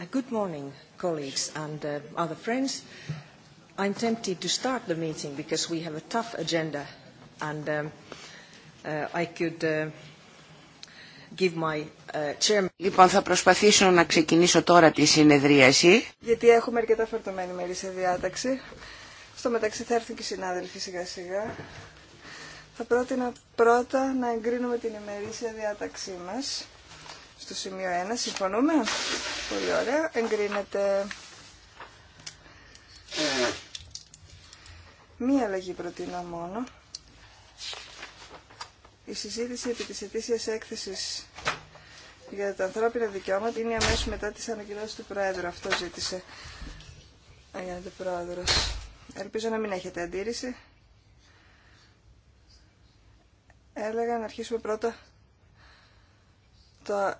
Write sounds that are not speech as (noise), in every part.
Uh, good morning, colleagues and uh, other friends. I'm tempted to start the meeting because we have a tough agenda, and um, uh, I could uh, give my uh, chairman. Λοιπόν, θα προσπαθήσω να ξεκινήσω τώρα τη συνεδρίαση. Γιατί έχουμε αρκετά φορτωμένη μερή σε διάταξη. Στο μεταξύ θα έρθουν και οι συνάδελφοι σιγά-σιγά. Θα πρότεινα πρώτα να εγκρίνουμε την ημερήσια διάταξή μας. Στο σημείο 1, συμφωνούμε. Πολύ ωραία. Εγκρίνεται. Μία αλλαγή προτείνω μόνο. Η συζήτηση επί της ετήσιας έκθεσης για τα ανθρώπινα δικαιώματα είναι αμέσως μετά τις ανακοινώσεις του Πρόεδρου. Αυτό ζήτησε ο Πρόεδρος. Ελπίζω να μην έχετε αντίρρηση. Έλεγα να αρχίσουμε πρώτα το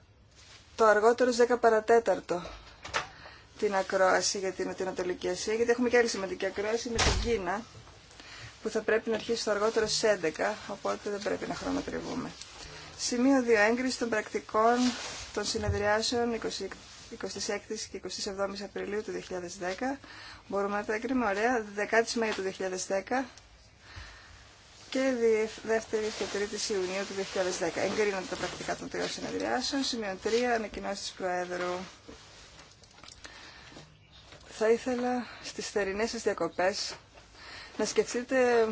το αργότερο 10 παρατέταρτο την ακρόαση για την Ανατολική Ασία, γιατί έχουμε και άλλη σημαντική ακρόαση με την Κίνα, που θα πρέπει να αρχίσει το αργότερο στι 11, οπότε δεν πρέπει να χρονοτριβούμε. Σημείο 2. Έγκριση των πρακτικών των συνεδριάσεων 26 και 27 Απριλίου του 2010. Μπορούμε να τα εγκριμε ωραία. 10 Μαΐου του 2010 και δεύτερη και τρίτη Ιουνίου του 2010. Εγκρίνονται τα πρακτικά των τριών συνεδριάσεων. Σημείο 3. Ανακοινώσει τη Προέδρου. Θα ήθελα στις θερινές σας διακοπές να σκεφτείτε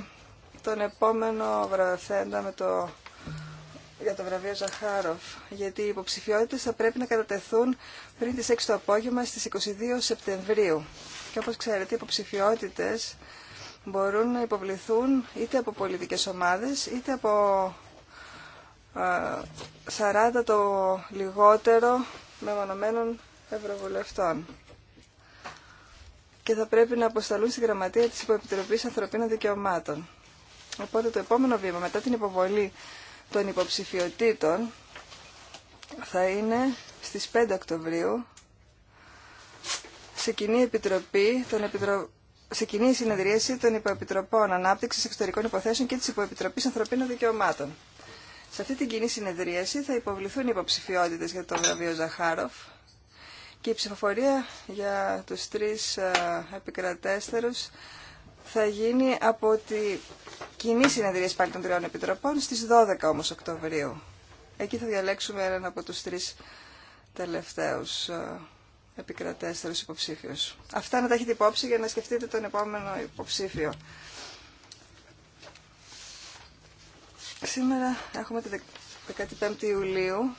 τον επόμενο βραβευθέντα το, για το βραβείο Ζαχάροφ, γιατί οι υποψηφιότητες θα πρέπει να κατατεθούν πριν τις 6 το απόγευμα στις 22 Σεπτεμβρίου. Και όπως ξέρετε, οι υποψηφιότητες μπορούν να υποβληθούν είτε από πολιτικές ομάδες είτε από 40 ε, το λιγότερο μεμονωμένων ευρωβουλευτών. Και θα πρέπει να αποσταλούν στη γραμματεία της Υποεπιτροπής Ανθρωπίνων Δικαιωμάτων. Οπότε το επόμενο βήμα μετά την υποβολή των υποψηφιωτήτων θα είναι στις 5 Οκτωβρίου σε κοινή επιτροπή των, επιτροπών σε κοινή συνεδρίαση των Υποεπιτροπών ανάπτυξη Εξωτερικών Υποθέσεων και τη Υποεπιτροπής Ανθρωπίνων Δικαιωμάτων. Σε αυτή την κοινή συνεδρίαση θα υποβληθούν οι υποψηφιότητε για το βραβείο Ζαχάροφ και η ψηφοφορία για τους τρει ε, επικρατέστερου θα γίνει από τη κοινή συνεδρίαση πάλι των τριών επιτροπών στι 12 όμω Οκτωβρίου. Εκεί θα διαλέξουμε έναν από του τρει τελευταίους ε, επικρατέστερο υποψήφιο. Αυτά να τα έχετε υπόψη για να σκεφτείτε τον επόμενο υποψήφιο. Σήμερα έχουμε την 15η Ιουλίου.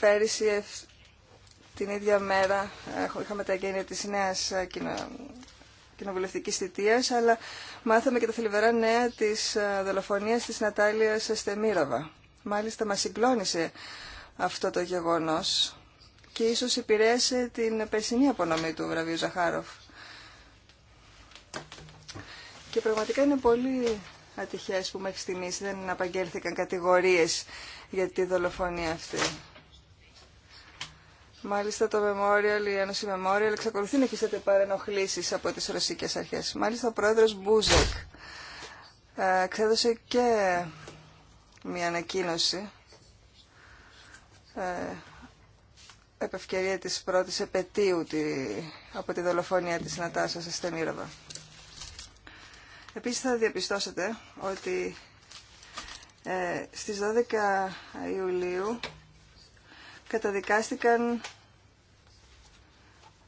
Πέρυσι την ίδια μέρα είχαμε τα εγγένεια της νέας ε, κοινοβουλευτικής θητείας, αλλά μάθαμε και τα θλιβερά νέα της ε, δολοφονίας της Νατάλιας Στεμίραβα. Μάλιστα μας συγκλώνησε αυτό το γεγονός και ίσως επηρέασε την περσινή απονομή του βραβείου Ζαχάροφ. Και πραγματικά είναι πολύ ατυχές που μέχρι στιγμής δεν απαγγέλθηκαν κατηγορίες για τη δολοφονία αυτή. Μάλιστα το Memorial, η Ένωση Memorial, εξακολουθεί να υφίσταται παρενοχλήσεις από τις ρωσικές αρχές. Μάλιστα ο πρόεδρος Μπούζεκ ε, εξέδωσε και μια ανακοίνωση ε, επ' ευκαιρία της πρώτης επαιτίου από τη δολοφονία της Νατάσα Στεμίροβα. Επίσης θα διαπιστώσετε ότι ε, στις 12 Ιουλίου καταδικάστηκαν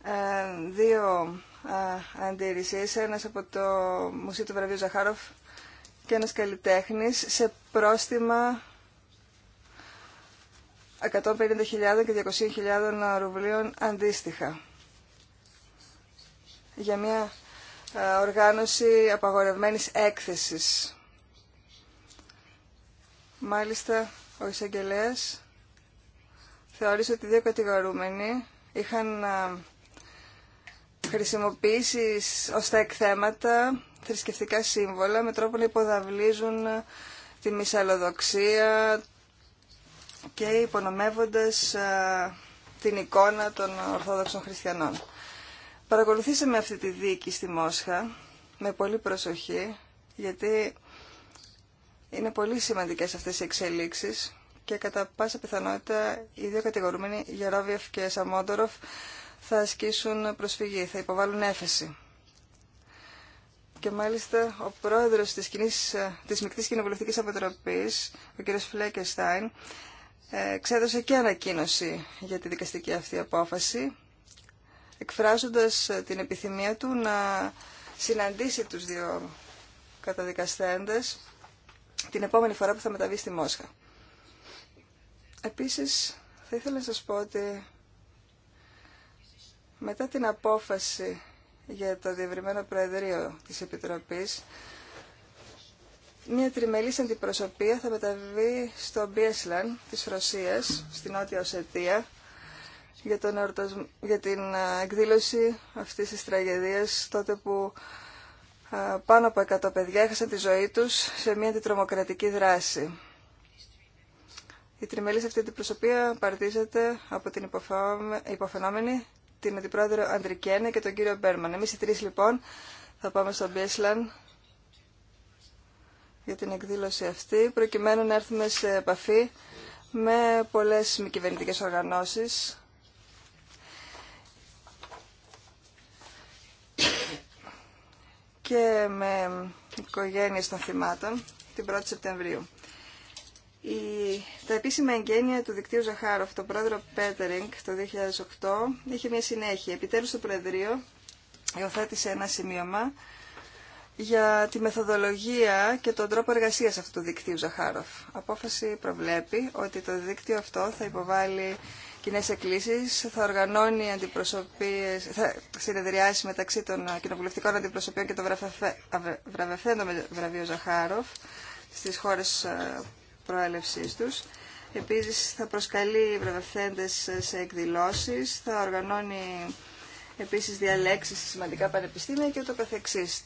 ε, δύο ε, αντιρρησίες, ένας από το Μουσείο του Βραβείου Ζαχάροφ και ένας καλλιτέχνης σε πρόστιμα 150.000 και 200.000 ρουβλίων αντίστοιχα για μια ε, οργάνωση απαγορευμένης έκθεσης. Μάλιστα, ο εισαγγελέα θεώρησε ότι δύο κατηγορούμενοι είχαν ε, χρησιμοποιήσει ως τα εκθέματα θρησκευτικά σύμβολα με τρόπο να υποδαβλίζουν ε, τη μυσαλλοδοξία, και υπονομεύοντας ε, την εικόνα των Ορθόδοξων Χριστιανών. Παρακολουθήσαμε αυτή τη δίκη στη Μόσχα με πολύ προσοχή, γιατί είναι πολύ σημαντικές αυτές οι εξελίξεις και κατά πάσα πιθανότητα οι δύο κατηγορούμενοι, Γερόβιεφ και Σαμόντοροφ, θα ασκήσουν προσφυγή, θα υποβάλουν έφεση. Και μάλιστα ο πρόεδρος της, κοινής, ε, της Μικτής Κοινοβουλευτικής Αποτροπής, ο κ. Φλέκεστάιν, ε, Ξέδωσε και ανακοίνωση για τη δικαστική αυτή απόφαση, εκφράζοντας ε, την επιθυμία του να συναντήσει τους δύο καταδικαστέντες την επόμενη φορά που θα μεταβεί στη Μόσχα. Επίσης, θα ήθελα να σας πω ότι μετά την απόφαση για το διευρυμένο Προεδρείο της Επιτροπής μια τριμελής αντιπροσωπεία θα μεταβεί στο Μπίεσλαν της Ρωσίας, στην Νότια Οσετία, για, τον για την εκδήλωση αυτής της τραγεδίας, τότε που πάνω από 100 παιδιά έχασαν τη ζωή τους σε μια αντιτρομοκρατική δράση. Η τριμελής αυτή αντιπροσωπεία παρτίζεται από την υποφαινόμενη, την αντιπρόεδρο Αντρικένε και τον κύριο Μπέρμαν. Εμείς οι τρεις λοιπόν θα πάμε στο Μπίεσλαν για την εκδήλωση αυτή, προκειμένου να έρθουμε σε επαφή με πολλές μη κυβερνητικέ οργανώσεις. και με οικογένειες των θυμάτων την 1η Σεπτεμβρίου. Η... Τα επίσημα εγγένεια του δικτύου Ζαχάροφ, τον πρόεδρο Πέτερινγκ το 2008, είχε μια συνέχεια. Επιτέλους το Προεδρείο υιοθέτησε ένα σημείωμα για τη μεθοδολογία και τον τρόπο εργασίας αυτού του δικτύου Ζαχάροφ. Απόφαση προβλέπει ότι το δίκτυο αυτό θα υποβάλει κοινέ εκκλήσει, θα οργανώνει αντιπροσωπείε, θα συνεδριάσει μεταξύ των κοινοβουλευτικών αντιπροσωπείων και των βραβευθέντων βραβείο Ζαχάροφ στι χώρε προέλευσή του. Επίση, θα προσκαλεί βραβευθέντε σε εκδηλώσει, θα οργανώνει επίσης διαλέξεις σε σημαντικά πανεπιστήμια και ούτω καθεξής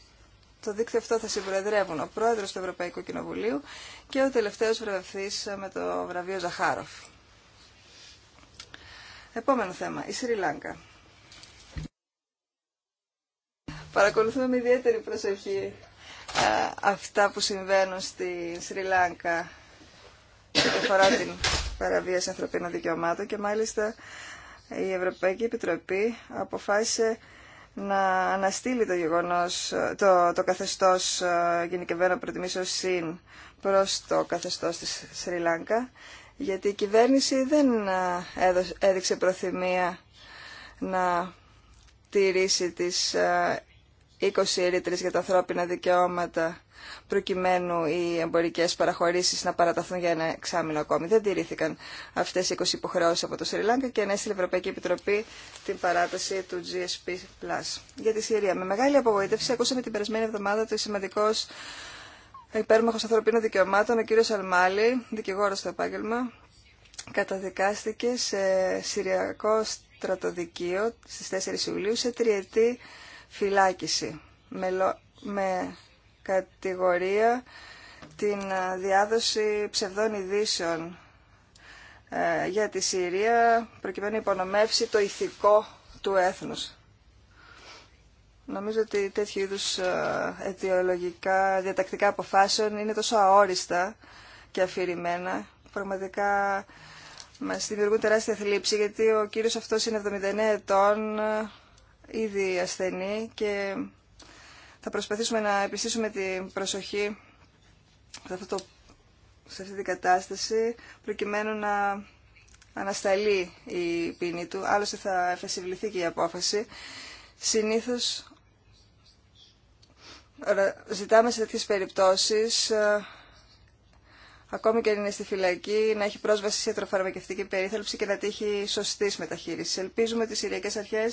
το δίκτυο αυτό θα συμπροεδρεύουν ο πρόεδρος του Ευρωπαϊκού Κοινοβουλίου και ο τελευταίος βραβευτής με το βραβείο Ζαχάροφ. Επόμενο θέμα, η Σρι Λάγκα. Παρακολουθούμε με ιδιαίτερη προσοχή αυτά που συμβαίνουν στη Σρι Λάγκα αφορά την παραβίαση ανθρωπίνων δικαιωμάτων και μάλιστα η Ευρωπαϊκή Επιτροπή αποφάσισε να αναστείλει το γεγονός, το, το καθεστώς ε, γενικευμένο προτιμήσω ΣΥΝ προς το καθεστώς της Σρι Λάγκα, γιατί η κυβέρνηση δεν ε, έδειξε προθυμία να τηρήσει τις 20 ε, ερήτρες για τα ανθρώπινα δικαιώματα προκειμένου οι εμπορικέ παραχωρήσει να παραταθούν για ένα εξάμεινο ακόμη. Δεν τηρήθηκαν αυτέ οι 20 υποχρεώσει από το Σρι και ανέστηλε η Ευρωπαϊκή Επιτροπή την παράταση του GSP+. Για τη Συρία. Με μεγάλη απογοήτευση ακούσαμε την περασμένη εβδομάδα το σημαντικό υπέρμαχο ανθρωπίνων δικαιωμάτων, ο κύριο Αλμάλη, δικηγόρο στο επάγγελμα, καταδικάστηκε σε Συριακό στρατοδικείο στις 4 Ιουλίου σε τριετή φυλάκιση με, κατηγορία την ε, διάδοση ψευδών ειδήσεων ε, για τη Συρία προκειμένου να υπονομεύσει το ηθικό του έθνους. Νομίζω ότι τέτοιου είδους ε, αιτιολογικά διατακτικά αποφάσεων είναι τόσο αόριστα και αφηρημένα. Πραγματικά μα δημιουργούν τεράστια θλίψη γιατί ο κύριος αυτός είναι 79 ετών, ήδη ασθενή και θα προσπαθήσουμε να επιστήσουμε την προσοχή σε, αυτό σε αυτή την κατάσταση προκειμένου να ανασταλεί η πίνη του. Άλλωστε θα εφεσιβληθεί και η απόφαση. Συνήθως ζητάμε σε τέτοιες περιπτώσεις ε, ακόμη και αν είναι στη φυλακή, να έχει πρόσβαση σε τροφαρμακευτική περίθαλψη και να τύχει σωστή μεταχείριση. Ελπίζουμε ότι οι Συριακέ Αρχέ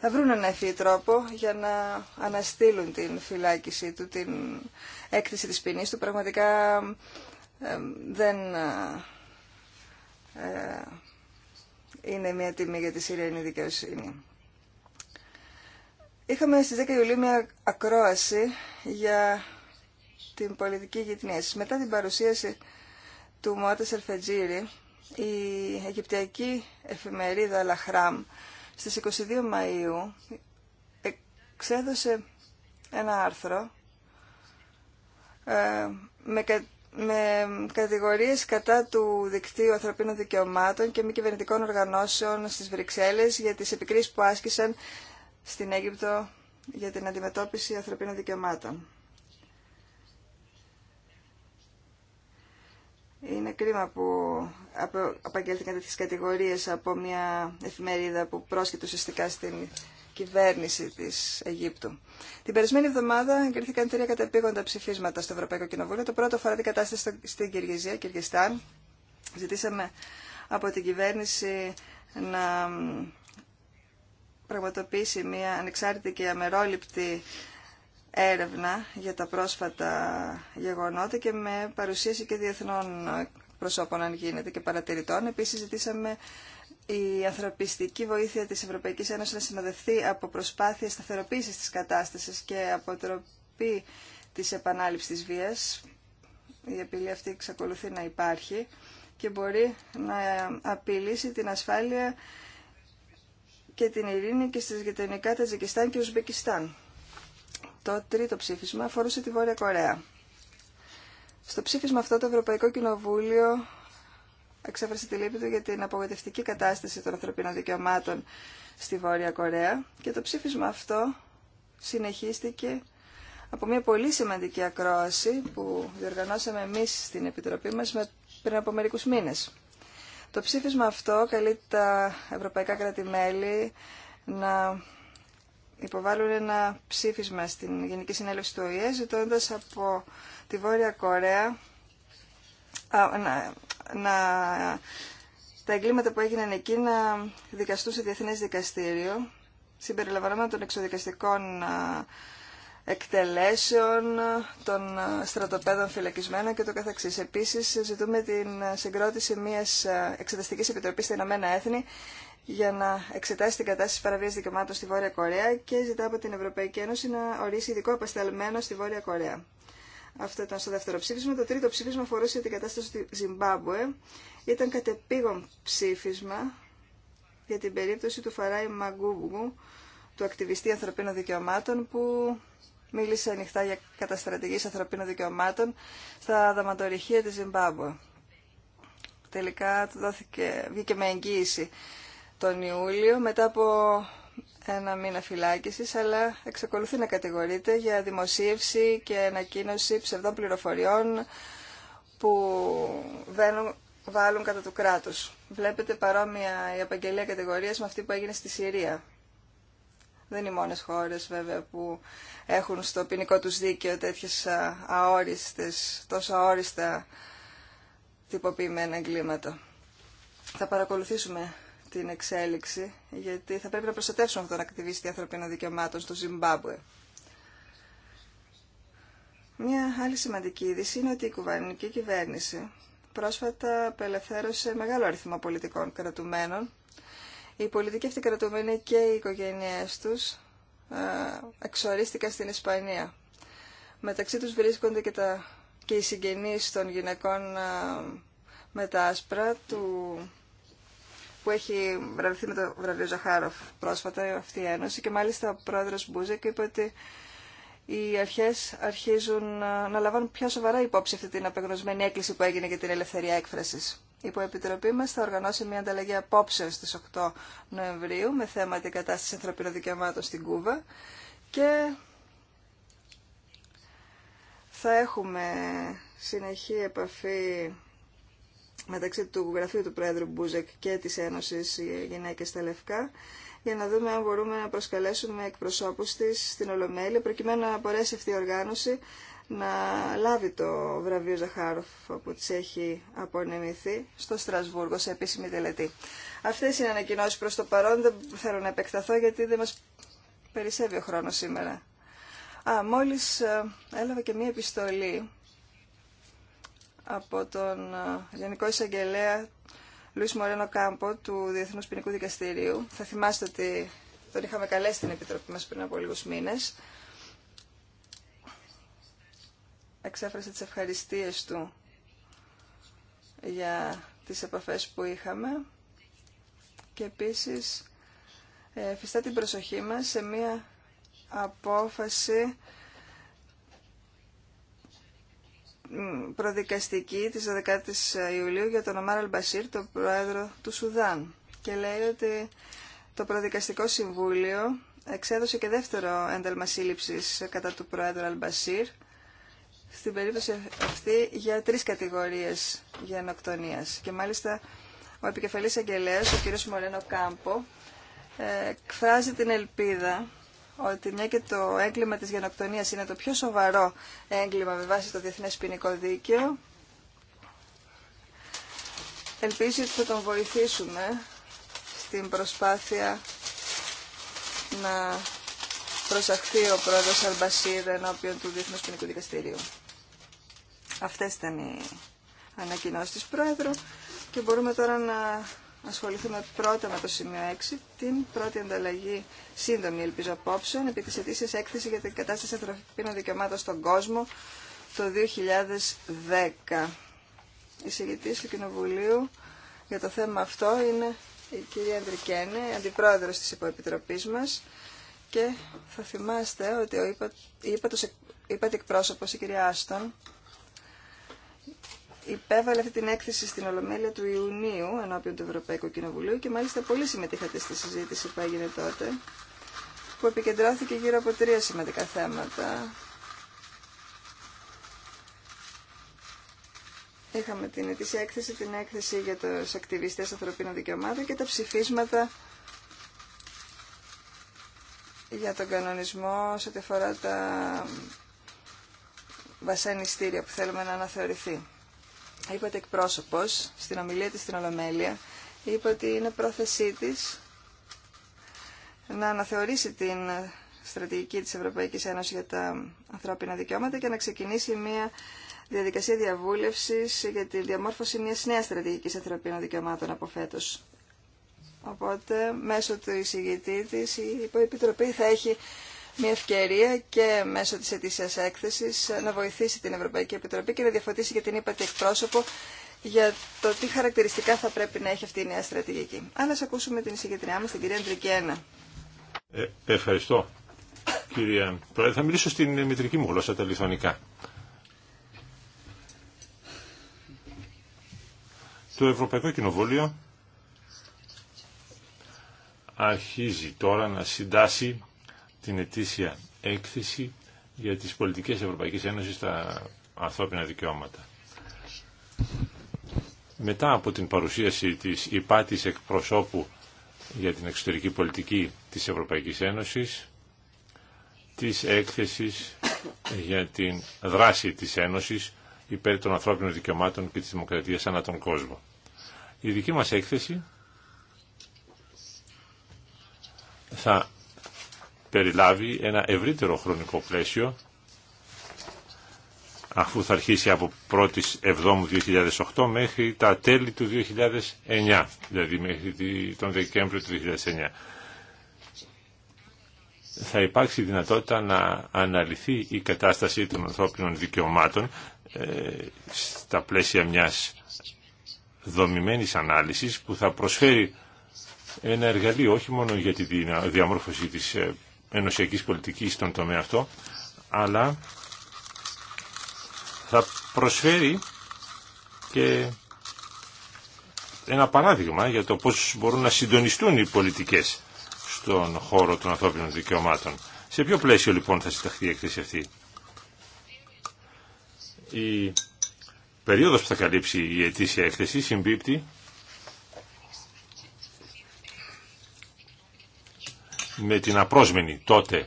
θα βρουν ένα ευφύ τρόπο για να αναστείλουν την φυλάκιση του, την έκθεση τη ποινή του. Πραγματικά δεν ε, ε, είναι μια τιμή για τη Συριανή δικαιοσύνη. Είχαμε στι 10 Ιουλίου μια ακρόαση για την πολιτική γειτνία. Μετά την παρουσίαση του Μωάτε Σελφετζήρη, η Αιγυπτιακή εφημερίδα Λαχράμ στις 22 Μαΐου εξέδωσε ένα άρθρο ε, με, κα, με κατηγορίες κατά του δικτύου ανθρωπίνων δικαιωμάτων και μη κυβερνητικών οργανώσεων στις Βρυξέλλες για τις επικρίσεις που άσκησαν στην Αίγυπτο για την αντιμετώπιση ανθρωπίνων δικαιωμάτων. Είναι κρίμα που απαγγέλθηκαν τέτοιες κατηγορίες από μια εφημερίδα που πρόσκειται ουσιαστικά στην κυβέρνηση τη Αιγύπτου. Την περασμένη εβδομάδα εγκρίθηκαν τρία κατεπήγοντα ψηφίσματα στο Ευρωπαϊκό Κοινοβούλιο. Το πρώτο αφορά την κατάσταση στην Κυργυζία, Κυργιστάν. Ζητήσαμε από την κυβέρνηση να πραγματοποιήσει μια ανεξάρτητη και αμερόληπτη έρευνα για τα πρόσφατα γεγονότα και με παρουσίαση και διεθνών προσώπων αν γίνεται και παρατηρητών. Επίσης ζητήσαμε η ανθρωπιστική βοήθεια της Ευρωπαϊκής Ένωσης να συνοδευτεί από προσπάθειες σταθεροποίησης της κατάστασης και αποτροπή της επανάληψης της βίας. Η απειλή αυτή εξακολουθεί να υπάρχει και μπορεί να απειλήσει την ασφάλεια και την ειρήνη και στις γειτονικά Ταζικιστάν και Ουσμπεκιστάν. Το τρίτο ψήφισμα αφορούσε τη Βόρεια Κορέα. Στο ψήφισμα αυτό το Ευρωπαϊκό Κοινοβούλιο εξέφρασε τη λύπη του για την απογοητευτική κατάσταση των ανθρωπίνων δικαιωμάτων στη Βόρεια Κορέα και το ψήφισμα αυτό συνεχίστηκε από μια πολύ σημαντική ακρόαση που διοργανώσαμε εμείς στην Επιτροπή μας πριν από μερικούς μήνες. Το ψήφισμα αυτό καλεί τα ευρωπαϊκά κράτη-μέλη να Υποβάλλουν ένα ψήφισμα στην Γενική Συνέλευση του ΟΗΕ ζητώντας από τη Βόρεια Κορέα α, να, τα εγκλήματα που έγιναν εκεί να δικαστούν σε διεθνές δικαστήριο συμπεριλαμβανομένων των εξοδικαστικών α, εκτελέσεων των στρατοπέδων φυλακισμένων και το καθεξής. Επίσης, ζητούμε την συγκρότηση μιας εξεταστικής επιτροπής στα Ηνωμένα Έθνη για να εξετάσει την κατάσταση παραβίας δικαιωμάτων στη Βόρεια Κορέα και ζητά από την Ευρωπαϊκή Ένωση να ορίσει ειδικό απεσταλμένο στη Βόρεια Κορέα. Αυτό ήταν στο δεύτερο ψήφισμα. Το τρίτο ψήφισμα αφορούσε την κατάσταση στη Ζιμπάμπουε. Ήταν κατεπήγον ψήφισμα για την περίπτωση του Φαράι Μαγκούμπου, του ακτιβιστή ανθρωπίνων δικαιωμάτων, που μίλησε ανοιχτά για καταστρατηγής ανθρωπίνων δικαιωμάτων στα δαματορυχεία της Ζιμπάμπουε. Τελικά του δόθηκε, βγήκε με εγγύηση τον Ιούλιο μετά από ένα μήνα φυλάκισης, αλλά εξακολουθεί να κατηγορείται για δημοσίευση και ανακοίνωση ψευδών πληροφοριών που βαίνουν, βάλουν κατά του κράτους. Βλέπετε παρόμοια η απαγγελία κατηγορίας με αυτή που έγινε στη Συρία. Δεν είναι οι μόνες χώρες βέβαια που έχουν στο ποινικό τους δίκαιο τέτοιες αόριστες, τόσο αόριστα τυποποιημένα εγκλήματα. Θα παρακολουθήσουμε την εξέλιξη, γιατί θα πρέπει να προστατεύσουμε αυτόν τον ακτιβίστη ανθρωπίνων δικαιωμάτων στο Ζιμπάμπουε. Μια άλλη σημαντική είδηση είναι ότι η κουβανική κυβέρνηση πρόσφατα απελευθέρωσε μεγάλο αριθμό πολιτικών κρατουμένων. Οι πολιτικοί αυτοί κρατουμένοι και οι οικογένειές τους ε, εξορίστηκαν στην Ισπανία. Μεταξύ τους βρίσκονται και, τα, και οι συγγενείς των γυναικών ε, με τα του που έχει βραβευθεί με το βραβείο Ζαχάροφ πρόσφατα αυτή η ένωση και μάλιστα ο πρόεδρος Μπούζεκ είπε ότι οι αρχές αρχίζουν ε, να λαμβάνουν πιο σοβαρά υπόψη αυτή την απεγνωσμένη έκκληση που έγινε για την ελευθερία έκφρασης. Η υποεπιτροπή μας θα οργανώσει μια ανταλλαγή απόψεως στις 8 Νοεμβρίου με θέμα την κατάσταση ανθρωπίνων δικαιωμάτων στην Κούβα και θα έχουμε συνεχή επαφή μεταξύ του γραφείου του Πρόεδρου Μπούζεκ και της Ένωσης Γυναίκες στα Λευκά για να δούμε αν μπορούμε να προσκαλέσουμε εκπροσώπους της στην Ολομέλεια προκειμένου να μπορέσει αυτή η οργάνωση να λάβει το βραβείο Ζαχάροφ που της έχει απονεμηθεί στο Στρασβούργο σε επίσημη τελετή. Αυτές είναι ανακοινώσεις προς το παρόν, δεν θέλω να επεκταθώ γιατί δεν μας περισσεύει ο χρόνος σήμερα. Α, μόλις ε, έλαβα και μία επιστολή από τον ε, Γενικό Εισαγγελέα Λουίς Μορένο Κάμπο του Διεθνούς Ποινικού Δικαστηρίου. Θα θυμάστε ότι τον είχαμε καλέσει στην Επιτροπή μας πριν από λίγους μήνες. Εξέφρασε τις ευχαριστίες του για τις επαφές που είχαμε και επίσης ε, φυστά την προσοχή μας σε μία απόφαση προδικαστική της 12ης Ιουλίου για τον Ομάρ Αλμπασίρ, τον πρόεδρο του Σουδάν. Και λέει ότι το προδικαστικό συμβούλιο εξέδωσε και δεύτερο ένταλμα σύλληψης κατά του πρόεδρου Αλμπασίρ, στην περίπτωση αυτή για τρεις κατηγορίες γενοκτονίας. Και μάλιστα ο επικεφαλής αγγελέας, ο κ. Μορένο Κάμπο, ε, εκφράζει την ελπίδα ότι μια και το έγκλημα της γενοκτονίας είναι το πιο σοβαρό έγκλημα με βάση το Διεθνές Ποινικό Δίκαιο, ελπίζει ότι θα τον βοηθήσουμε στην προσπάθεια να προσαχθεί ο πρόεδρος Αλμπασίρ ενώπιον του Διεθνούς Ποινικού Δικαστηρίου. Αυτές ήταν οι ανακοινώσεις της πρόεδρου και μπορούμε τώρα να ασχοληθούμε πρώτα με το σημείο 6, την πρώτη ανταλλαγή σύντομη ελπίζω απόψεων, επί της ετήσιας έκθεση για την κατάσταση ανθρωπίνων δικαιωμάτων στον κόσμο το 2010. Η συγγετής του Κοινοβουλίου για το θέμα αυτό είναι η κυρία Ανδρικένε, αντιπρόεδρος της υποεπιτροπής μας και θα θυμάστε ότι ο είπα, η είπα, εκπρόσωπος, η κυρία Άστον, υπέβαλε αυτή την έκθεση στην Ολομέλεια του Ιουνίου ενώπιον του Ευρωπαϊκού Κοινοβουλίου και μάλιστα πολύ συμμετείχατε στη συζήτηση που έγινε τότε που επικεντρώθηκε γύρω από τρία σημαντικά θέματα. Είχαμε την ετήσια έκθεση, την έκθεση για τους ακτιβιστές ανθρωπίνων δικαιωμάτων και τα ψηφίσματα για τον κανονισμό σε ό,τι αφορά τα βασανιστήρια που θέλουμε να αναθεωρηθεί είπατε εκπρόσωπος στην ομιλία της στην Ολομέλεια, είπε ότι είναι πρόθεσή της να αναθεωρήσει την στρατηγική της Ευρωπαϊκής Ένωσης για τα ανθρώπινα δικαιώματα και να ξεκινήσει μια διαδικασία διαβούλευσης για τη διαμόρφωση μιας νέας στρατηγικής ανθρωπίνων δικαιωμάτων από φέτος. Οπότε, μέσω του εισηγητή της, η Υποεπιτροπή θα έχει μια ευκαιρία και μέσω της ετήσιας έκθεσης να βοηθήσει την Ευρωπαϊκή Επιτροπή και να διαφωτίσει και την ύπατη εκπρόσωπο για το τι χαρακτηριστικά θα πρέπει να έχει αυτή η νέα στρατηγική. Αν ας ακούσουμε την εισηγητριά μας, την κυρία Αντρικένα. Ε, ευχαριστώ. Κυρία Πρόεδρε, θα μιλήσω στην μητρική μου γλώσσα, τα λιθονικά. Το Ευρωπαϊκό Κοινοβούλιο αρχίζει τώρα να συντάσει την ετήσια έκθεση για τις πολιτικές Ευρωπαϊκής Ένωσης στα ανθρώπινα δικαιώματα. Μετά από την παρουσίαση της υπάτης εκπροσώπου για την εξωτερική πολιτική της Ευρωπαϊκής Ένωσης, της έκθεσης για την δράση της Ένωσης υπέρ των ανθρώπινων δικαιωμάτων και της δημοκρατίας ανά τον κόσμο. Η δική μας έκθεση θα περιλάβει ένα ευρύτερο χρονικό πλαίσιο αφού θα αρχίσει από 1η Εβδόμου 2008 μέχρι τα τέλη του 2009, δηλαδή μέχρι τον Δεκέμβριο του 2009. Θα υπάρξει δυνατότητα να αναλυθεί η κατάσταση των ανθρώπινων δικαιωμάτων ε, στα πλαίσια μιας δομημένης ανάλυσης που θα προσφέρει ένα εργαλείο όχι μόνο για τη διαμόρφωση της ε, ενωσιακής πολιτικής στον τομέα αυτό, αλλά θα προσφέρει και ένα παράδειγμα για το πώς μπορούν να συντονιστούν οι πολιτικές στον χώρο των ανθρώπινων δικαιωμάτων. Σε ποιο πλαίσιο λοιπόν θα συνταχθεί η έκθεση αυτή. Η περίοδος που θα καλύψει η ετήσια έκθεση συμπίπτει με την απρόσμενη τότε ε,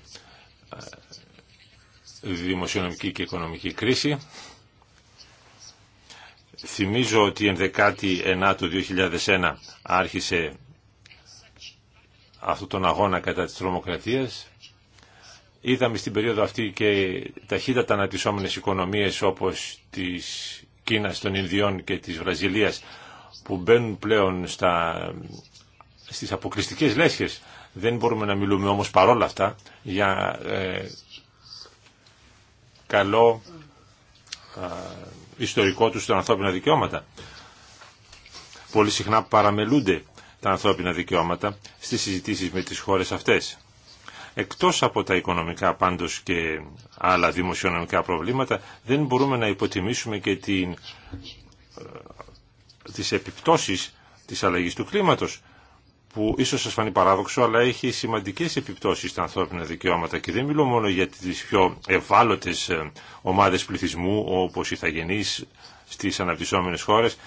δημοσιονομική και οικονομική κρίση. Θυμίζω ότι 19 του 2001 άρχισε αυτόν τον αγώνα κατά της τρομοκρατίας. Είδαμε στην περίοδο αυτή και ταχύτατα αναπτυσσόμενες οικονομίες όπως της Κίνας, των Ινδιών και της Βραζιλίας που μπαίνουν πλέον στα, στις αποκλειστικές λέσχες δεν μπορούμε να μιλούμε όμως παρόλα αυτά για ε, καλό ιστορικό τους των ανθρώπινα δικαιώματα. Πολύ συχνά παραμελούνται τα ανθρώπινα δικαιώματα στις συζητήσεις με τις χώρες αυτές. Εκτός από τα οικονομικά πάντως και άλλα δημοσιονομικά προβλήματα, δεν μπορούμε να υποτιμήσουμε και την, ε, τις επιπτώσεις της αλλαγής του κλίματος που ίσως σας φανεί παράδοξο, αλλά έχει σημαντικές επιπτώσεις στα ανθρώπινα δικαιώματα και δεν μιλώ μόνο για τις πιο ευάλωτες ε, ομάδες πληθυσμού, όπως οι θαγενείς στις αναπτυσσόμενες χώρες,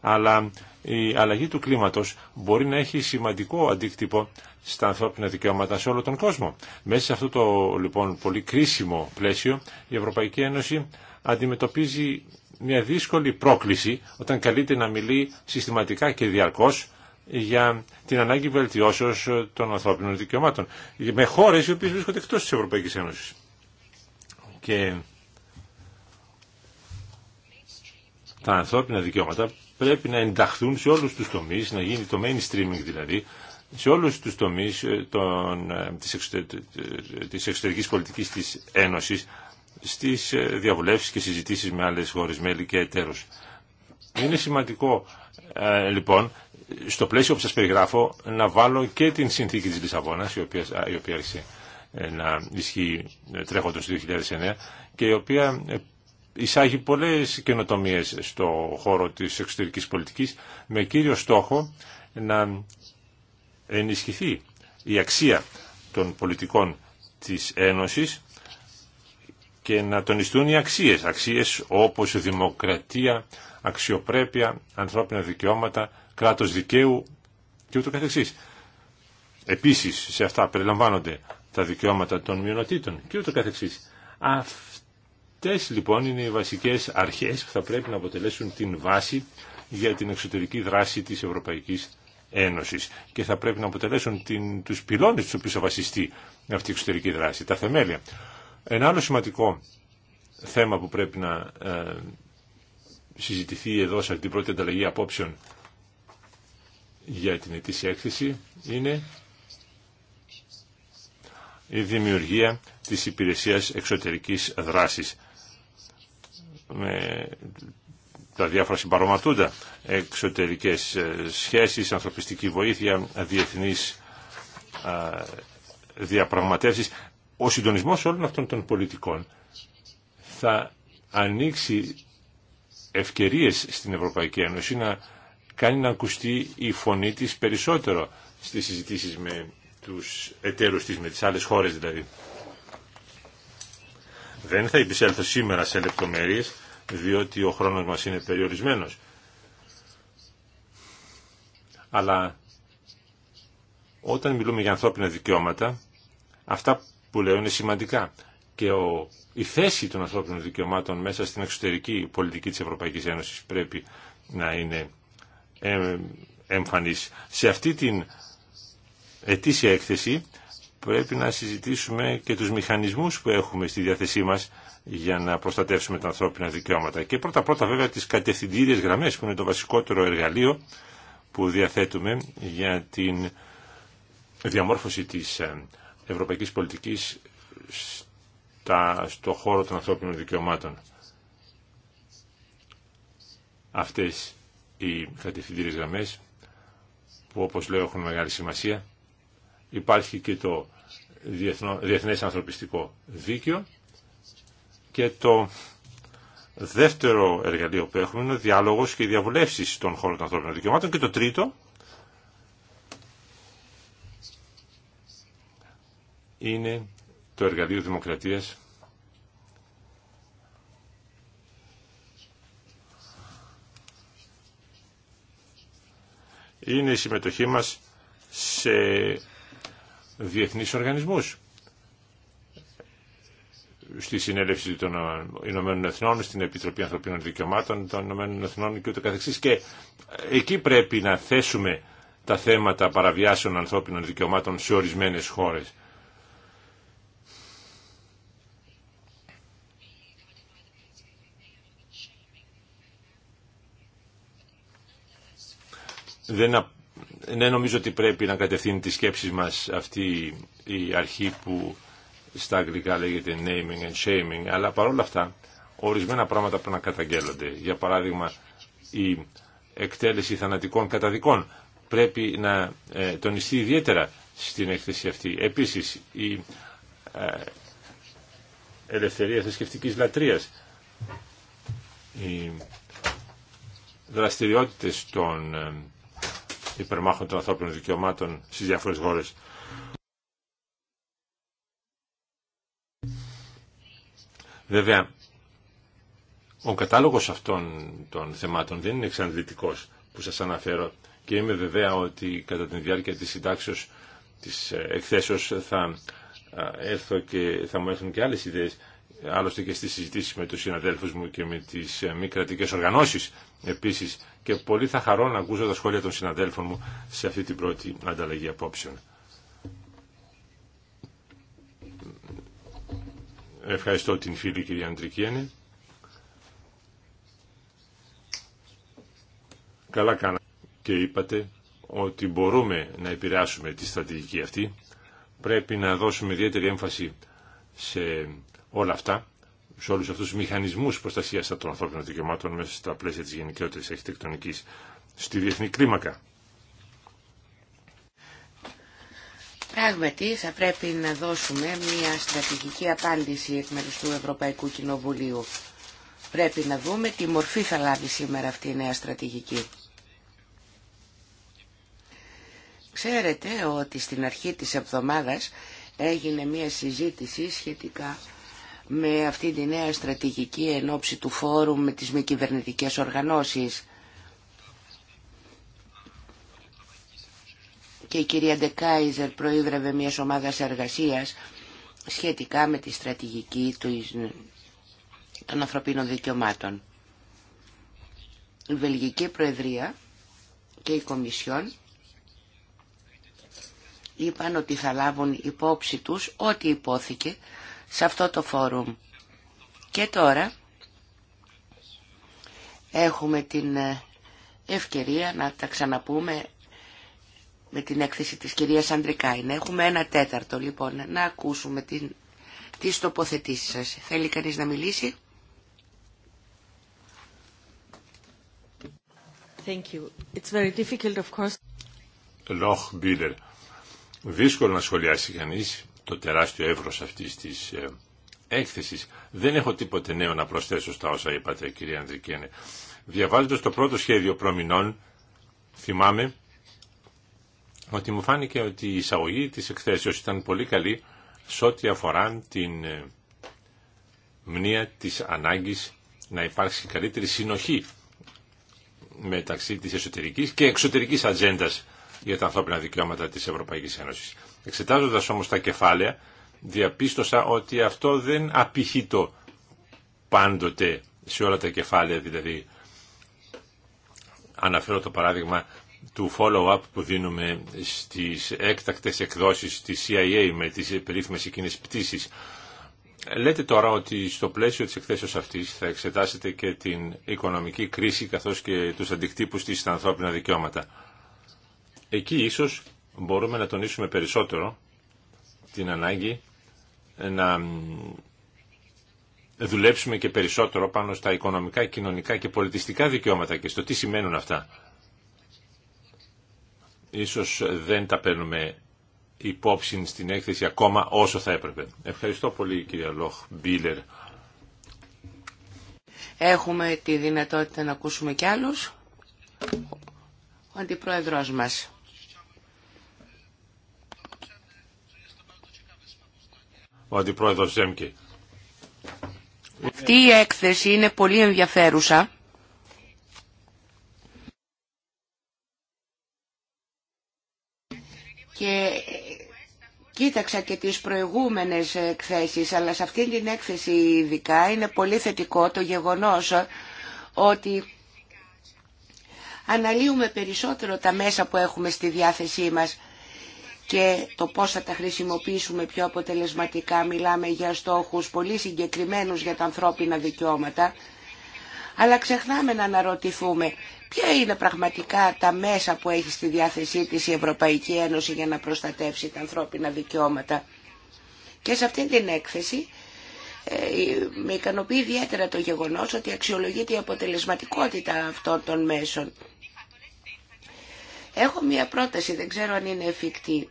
αλλά η αλλαγή του κλίματος μπορεί να έχει σημαντικό αντίκτυπο στα ανθρώπινα δικαιώματα σε όλο τον κόσμο. Μέσα σε αυτό το λοιπόν πολύ κρίσιμο πλαίσιο η Ευρωπαϊκή Ένωση αντιμετωπίζει μια δύσκολη πρόκληση όταν καλείται να μιλεί συστηματικά και διαρκώς για την ανάγκη βελτιώσεως των ανθρώπινων δικαιωμάτων με χώρε οι οποίε βρίσκονται εκτό τη Ευρωπαϊκή Ένωση. Και τα ανθρώπινα δικαιώματα πρέπει να ενταχθούν σε όλους τους τομείς, να γίνει το mainstreaming δηλαδή, σε όλους τους τομείς ε, τη ε, της, ε, της εξωτερικής πολιτικής της Ένωσης, στις διαβουλεύσεις και συζητήσεις με άλλες χώρες μέλη και εταίρους. Είναι σημαντικό λοιπόν στο πλαίσιο που σας περιγράφω να βάλω και την συνθήκη της Λισαβόνας η οποία, η άρχισε ε, να ισχύει ε, τρέχοντας το 2009 και η οποία ε, εισάγει πολλές καινοτομίες στο χώρο της εξωτερικής πολιτικής με κύριο στόχο να ενισχυθεί η αξία των πολιτικών της Ένωσης και να τονιστούν οι αξίες, αξίες όπως δημοκρατία, αξιοπρέπεια, ανθρώπινα δικαιώματα, κράτος δικαίου και ούτω καθεξής. Επίσης σε αυτά περιλαμβάνονται τα δικαιώματα των μειονοτήτων και ούτω καθεξής. Αυτές λοιπόν είναι οι βασικές αρχές που θα πρέπει να αποτελέσουν την βάση για την εξωτερική δράση της Ευρωπαϊκής Ένωσης και θα πρέπει να αποτελέσουν την, τους πυλώνες του οποίους θα βασιστεί αυτή η εξωτερική δράση, τα θεμέλια. Ένα άλλο σημαντικό θέμα που πρέπει να ε, συζητηθεί εδώ σε την πρώτη ανταλλαγή απόψεων για την ετήσια έκθεση είναι η δημιουργία της υπηρεσίας εξωτερικής δράσης με τα διάφορα συμπαροματούντα εξωτερικές ε, σχέσεις, ανθρωπιστική βοήθεια, διεθνείς ε, διαπραγματεύσεις. Ο συντονισμός όλων αυτών των πολιτικών θα ανοίξει ευκαιρίες στην Ευρωπαϊκή Ένωση να κάνει να ακουστεί η φωνή της περισσότερο στις συζητήσεις με τους εταίρους της, με τις άλλες χώρες δηλαδή. Δεν θα υπησέλθω σήμερα σε λεπτομέρειες, διότι ο χρόνος μας είναι περιορισμένος. Αλλά όταν μιλούμε για ανθρώπινα δικαιώματα, αυτά που λέω είναι σημαντικά. Και ο, η θέση των ανθρώπινων δικαιωμάτων μέσα στην εξωτερική πολιτική της Ευρωπαϊκής Ένωσης πρέπει να είναι εμφανής. Σε αυτή την ετήσια έκθεση πρέπει να συζητήσουμε και τους μηχανισμούς που έχουμε στη διάθεσή μας για να προστατεύσουμε τα ανθρώπινα δικαιώματα. Και πρώτα-πρώτα βέβαια τις κατευθυντήριες γραμμές που είναι το βασικότερο εργαλείο που διαθέτουμε για την διαμόρφωση της ε, ευρωπαϊκής πολιτικής στο χώρο των ανθρώπινων δικαιωμάτων. Αυτές οι κατευθυντήρες γραμμές που όπως λέω έχουν μεγάλη σημασία. Υπάρχει και το διεθνό, Διεθνές Ανθρωπιστικό Δίκαιο και το δεύτερο εργαλείο που έχουμε είναι ο διάλογος και οι διαβουλεύσεις των χώρων των ανθρώπινων δικαιωμάτων και το τρίτο είναι το εργαλείο δημοκρατίας είναι η συμμετοχή μας σε διεθνείς οργανισμούς. Στη συνέλευση των Ηνωμένων Εθνών, στην Επιτροπή Ανθρωπίνων Δικαιωμάτων των Ηνωμένων Εθνών και ούτω καθεξής. Και εκεί πρέπει να θέσουμε τα θέματα παραβιάσεων ανθρώπινων δικαιωμάτων σε ορισμένες χώρες. δεν, ναι, νομίζω ότι πρέπει να κατευθύνει τις σκέψεις μας αυτή η αρχή που στα αγγλικά λέγεται naming and shaming, αλλά παρόλα αυτά ορισμένα πράγματα πρέπει να καταγγέλλονται. Για παράδειγμα, η εκτέλεση θανατικών καταδικών πρέπει να ε, τονιστεί ιδιαίτερα στην έκθεση αυτή. Επίσης, η ε, ελευθερία θρησκευτική λατρείας, οι δραστηριότητες των ε, υπερμάχων των ανθρώπινων δικαιωμάτων στις διάφορες χώρες. Βέβαια, ο κατάλογος αυτών των θεμάτων δεν είναι εξαντλητικός που σας αναφέρω και είμαι βεβαία ότι κατά την διάρκεια της συντάξεως της εκθέσεως θα έρθω και θα μου έρθουν και άλλες ιδέες άλλωστε και στις συζητήσεις με τους συναδέλφους μου και με τις ε, μη κρατικέ οργανώσεις επίσης και πολύ θα χαρώ να ακούσω τα σχόλια των συναδέλφων μου σε αυτή την πρώτη ανταλλαγή απόψεων. Ευχαριστώ την φίλη κυρία Αντρικίανη. Καλά κάνατε και είπατε ότι μπορούμε να επηρεάσουμε τη στρατηγική αυτή. Πρέπει να δώσουμε ιδιαίτερη έμφαση σε όλα αυτά, σε όλους αυτούς τους μηχανισμούς προστασίας των ανθρώπινων δικαιωμάτων μέσα στα πλαίσια της γενικότερης αρχιτεκτονικής στη διεθνή κλίμακα. Πράγματι θα πρέπει να δώσουμε μια στρατηγική απάντηση εκ μέρους του Ευρωπαϊκού Κοινοβουλίου. Πρέπει να δούμε τι μορφή θα λάβει σήμερα αυτή η νέα στρατηγική. Ξέρετε ότι στην αρχή της εβδομάδας έγινε μια συζήτηση σχετικά με αυτή τη νέα στρατηγική ενόψη του φόρουμ με τις μη κυβερνητικές οργανώσεις. Και η κυρία Ντεκάιζερ προείδρευε μια ομάδα εργασίας σχετικά με τη στρατηγική των ανθρωπίνων δικαιωμάτων. Η Βελγική Προεδρία και η Κομισιόν είπαν ότι θα λάβουν υπόψη τους ό,τι υπόθηκε σε αυτό το φόρουμ. Και τώρα έχουμε την ε, ευκαιρία να τα ξαναπούμε με την έκθεση της κυρίας Αντρικάιν. Έχουμε ένα τέταρτο λοιπόν να ακούσουμε την, τις τοποθετήσεις σας. Θέλει κανείς να μιλήσει. Thank you. It's very difficult, of course. Δύσκολο να σχολιάσει κανείς το τεράστιο εύρος αυτής της ε, έκθεσης. Δεν έχω τίποτε νέο να προσθέσω στα όσα είπατε κυρία Ανδρικένε. Διαβάζοντας το πρώτο σχέδιο προμηνών, θυμάμαι ότι μου φάνηκε ότι η εισαγωγή της εκθέσεως ήταν πολύ καλή σε ό,τι αφορά την ε, μνήα της ανάγκης να υπάρξει καλύτερη συνοχή μεταξύ της εσωτερικής και εξωτερικής ατζέντα για τα ανθρώπινα δικαιώματα της Ευρωπαϊκής Ένωσης. Εξετάζοντας όμως τα κεφάλαια, διαπίστωσα ότι αυτό δεν το πάντοτε σε όλα τα κεφάλαια, δηλαδή αναφέρω το παράδειγμα του follow-up που δίνουμε στις έκτακτες εκδόσεις της CIA με τις περίφημες εκείνες πτήσεις. Λέτε τώρα ότι στο πλαίσιο της εκθέσεως αυτής θα εξετάσετε και την οικονομική κρίση καθώς και τους αντικτύπους της στα ανθρώπινα δικαιώματα. Εκεί ίσως μπορούμε να τονίσουμε περισσότερο την ανάγκη να δουλέψουμε και περισσότερο πάνω στα οικονομικά, κοινωνικά και πολιτιστικά δικαιώματα και στο τι σημαίνουν αυτά. Ίσως δεν τα παίρνουμε υπόψη στην έκθεση ακόμα όσο θα έπρεπε. Ευχαριστώ πολύ κυρία Λόχ Μπίλερ. Έχουμε τη δυνατότητα να ακούσουμε κι άλλους. Ο αντιπρόεδρος μας. ο Αυτή η έκθεση είναι πολύ ενδιαφέρουσα. Και κοίταξα και τις προηγούμενες εκθέσεις, αλλά σε αυτή την έκθεση ειδικά είναι πολύ θετικό το γεγονός ότι αναλύουμε περισσότερο τα μέσα που έχουμε στη διάθεσή μας και το πώς θα τα χρησιμοποιήσουμε πιο αποτελεσματικά. Μιλάμε για στόχους πολύ συγκεκριμένους για τα ανθρώπινα δικαιώματα, αλλά ξεχνάμε να αναρωτηθούμε ποια είναι πραγματικά τα μέσα που έχει στη διάθεσή της η Ευρωπαϊκή Ένωση για να προστατεύσει τα ανθρώπινα δικαιώματα. Και σε αυτή την έκθεση ε, με ικανοποιεί ιδιαίτερα το γεγονός ότι αξιολογείται η αποτελεσματικότητα αυτών των μέσων. Έχω μία πρόταση, δεν ξέρω αν είναι εφικτή.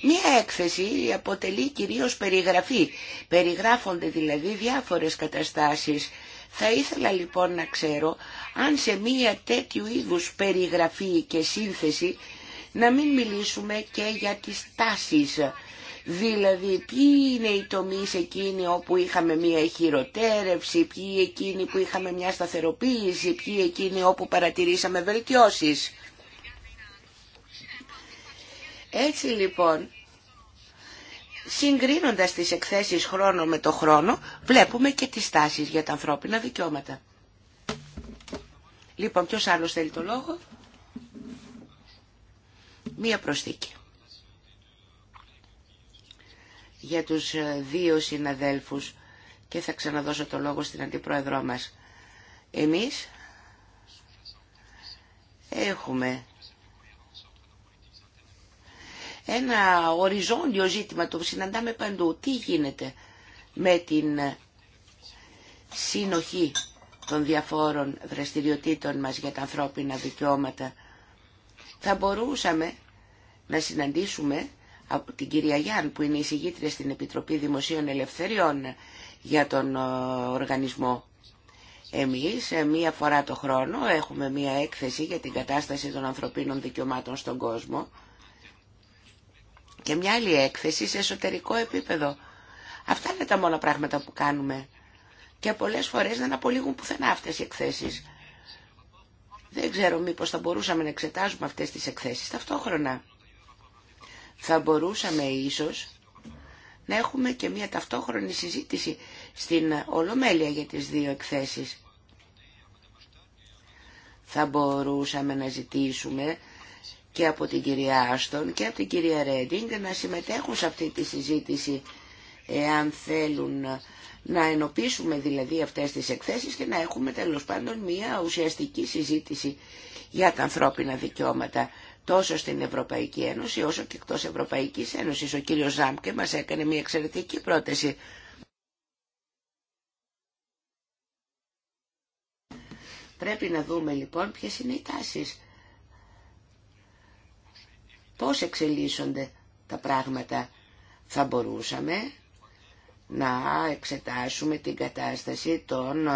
Μία έκθεση αποτελεί κυρίως περιγραφή. Περιγράφονται δηλαδή διάφορες καταστάσεις. Θα ήθελα λοιπόν να ξέρω αν σε μία τέτοιου είδους περιγραφή και σύνθεση να μην μιλήσουμε και για τις τάσεις Δηλαδή, ποιοι είναι οι τομεί εκείνοι όπου είχαμε μια χειροτέρευση, ποιοι εκείνοι που είχαμε μια σταθεροποίηση, ποιοι εκείνοι όπου παρατηρήσαμε βελτιώσει. Έτσι λοιπόν, συγκρίνοντας τις εκθέσεις χρόνο με το χρόνο, βλέπουμε και τις τάσεις για τα ανθρώπινα δικαιώματα. Λοιπόν, ποιος άλλος θέλει το λόγο? Μία προσθήκη για τους ε, δύο συναδέλφους και θα ξαναδώσω το λόγο στην Αντιπρόεδρό μας. Εμείς έχουμε ένα οριζόντιο ζήτημα, το συναντάμε παντού. Τι γίνεται με την συνοχή των διαφόρων δραστηριοτήτων μας για τα ανθρώπινα δικαιώματα. Θα μπορούσαμε να συναντήσουμε από την κυρία Γιάν που είναι η συγγήτρια στην Επιτροπή Δημοσίων Ελευθεριών για τον ε, οργανισμό. Εμείς ε, μία φορά το χρόνο έχουμε μία έκθεση για την κατάσταση των ανθρωπίνων δικαιωμάτων στον κόσμο και μια άλλη έκθεση σε εσωτερικό επίπεδο. Αυτά είναι τα μόνα πράγματα που κάνουμε και πολλές φορές δεν απολύγουν πουθενά αυτές οι εκθέσεις. Δεν ξέρω μήπως θα μπορούσαμε να εξετάζουμε αυτές τις εκθέσεις ταυτόχρονα θα μπορούσαμε ίσως να έχουμε και μια ταυτόχρονη συζήτηση στην Ολομέλεια για τις δύο εκθέσεις. Θα μπορούσαμε να ζητήσουμε και από την κυρία Άστον και από την κυρία Ρέντινγκ να συμμετέχουν σε αυτή τη συζήτηση εάν θέλουν να ενοπίσουμε δηλαδή αυτές τις εκθέσεις και να έχουμε τέλος πάντων μια ουσιαστική συζήτηση για τα ανθρώπινα δικαιώματα τόσο στην Ευρωπαϊκή Ένωση όσο και εκτός Ευρωπαϊκής Ένωσης. Ο κύριος Ζάμπκε μας έκανε μια εξαιρετική πρόταση. Πρέπει να δούμε λοιπόν ποιες είναι οι τάσεις. Πώς εξελίσσονται τα πράγματα. Θα μπορούσαμε να εξετάσουμε την κατάσταση των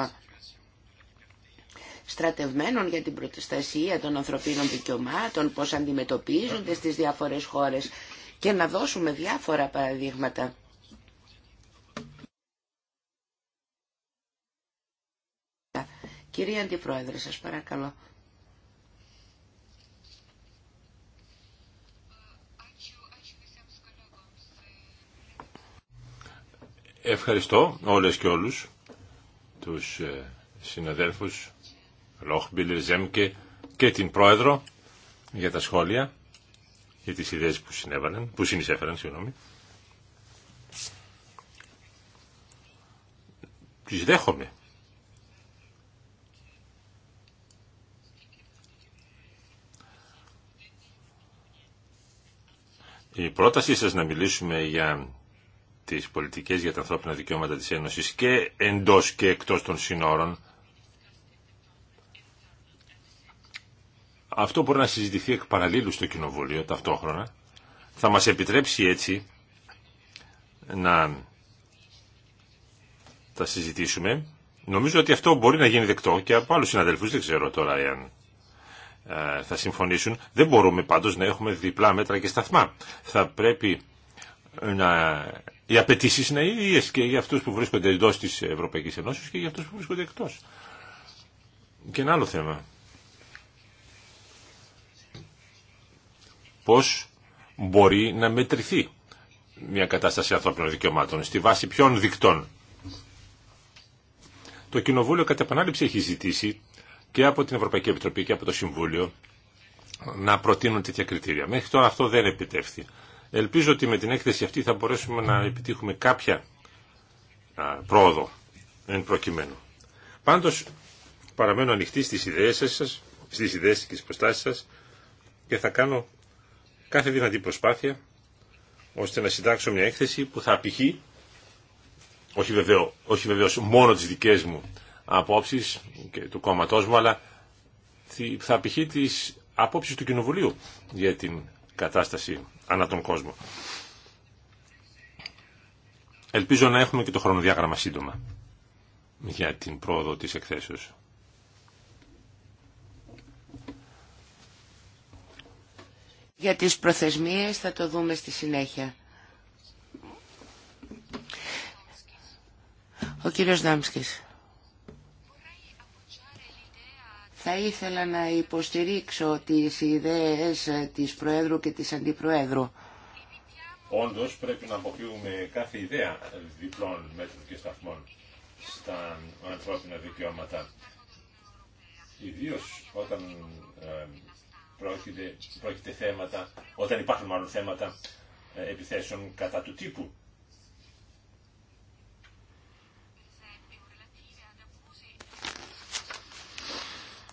στρατευμένων για την προστασία των ανθρωπίνων δικαιωμάτων, πώς αντιμετωπίζονται στις διάφορες χώρες και να δώσουμε διάφορα παραδείγματα. Κυρία Αντιπρόεδρε, σας παρακαλώ. Ευχαριστώ όλες και όλους τους ε, συναδέλφους Λόχμπιλερ, Ζέμκε και την Πρόεδρο για τα σχόλια και τις ιδέες που, συνέβαλαν, που συνεισέφεραν. Συγγνώμη. Τις δέχομαι. Η πρότασή σας να μιλήσουμε για τις πολιτικές για τα ανθρώπινα δικαιώματα της Ένωσης και εντός και εκτός των συνόρων Αυτό μπορεί να συζητηθεί εκ παραλίλου στο Κοινοβούλιο ταυτόχρονα. Θα μας επιτρέψει έτσι να τα συζητήσουμε. Νομίζω ότι αυτό μπορεί να γίνει δεκτό και από άλλους συναδελφούς, δεν ξέρω τώρα εάν ε, θα συμφωνήσουν. Δεν μπορούμε πάντως να έχουμε διπλά μέτρα και σταθμά. Θα πρέπει να... οι απαιτήσει να είναι ίδιες και για αυτούς που βρίσκονται εντός της Ευρωπαϊκής Ενώσης και για αυτούς που βρίσκονται εκτός. Και ένα άλλο θέμα. πώς μπορεί να μετρηθεί μια κατάσταση ανθρώπινων δικαιωμάτων, στη βάση ποιων δικτών. Το Κοινοβούλιο κατά επανάληψη έχει ζητήσει και από την Ευρωπαϊκή Επιτροπή και από το Συμβούλιο να προτείνουν τέτοια κριτήρια. Μέχρι τώρα αυτό δεν επιτεύχθη. Ελπίζω ότι με την έκθεση αυτή θα μπορέσουμε να επιτύχουμε κάποια πρόοδο εν προκειμένου. Πάντως παραμένω ανοιχτή στις ιδέες σας, στις ιδέες και στις προστάσεις σας και θα κάνω κάθε δυνατή προσπάθεια ώστε να συντάξω μια έκθεση που θα απηχεί όχι, βεβαίω, όχι βεβαίως μόνο τις δικές μου απόψεις και του κόμματός μου αλλά θα απηχεί τις απόψεις του Κοινοβουλίου για την κατάσταση ανά τον κόσμο. Ελπίζω να έχουμε και το χρονοδιάγραμμα σύντομα για την πρόοδο της εκθέσεως. Για τις προθεσμίες θα το δούμε στη συνέχεια. Ο κύριος Δάμσκης. Θα ήθελα να υποστηρίξω τις ιδέες της Προέδρου και της Αντιπροέδρου. Όντως πρέπει να αποκλείουμε κάθε ιδέα διπλών μέτρων και σταθμών στα ανθρώπινα δικαιώματα. Ιδίως όταν ε, πρόκειται, πρόκειται θέματα, όταν υπάρχουν μάλλον θέματα ε, επιθέσεων κατά του τύπου.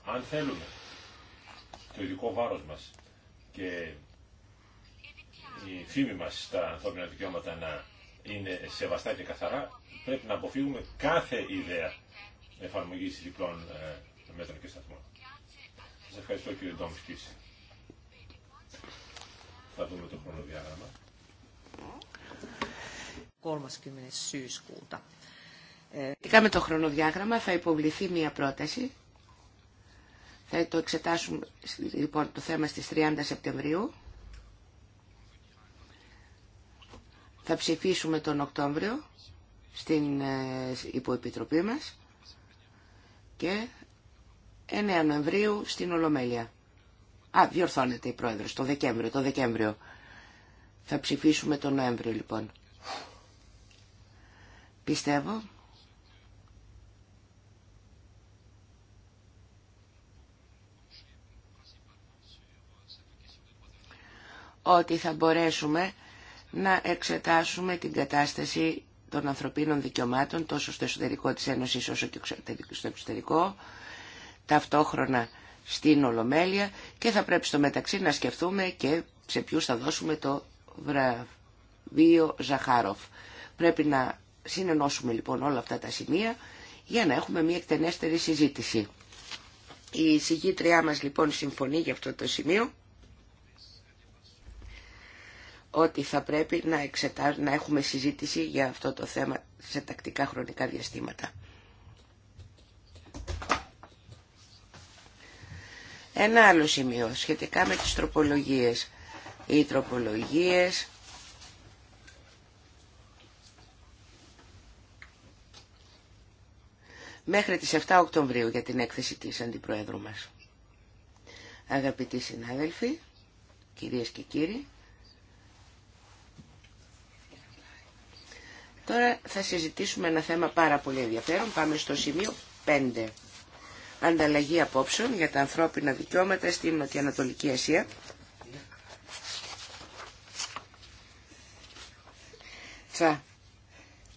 Αν θέλουμε το ειδικό βάρος μας και η φήμη μας στα ανθρώπινα δικαιώματα να είναι σεβαστά και καθαρά, πρέπει να αποφύγουμε κάθε ιδέα εφαρμογής διπλών ε, μέτρων και σταθμών ευχαριστώ κύριε Ντόμφκης Θα δούμε το χρονοδιάγραμμα. 30. Ε, με το χρονοδιάγραμμα θα υποβληθεί μία πρόταση. Θα το εξετάσουμε λοιπόν το θέμα στις 30 Σεπτεμβρίου. Θα ψηφίσουμε τον Οκτώβριο στην ε, υποεπιτροπή μας και 9 Νοεμβρίου στην Ολομέλεια. Α, διορθώνεται η Πρόεδρος, το Δεκέμβριο, το Δεκέμβριο. Θα ψηφίσουμε τον Νοέμβριο λοιπόν. Πιστεύω ότι θα μπορέσουμε να εξετάσουμε την κατάσταση των ανθρωπίνων δικαιωμάτων τόσο στο εσωτερικό της Ένωσης όσο και στο εξωτερικό ταυτόχρονα στην Ολομέλεια και θα πρέπει στο μεταξύ να σκεφτούμε και σε ποιους θα δώσουμε το βραβείο Ζαχάροφ. Πρέπει να συνενώσουμε λοιπόν όλα αυτά τα σημεία για να έχουμε μια εκτενέστερη συζήτηση. Η συγγήτριά μας λοιπόν συμφωνεί για αυτό το σημείο ότι θα πρέπει να, να έχουμε συζήτηση για αυτό το θέμα σε τακτικά χρονικά διαστήματα. Ένα άλλο σημείο σχετικά με τις τροπολογίες. Οι τροπολογίες μέχρι τις 7 Οκτωβρίου για την έκθεση της Αντιπροέδρου μας. Αγαπητοί συνάδελφοι, κυρίες και κύριοι, τώρα θα συζητήσουμε ένα θέμα πάρα πολύ ενδιαφέρον. Πάμε στο σημείο 5 ανταλλαγή απόψεων για τα ανθρώπινα δικαιώματα στην Νοτιοανατολική Ασία. Θα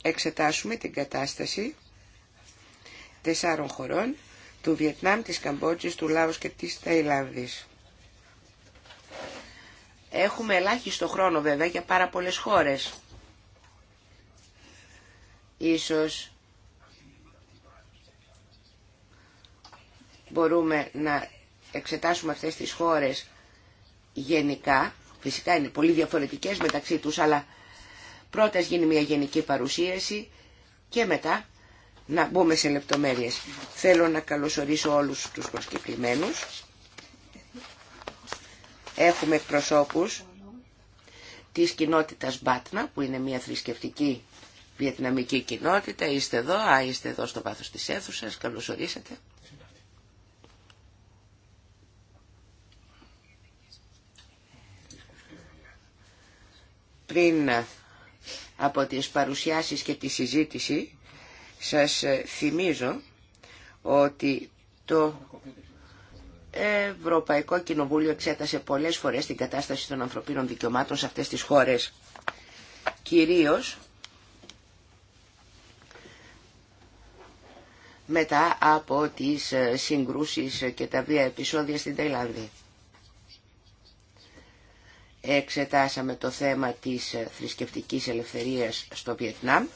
εξετάσουμε την κατάσταση τεσσάρων χωρών, του Βιετνάμ, της Καμπότζης, του Λάος και της Ταϊλάνδης. Έχουμε ελάχιστο χρόνο βέβαια για πάρα πολλές χώρες. Ίσως μπορούμε να εξετάσουμε αυτές τις χώρες γενικά, φυσικά είναι πολύ διαφορετικές μεταξύ τους, αλλά πρώτα γίνει μια γενική παρουσίαση και μετά να μπούμε σε λεπτομέρειες. Θέλω να καλωσορίσω όλους τους προσκεκλημένους. Έχουμε προσώπους της κοινότητας Μπάτνα, που είναι μια θρησκευτική βιετναμική κοινότητα. Είστε εδώ, α, είστε εδώ στο βάθος της αίθουσας, καλωσορίσατε. πριν από τις παρουσιάσεις και τη συζήτηση σας ε, θυμίζω ότι το Ευρωπαϊκό Κοινοβούλιο εξέτασε πολλές φορές την κατάσταση των ανθρωπίνων δικαιωμάτων σε αυτές τις χώρες. Κυρίως μετά από τις ε, συγκρούσεις και τα βία επεισόδια στην Ταϊλάνδη εξετάσαμε το θέμα της θρησκευτικής ελευθερίας στο Βιετνάμ,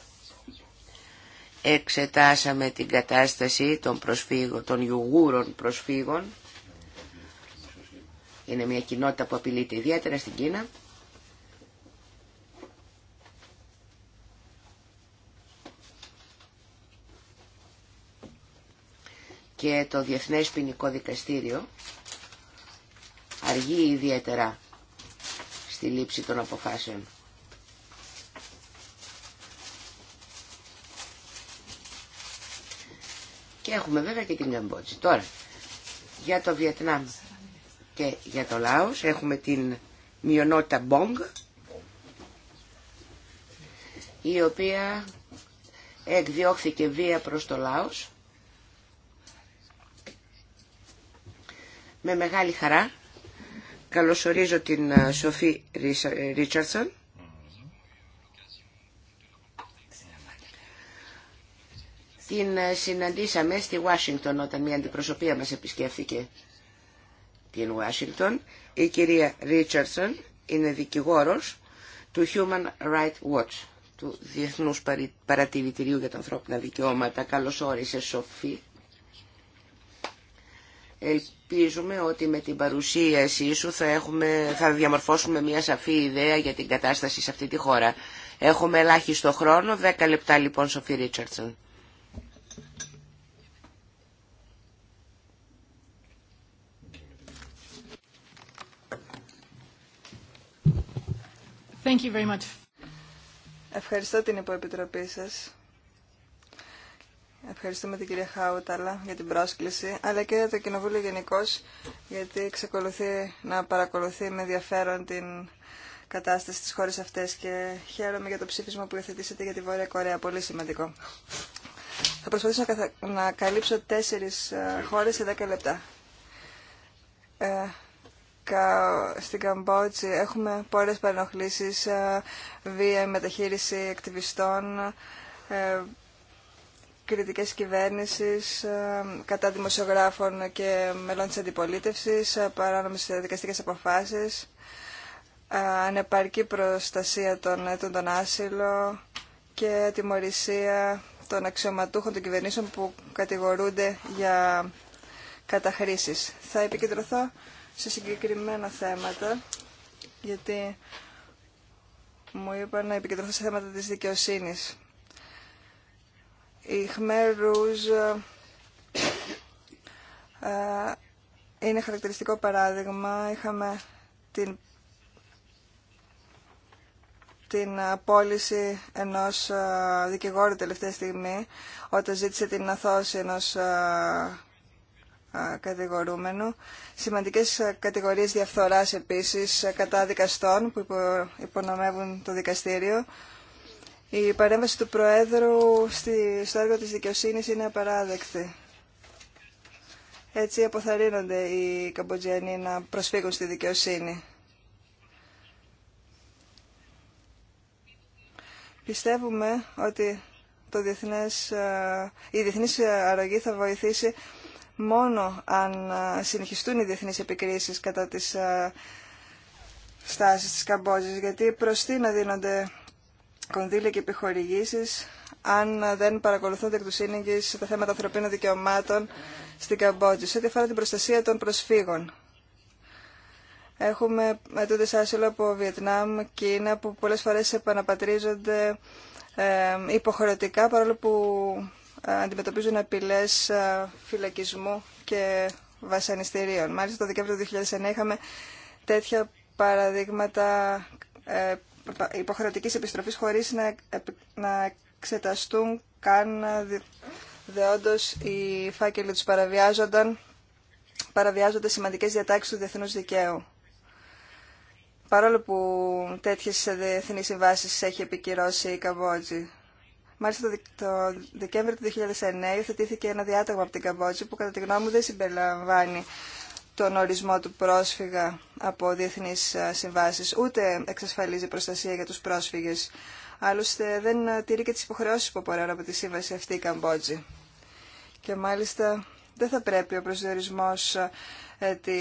εξετάσαμε την κατάσταση των, προσφύγων, των Ιουγούρων προσφύγων, είναι μια κοινότητα που απειλείται ιδιαίτερα στην Κίνα, και το Διεθνές Ποινικό Δικαστήριο αργεί ιδιαίτερα στη λήψη των αποφάσεων. Και έχουμε βέβαια και την Καμπότζη. Τώρα, για το Βιετνάμ και για το Λάος έχουμε την μειονότητα Μπόγκ, η οποία εκδιώχθηκε βία προς το Λάος. Με μεγάλη χαρά Καλωσορίζω την ε, Σοφή ε, Ρίτσαρτσον. Την ε, συναντήσαμε στη Ουάσιγκτον όταν μια αντιπροσωπεία μας επισκέφθηκε την Ουάσιγκτον. Η κυρία Ρίτσαρτσον είναι δικηγόρος του Human Rights Watch, του Διεθνούς Παρατηρητηρίου για τα Ανθρώπινα Δικαιώματα. Καλώς όρισε Σοφή. Ελπίζουμε ότι με την παρουσίασή σου θα, έχουμε, θα διαμορφώσουμε μια σαφή ιδέα για την κατάσταση σε αυτή τη χώρα. Έχουμε ελάχιστο χρόνο, 10 λεπτά λοιπόν Σοφή Ρίτσαρτσον. Ευχαριστώ την υποεπιτροπή σας Ευχαριστούμε την κυρία Χάουταλα για την πρόσκληση, αλλά και το Κοινοβούλιο γενικώ, γιατί εξακολουθεί να παρακολουθεί με ενδιαφέρον την κατάσταση στις χώρες αυτές και χαίρομαι για το ψήφισμα που υιοθετήσατε για τη Βόρεια Κορέα. Πολύ σημαντικό. Θα προσπαθήσω να, καλύψω τέσσερις ε, χώρες σε δέκα λεπτά. Ε, Στην Καμπότζη έχουμε πολλές παρενοχλήσεις, ε, βία, μεταχείριση εκτιβιστών, ε, κριτικές κυβέρνησης ε, κατά δημοσιογράφων και μελών της αντιπολίτευσης, ε, παράνομες δικαστικές αποφάσεις, ε, ανεπαρκή προστασία των έτων άσυλο και τιμωρησία των αξιωματούχων των κυβερνήσεων που κατηγορούνται για καταχρήσεις. Θα επικεντρωθώ σε συγκεκριμένα θέματα, γιατί μου είπα να επικεντρωθώ σε θέματα της δικαιοσύνης. Η ΧΜΕΡΟΥΖ ε, ε, είναι χαρακτηριστικό παράδειγμα. Είχαμε την, την απόλυση ενός ε, δικηγόρου τελευταία στιγμή όταν ζήτησε την αθώση ενός κατηγορούμενου. Σημαντικές κατηγορίες διαφθοράς επίσης κατά δικαστών που υπονομεύουν το δικαστήριο. Η παρέμβαση του Προέδρου στη, στο έργο της δικαιοσύνης είναι απαράδεκτη. Έτσι αποθαρρύνονται οι Καμποτζιανοί να προσφύγουν στη δικαιοσύνη. Πιστεύουμε ότι το διεθνές, η διεθνής αρρωγή θα βοηθήσει μόνο αν συνεχιστούν οι διεθνείς επικρίσεις κατά τις στάσεις της Καμπότζης, γιατί προς τι να δίνονται κονδύλια και επιχορηγήσει. αν δεν παρακολουθούνται εκ του σύνεγγυ τα θέματα ανθρωπίνων δικαιωμάτων στην Καμπότζη, σε ό,τι αφορά την προστασία των προσφύγων. Έχουμε μετούντες άσυλο από Βιετνάμ, Κίνα, που πολλέ φορέ επαναπατρίζονται υποχρεωτικά, παρόλο που ε, αντιμετωπίζουν απειλέ ε, φυλακισμού και βασανιστήριων. Μάλιστα, το Δεκέμβριο του 2009 είχαμε τέτοια παραδείγματα ε, υποχρεωτική επιστροφής χωρίς να, να εξεταστούν καν ε, δεόντω οι φάκελοι του παραβιάζονταν, παραβιάζονται σημαντικές διατάξεις του διεθνούς δικαίου. Παρόλο που τέτοιες ε, διεθνείς συμβάσει έχει επικυρώσει η Καμπότζη. Μάλιστα το Δεκέμβριο του 2009 υιοθετήθηκε ένα διάταγμα από την Καμπότζη που κατά τη γνώμη μου δεν συμπεριλαμβάνει τον ορισμό του πρόσφυγα από διεθνείς συμβάσεις, ούτε εξασφαλίζει προστασία για τους πρόσφυγες. Άλλωστε δεν τηρεί και τις υποχρεώσεις που απορρέουν από τη σύμβαση αυτή η Καμπότζη. Και μάλιστα δεν θα πρέπει ο προσδιορισμός ε, τη...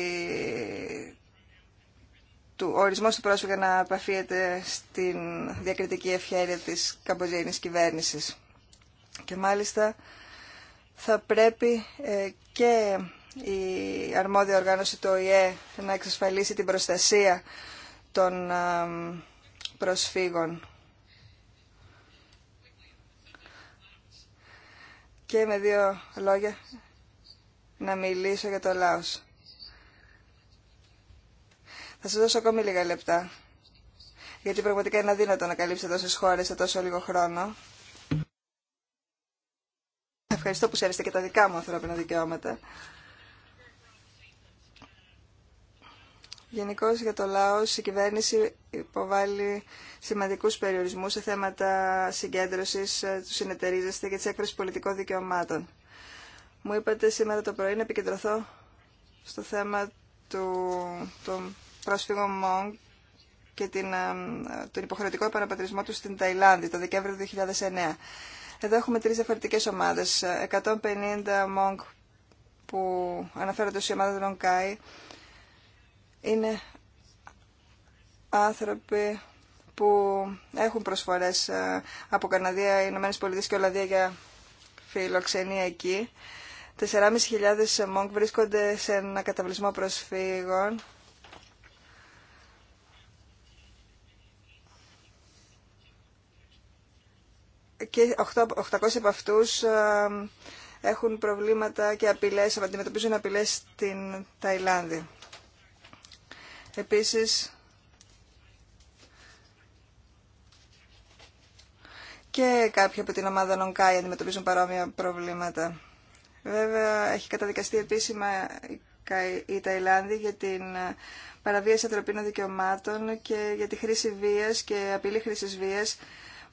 του ορισμός του πρόσφυγα να απαφίεται στην διακριτική ευχαίρεια της καμποζέινης κυβέρνησης. Και μάλιστα θα πρέπει ε, και η αρμόδια οργάνωση του ΟΗΕ να εξασφαλίσει την προστασία των ε, προσφύγων. Και με δύο λόγια να μιλήσω για το Λάος. Θα σας δώσω ακόμη λίγα λεπτά, γιατί πραγματικά είναι αδύνατο να καλύψετε τόσες χώρες σε τόσο λίγο χρόνο. Ευχαριστώ που σέβεστε και τα δικά μου ανθρώπινα δικαιώματα. Γενικώ για το Λάος η κυβέρνηση υποβάλλει σημαντικού περιορισμού σε θέματα συγκέντρωση ε, του συνεταιρίζεστε και τη έκφραση πολιτικών δικαιωμάτων. Μου είπατε σήμερα το πρωί να επικεντρωθώ στο θέμα του, των πρόσφυγων ΜΟΝΚ και την, ε, τον υποχρεωτικό επαναπατρισμό του στην Ταϊλάνδη το Δεκέμβριο του 2009. Εδώ έχουμε τρεις διαφορετικέ ομάδες. 150 ε, ΜΟΝΚ που αναφέρονται ως η ομάδα των Ρονκάη, είναι άνθρωποι που έχουν προσφορές ε, από Καναδία, Ηνωμένες Πολιτείες και Ολλανδία για φιλοξενία εκεί. 4.500 μόγκ βρίσκονται σε ένα καταβλισμό προσφύγων. Και 800 από αυτούς ε, έχουν προβλήματα και απειλές, αντιμετωπίζουν απειλές στην Ταϊλάνδη. Επίσης, και κάποιοι από την ομάδα Νονκάι αντιμετωπίζουν παρόμοια προβλήματα. Βέβαια, έχει καταδικαστεί επίσημα η Ταϊλάνδη για την ε, παραβίαση ανθρωπίνων δικαιωμάτων και για τη χρήση βίας και απειλή χρήσης βίας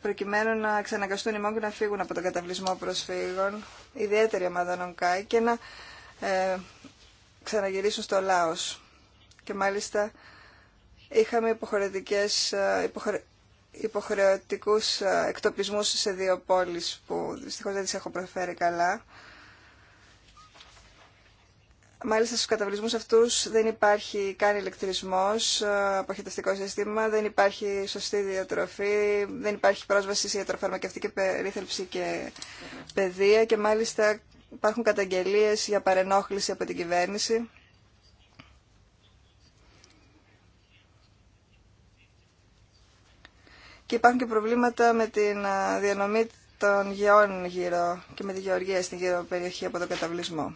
προκειμένου να ξαναγκαστούν οι μόγκοι να φύγουν από τον καταβλισμό προσφύγων, ιδιαίτερη ομάδα Νονκάι, και να ε, ξαναγυρίσουν στο Λάος και μάλιστα είχαμε υποχρεωτικές, ε, υποχρε... υποχρεωτικούς ε, εκτοπισμούς σε δύο πόλεις που δυστυχώς δεν τις έχω προφέρει καλά. Μάλιστα στους καταβλισμούς αυτούς δεν υπάρχει καν ηλεκτρισμός, ε, αποχετευτικό σύστημα, δεν υπάρχει σωστή διατροφή, δεν υπάρχει πρόσβαση σε ιατροφαρμακευτική περίθαλψη και παιδεία και μάλιστα υπάρχουν καταγγελίες για παρενόχληση από την κυβέρνηση και υπάρχουν και προβλήματα με τη διανομή των γεών γύρω και με τη γεωργία στην γύρω περιοχή από τον καταβλισμό.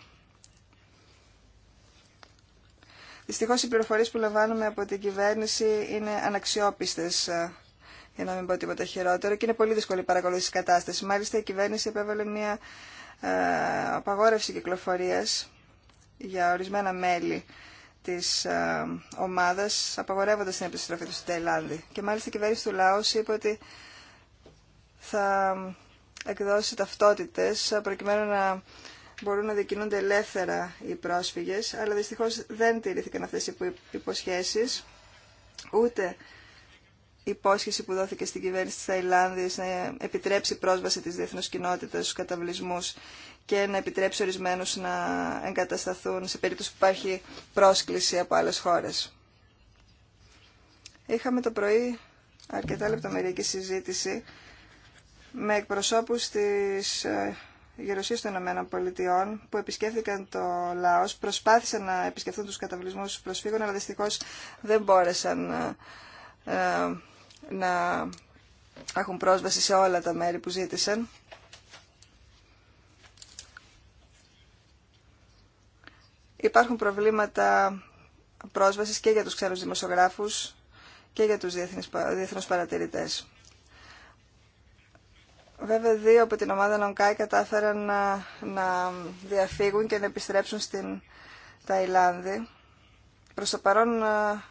Δυστυχώς οι πληροφορίες που λαμβάνουμε από την κυβέρνηση είναι αναξιόπιστες για να μην πω τίποτα χειρότερο και είναι πολύ δύσκολη η παρακολούθηση κατάσταση. κατάστασης. Μάλιστα η κυβέρνηση επέβαλε μια απαγόρευση κυκλοφορίας για ορισμένα μέλη της ε, ομάδας απαγορεύοντας την επιστροφή του στην Ταϊλάνδη. Και μάλιστα η κυβέρνηση του Λάους είπε ότι θα εκδώσει ταυτότητες προκειμένου να μπορούν να διακινούνται ελεύθερα οι πρόσφυγες, αλλά δυστυχώς δεν τηρήθηκαν αυτές οι υποσχέσεις, ούτε η υπόσχεση που δόθηκε στην κυβέρνηση της Ταϊλάνδης να επιτρέψει πρόσβαση της διεθνούς κοινότητας στους καταβλισμούς και να επιτρέψει ορισμένους να εγκατασταθούν σε περίπτωση που υπάρχει πρόσκληση από άλλες χώρες. Είχαμε το πρωί αρκετά λεπτομεριακή συζήτηση με εκπροσώπους της ε, γερουσίας των Ηνωμένων Πολιτειών που επισκέφθηκαν το Λάος, προσπάθησαν να επισκεφθούν τους καταβλισμούς προσφύγων, αλλά δυστυχώς δεν μπόρεσαν ε, ε, να έχουν πρόσβαση σε όλα τα μέρη που ζήτησαν. Υπάρχουν προβλήματα πρόσβασης και για τους ξένους δημοσιογράφους και για τους διεθνούς παρατηρητές. Βέβαια, δύο από την ομάδα Νονκάη κατάφεραν να, να διαφύγουν και να επιστρέψουν στην Ταϊλάνδη. Προς το παρόν ε,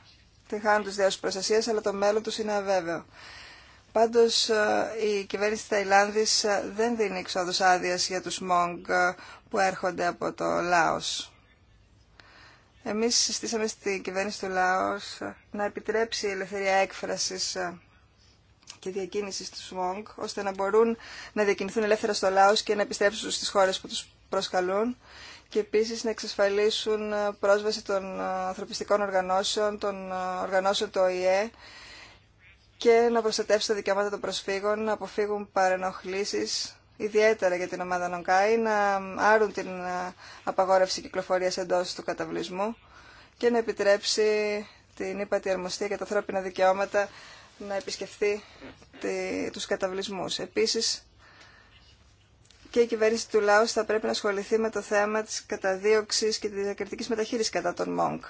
την χάνουν τους δύο προστασίες, αλλά το μέλλον τους είναι αβέβαιο. Πάντως, ε, η κυβέρνηση της Ταϊλάνδης ε, δεν δίνει εξόδους άδειας για τους Μόγκ που έρχονται από το Λάος. Εμείς συστήσαμε στην κυβέρνηση του Λάος να επιτρέψει η ελευθερία έκφρασης και διακίνησης του ΣΜΟΝΚ, ώστε να μπορούν να διακινηθούν ελεύθερα στο Λάος και να επιστρέψουν στις χώρες που τους προσκαλούν και επίσης να εξασφαλίσουν πρόσβαση των ανθρωπιστικών οργανώσεων, των οργανώσεων του ΟΗΕ και να προστατεύσουν τα δικαιώματα των προσφύγων, να αποφύγουν παρενοχλήσεις ιδιαίτερα για την ομάδα Νονκάη να άρουν την απαγόρευση κυκλοφορίας εντός του καταβλισμού και να επιτρέψει την ύπατη αρμοστία και τα ανθρώπινα δικαιώματα να επισκεφθεί τη, τους καταβλισμούς. Επίσης, και η κυβέρνηση του Λάου θα πρέπει να ασχοληθεί με το θέμα της καταδίωξης και της διακριτικής μεταχείρισης κατά τον ΜΟΝΚ.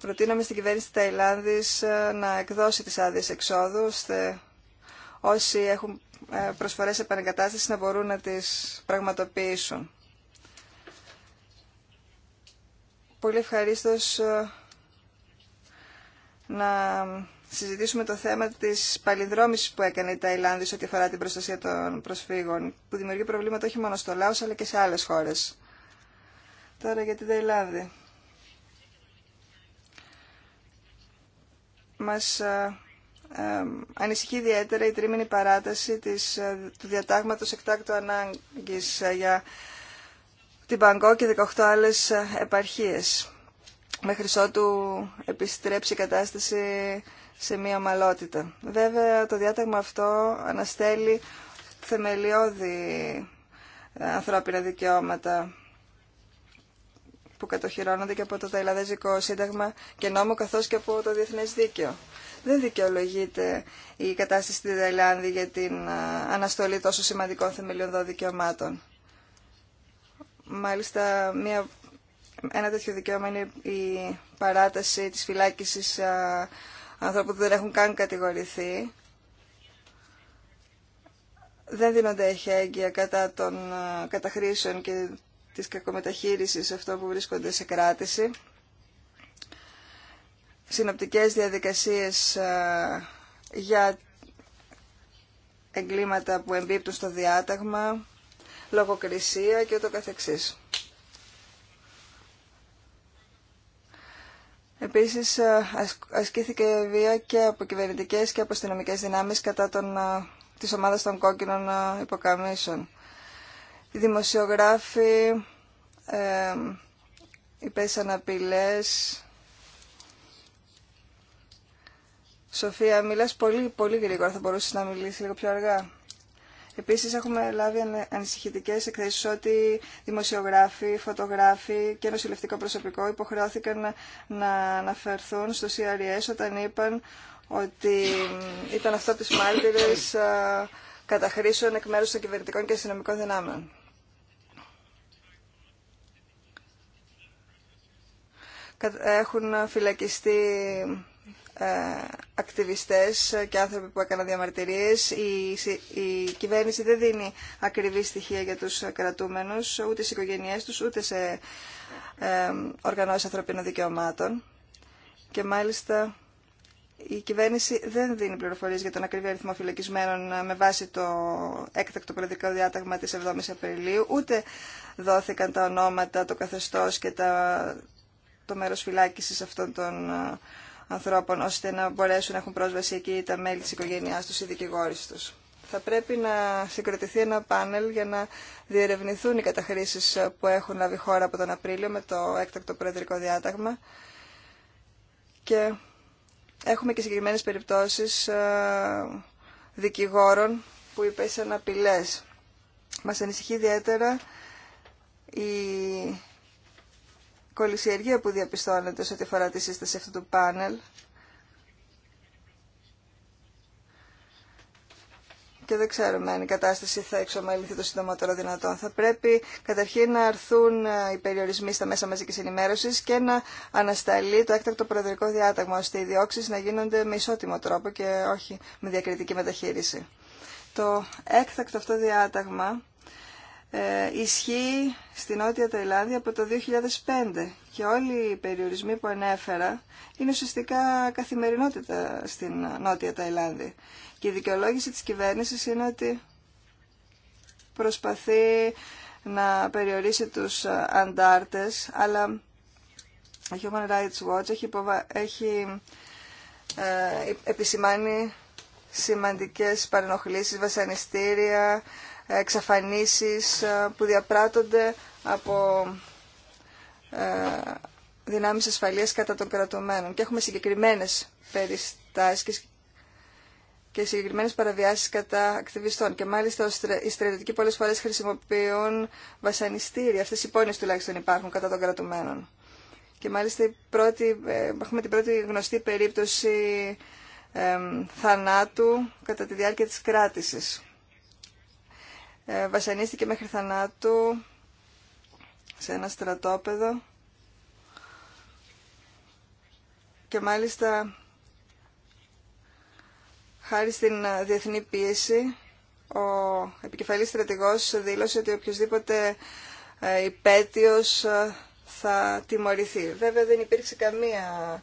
Προτείναμε στην κυβέρνηση Ταϊλάνδης ε, να εκδώσει τις άδειες εξόδου, όσοι έχουν ε, προσφορές επανεγκατάστασης να μπορούν να τις πραγματοποιήσουν. Πολύ ευχαρίστως ε, να συζητήσουμε το θέμα της παλινδρόμησης που έκανε η Ταϊλάνδη ό,τι αφορά την προστασία των προσφύγων, που δημιουργεί προβλήματα όχι μόνο στο Λάος αλλά και σε άλλες χώρες. Τώρα για την Ταϊλάνδη. Μας ε, ανησυχεί ιδιαίτερα η τρίμηνη παράταση της, ε, του διατάγματος εκτάκτου ανάγκης ε, για την Παγκό και 18 άλλες ε, επαρχίες μέχρι ότου επιστρέψει η κατάσταση σε μία ομαλότητα. Βέβαια το διάταγμα αυτό αναστέλει θεμελιώδη ανθρώπινα δικαιώματα που κατοχυρώνονται και από το Ταϊλανδέζικο Σύνταγμα και νόμο καθώς και από το Διεθνές Δίκαιο. Δεν δικαιολογείται η κατάσταση στη Ταϊλάνδη για την αναστολή τόσο σημαντικών θεμελιωδών δικαιωμάτων. Μάλιστα, μια, ένα τέτοιο δικαίωμα είναι η παράταση της φυλάκισης ανθρώπων που δεν έχουν καν κατηγορηθεί. Δεν δίνονται εχέγγυα κατά των καταχρήσεων και της κακομεταχείρισης αυτό που βρίσκονται σε κράτηση. Συνοπτικές διαδικασίες ε, για εγκλήματα που εμπίπτουν στο διάταγμα, λογοκρισία και ούτω καθεξής. Επίσης ε, ασκήθηκε βία και από κυβερνητικές και από αστυνομικές δυνάμεις κατά των, ε, της ομάδας των κόκκινων υποκαμίσεων. Οι δημοσιογράφοι ε, υπέσαν απειλές. Σοφία, μιλάς πολύ, πολύ γρήγορα. Θα μπορούσες να μιλήσεις λίγο πιο αργά. Επίσης έχουμε λάβει ανησυχητικές εκθέσεις ότι δημοσιογράφοι, φωτογράφοι και νοσηλευτικό προσωπικό υποχρεώθηκαν να αναφερθούν στο CRS e όταν είπαν ότι ήταν αυτό τις μάρτυρες καταχρήσεων εκ μέρους των κυβερνητικών και αστυνομικών δυνάμεων. έχουν φυλακιστεί ε, ακτιβιστές και άνθρωποι που έκαναν διαμαρτυρίες. Η, η κυβέρνηση δεν δίνει ακριβή στοιχεία για τους κρατούμενους, ούτε στις οικογένειές τους, ούτε σε ε, οργανώσεις ανθρωπίνων δικαιωμάτων. Και μάλιστα η κυβέρνηση δεν δίνει πληροφορίες για τον ακριβή αριθμό φυλακισμένων ε, με βάση το έκτακτο προεδρικό διάταγμα της 7ης Απριλίου, ούτε δόθηκαν τα ονόματα, το καθεστώς και τα, το μέρος φυλάκισης αυτών των ε, ανθρώπων, ώστε να μπορέσουν να έχουν πρόσβαση εκεί τα μέλη της οικογένειάς τους ή δικηγόρη τους. Θα πρέπει να συγκροτηθεί ένα πάνελ για να διερευνηθούν οι καταχρήσεις ε, που έχουν λάβει χώρα από τον Απρίλιο με το έκτακτο προεδρικό διάταγμα και έχουμε και συγκεκριμένες περιπτώσεις ε, δικηγόρων που υπέσαν απειλές. Μας ανησυχεί ιδιαίτερα η κολυσιεργία που διαπιστώνεται σε ό,τι αφορά τη σύσταση αυτού του πάνελ. Και δεν ξέρουμε αν η κατάσταση θα εξομαλυνθεί το συντομότερο δυνατόν. Θα πρέπει καταρχήν να αρθούν ε, οι περιορισμοί στα μέσα μαζική ενημέρωση και να ανασταλεί το έκτακτο προεδρικό διάταγμα, ώστε οι διώξει να γίνονται με ισότιμο τρόπο και όχι με διακριτική μεταχείριση. Το έκτακτο αυτό διάταγμα ε, ισχύει στη Νότια Ταϊλάνδη από το 2005 και όλοι οι περιορισμοί που ανέφερα είναι ουσιαστικά καθημερινότητα στην Νότια Ταϊλάνδη. Και η δικαιολόγηση της κυβέρνησης είναι ότι προσπαθεί να περιορίσει τους αντάρτες, αλλά η Human Rights Watch έχει, ε, επισημάνει σημαντικές παρενοχλήσεις, βασανιστήρια, εξαφανίσεις ε, που διαπράττονται από ε, δυνάμεις ασφαλείας κατά των κρατουμένων. Και έχουμε συγκεκριμένες περιστάσεις και συγκεκριμένες παραβιάσεις κατά ακτιβιστών. Και μάλιστα οι στρατιωτικοί πολλές φορές χρησιμοποιούν βασανιστήρια. Αυτές οι πόνες τουλάχιστον υπάρχουν κατά των κρατουμένων. Και μάλιστα πρώτη, ε, έχουμε την πρώτη γνωστή περίπτωση θανάτου κατά τη διάρκεια της κράτησης. Ε, βασανίστηκε μέχρι θανάτου σε ένα στρατόπεδο και μάλιστα χάρη στην ε, διεθνή πίεση ο επικεφαλής στρατηγός δήλωσε ότι οποιοδήποτε ε, υπέτειος θα τιμωρηθεί. Βέβαια δεν υπήρξε καμία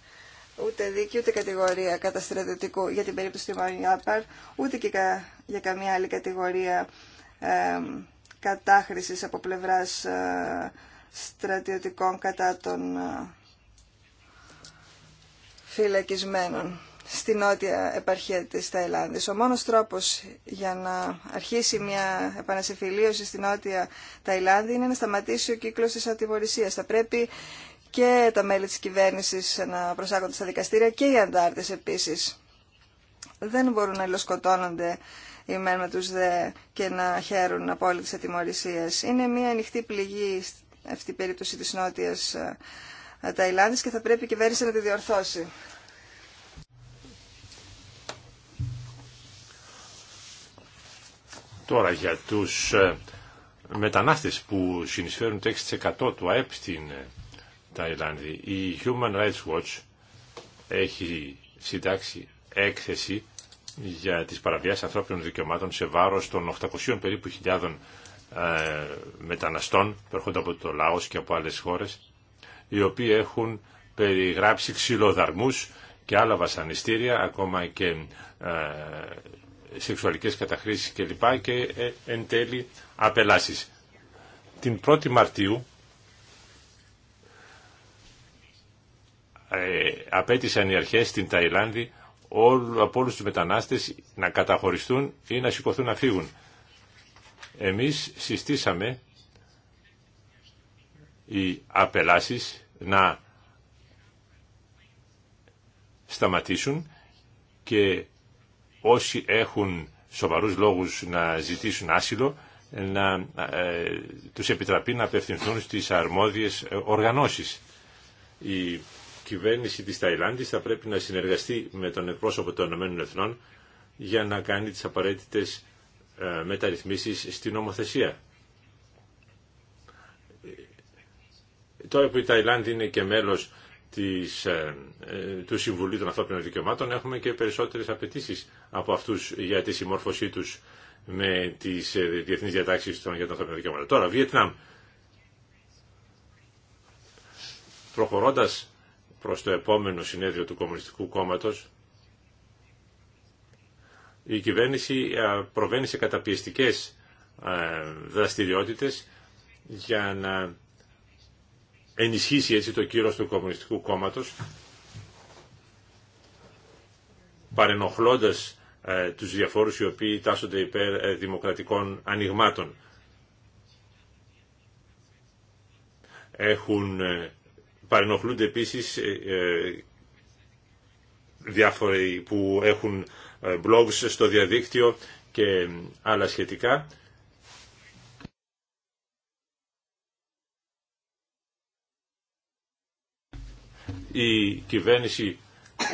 ούτε δίκη ούτε κατηγορία καταστρατητικού για την περίπτωση του Μαριάπαρ, ούτε και για καμία άλλη κατηγορία κατάχρησης από πλευράς ε, στρατιωτικών κατά των ε, φυλακισμένων στην νότια επαρχία της Ταϊλάνδης. Ο μόνος τρόπος για να αρχίσει μια επανασυμφιλίωση στη νότια Ταϊλάνδη είναι να σταματήσει ο κύκλος της ατιμορρησίας. Θα πρέπει και τα μέλη της κυβέρνησης να προσάγονται στα δικαστήρια και οι αντάρτες επίσης. Δεν μπορούν να υλοσκοτώνονται η μέρμα με τους δε και να χαίρουν τις ατιμορρησίας. Είναι μια ανοιχτή πληγή αυτή η περίπτωση της Νότιας ε, Ταϊλάνδης και θα πρέπει η κυβέρνηση να τη διορθώσει. Τώρα για τους ε, μετανάστες που συνεισφέρουν το 6% του ΑΕΠ στην ε, Ταϊλάνδη, η Human Rights Watch έχει συντάξει έκθεση για τις παραβιάσεις ανθρώπινων δικαιωμάτων σε βάρος των 800 περίπου χιλιάδων ε, μεταναστών που έρχονται από το Λάος και από άλλες χώρες οι οποίοι έχουν περιγράψει ξυλοδαρμούς και άλλα βασανιστήρια ακόμα και ε, σεξουαλικές καταχρήσεις κλπ και ε, εν τέλει απελάσεις. Την 1η Μαρτίου ε, απέτησαν οι αρχές στην Ταϊλάνδη όλου, από όλους τους μετανάστες να καταχωριστούν ή να σηκωθούν να φύγουν. Εμείς συστήσαμε οι απελάσεις να σταματήσουν και όσοι έχουν σοβαρούς λόγους να ζητήσουν άσυλο να ε, τους επιτραπεί να απευθυνθούν στις αρμόδιες οργανώσεις. Η κυβέρνηση της Ταϊλάνδης θα πρέπει να συνεργαστεί με τον εκπρόσωπο των Εθνών για να κάνει τις απαραίτητες ε, μεταρρυθμίσεις στην νομοθεσία. Τώρα που η Ταϊλάνδη είναι και μέλος της, ε, ε, του Συμβουλίου των Ανθρώπινων Δικαιωμάτων έχουμε και περισσότερες απαιτήσει από αυτούς για τη συμμόρφωσή τους με τις διεθνείς διατάξεις των, για τα ανθρώπινα δικαιώματα. Τώρα, Βιετνάμ. Προχωρώντας προς το επόμενο συνέδριο του Κομμουνιστικού Κόμματος, η κυβέρνηση ε, προβαίνει σε καταπιεστικές ε, δραστηριότητες για να ενισχύσει έτσι το κύρος του Κομμουνιστικού Κόμματος, παρενοχλώντας ε, τους διαφόρους οι οποίοι τάσσονται υπέρ δημοκρατικών ανοιγμάτων. Έχουν Παρενοχλούνται επίσης ε, ε, διάφοροι που έχουν ε, blogs στο διαδίκτυο και άλλα σχετικά. Η κυβέρνηση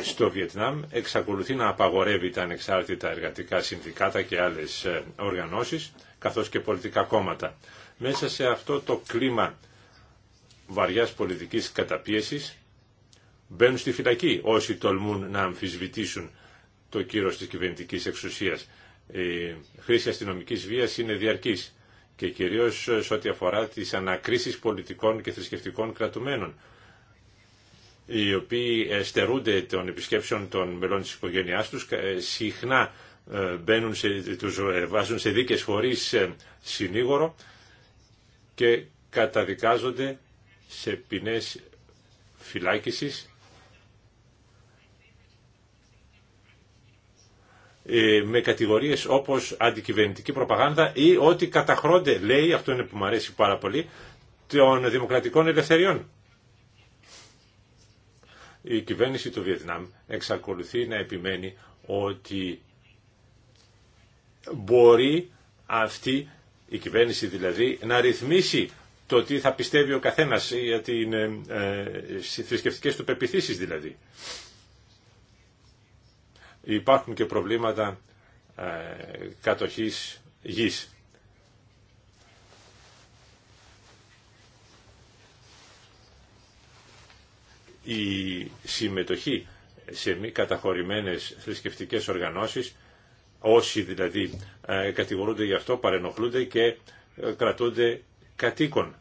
στο Βιετνάμ εξακολουθεί να απαγορεύει τα ανεξάρτητα εργατικά συνδικάτα και άλλες οργανώσεις, καθώς και πολιτικά κόμματα. Μέσα σε αυτό το κλίμα βαριάς πολιτικής καταπίεσης μπαίνουν στη φυλακή όσοι τολμούν να αμφισβητήσουν το κύρος της κυβερνητικής εξουσίας. Η χρήση αστυνομική βίας είναι διαρκής και κυρίως σε ό,τι αφορά τις ανακρίσεις πολιτικών και θρησκευτικών κρατουμένων οι οποίοι ε, στερούνται των επισκέψεων των μελών της οικογένειάς τους, ε, συχνά ε, σε, βάζουν σε δίκες χωρίς συνήγορο και καταδικάζονται σε ποινές φυλάκισης. Ε, με κατηγορίες όπως αντικυβερνητική προπαγάνδα ή ότι καταχρώνται, λέει, αυτό είναι που μου αρέσει πάρα πολύ, των δημοκρατικών ελευθεριών. Η κυβέρνηση του Βιετνάμ εξακολουθεί να επιμένει ότι μπορεί αυτή η κυβέρνηση δηλαδή να ρυθμίσει το τι θα πιστεύει ο καθένας για την, ε, θρησκευτικές του πεπιθήσεις δηλαδή. Υπάρχουν και προβλήματα ε, κατοχής γης. Η συμμετοχή σε μη καταχωρημένες θρησκευτικές οργανώσεις, όσοι δηλαδή ε, κατηγορούνται γι' αυτό, παρενοχλούνται και ε, κρατούνται κατοίκων.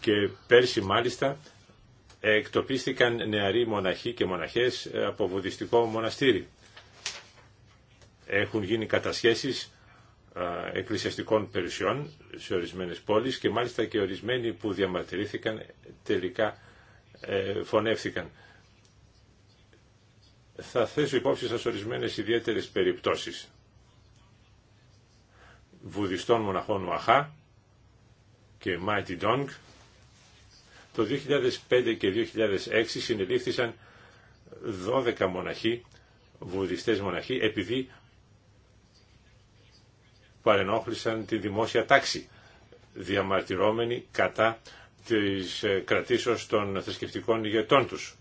Και πέρσι μάλιστα εκτοπίστηκαν νεαροί μοναχοί και μοναχές από βουδιστικό μοναστήρι. Έχουν γίνει κατασχέσεις εκκλησιαστικών περιουσιών σε ορισμένες πόλεις και μάλιστα και ορισμένοι που διαμαρτυρήθηκαν τελικά ε, φωνεύθηκαν. Θα θέσω υπόψη σας ορισμένες ιδιαίτερες περιπτώσεις βουδιστών μοναχών Μαχά και Μάιτι Ντόγκ. Το 2005 και 2006 συνελήφθησαν 12 μοναχοί, βουδιστές μοναχοί, επειδή παρενόχλησαν τη δημόσια τάξη, διαμαρτυρώμενοι κατά της ε, κρατήσεως των θρησκευτικών ηγετών τους.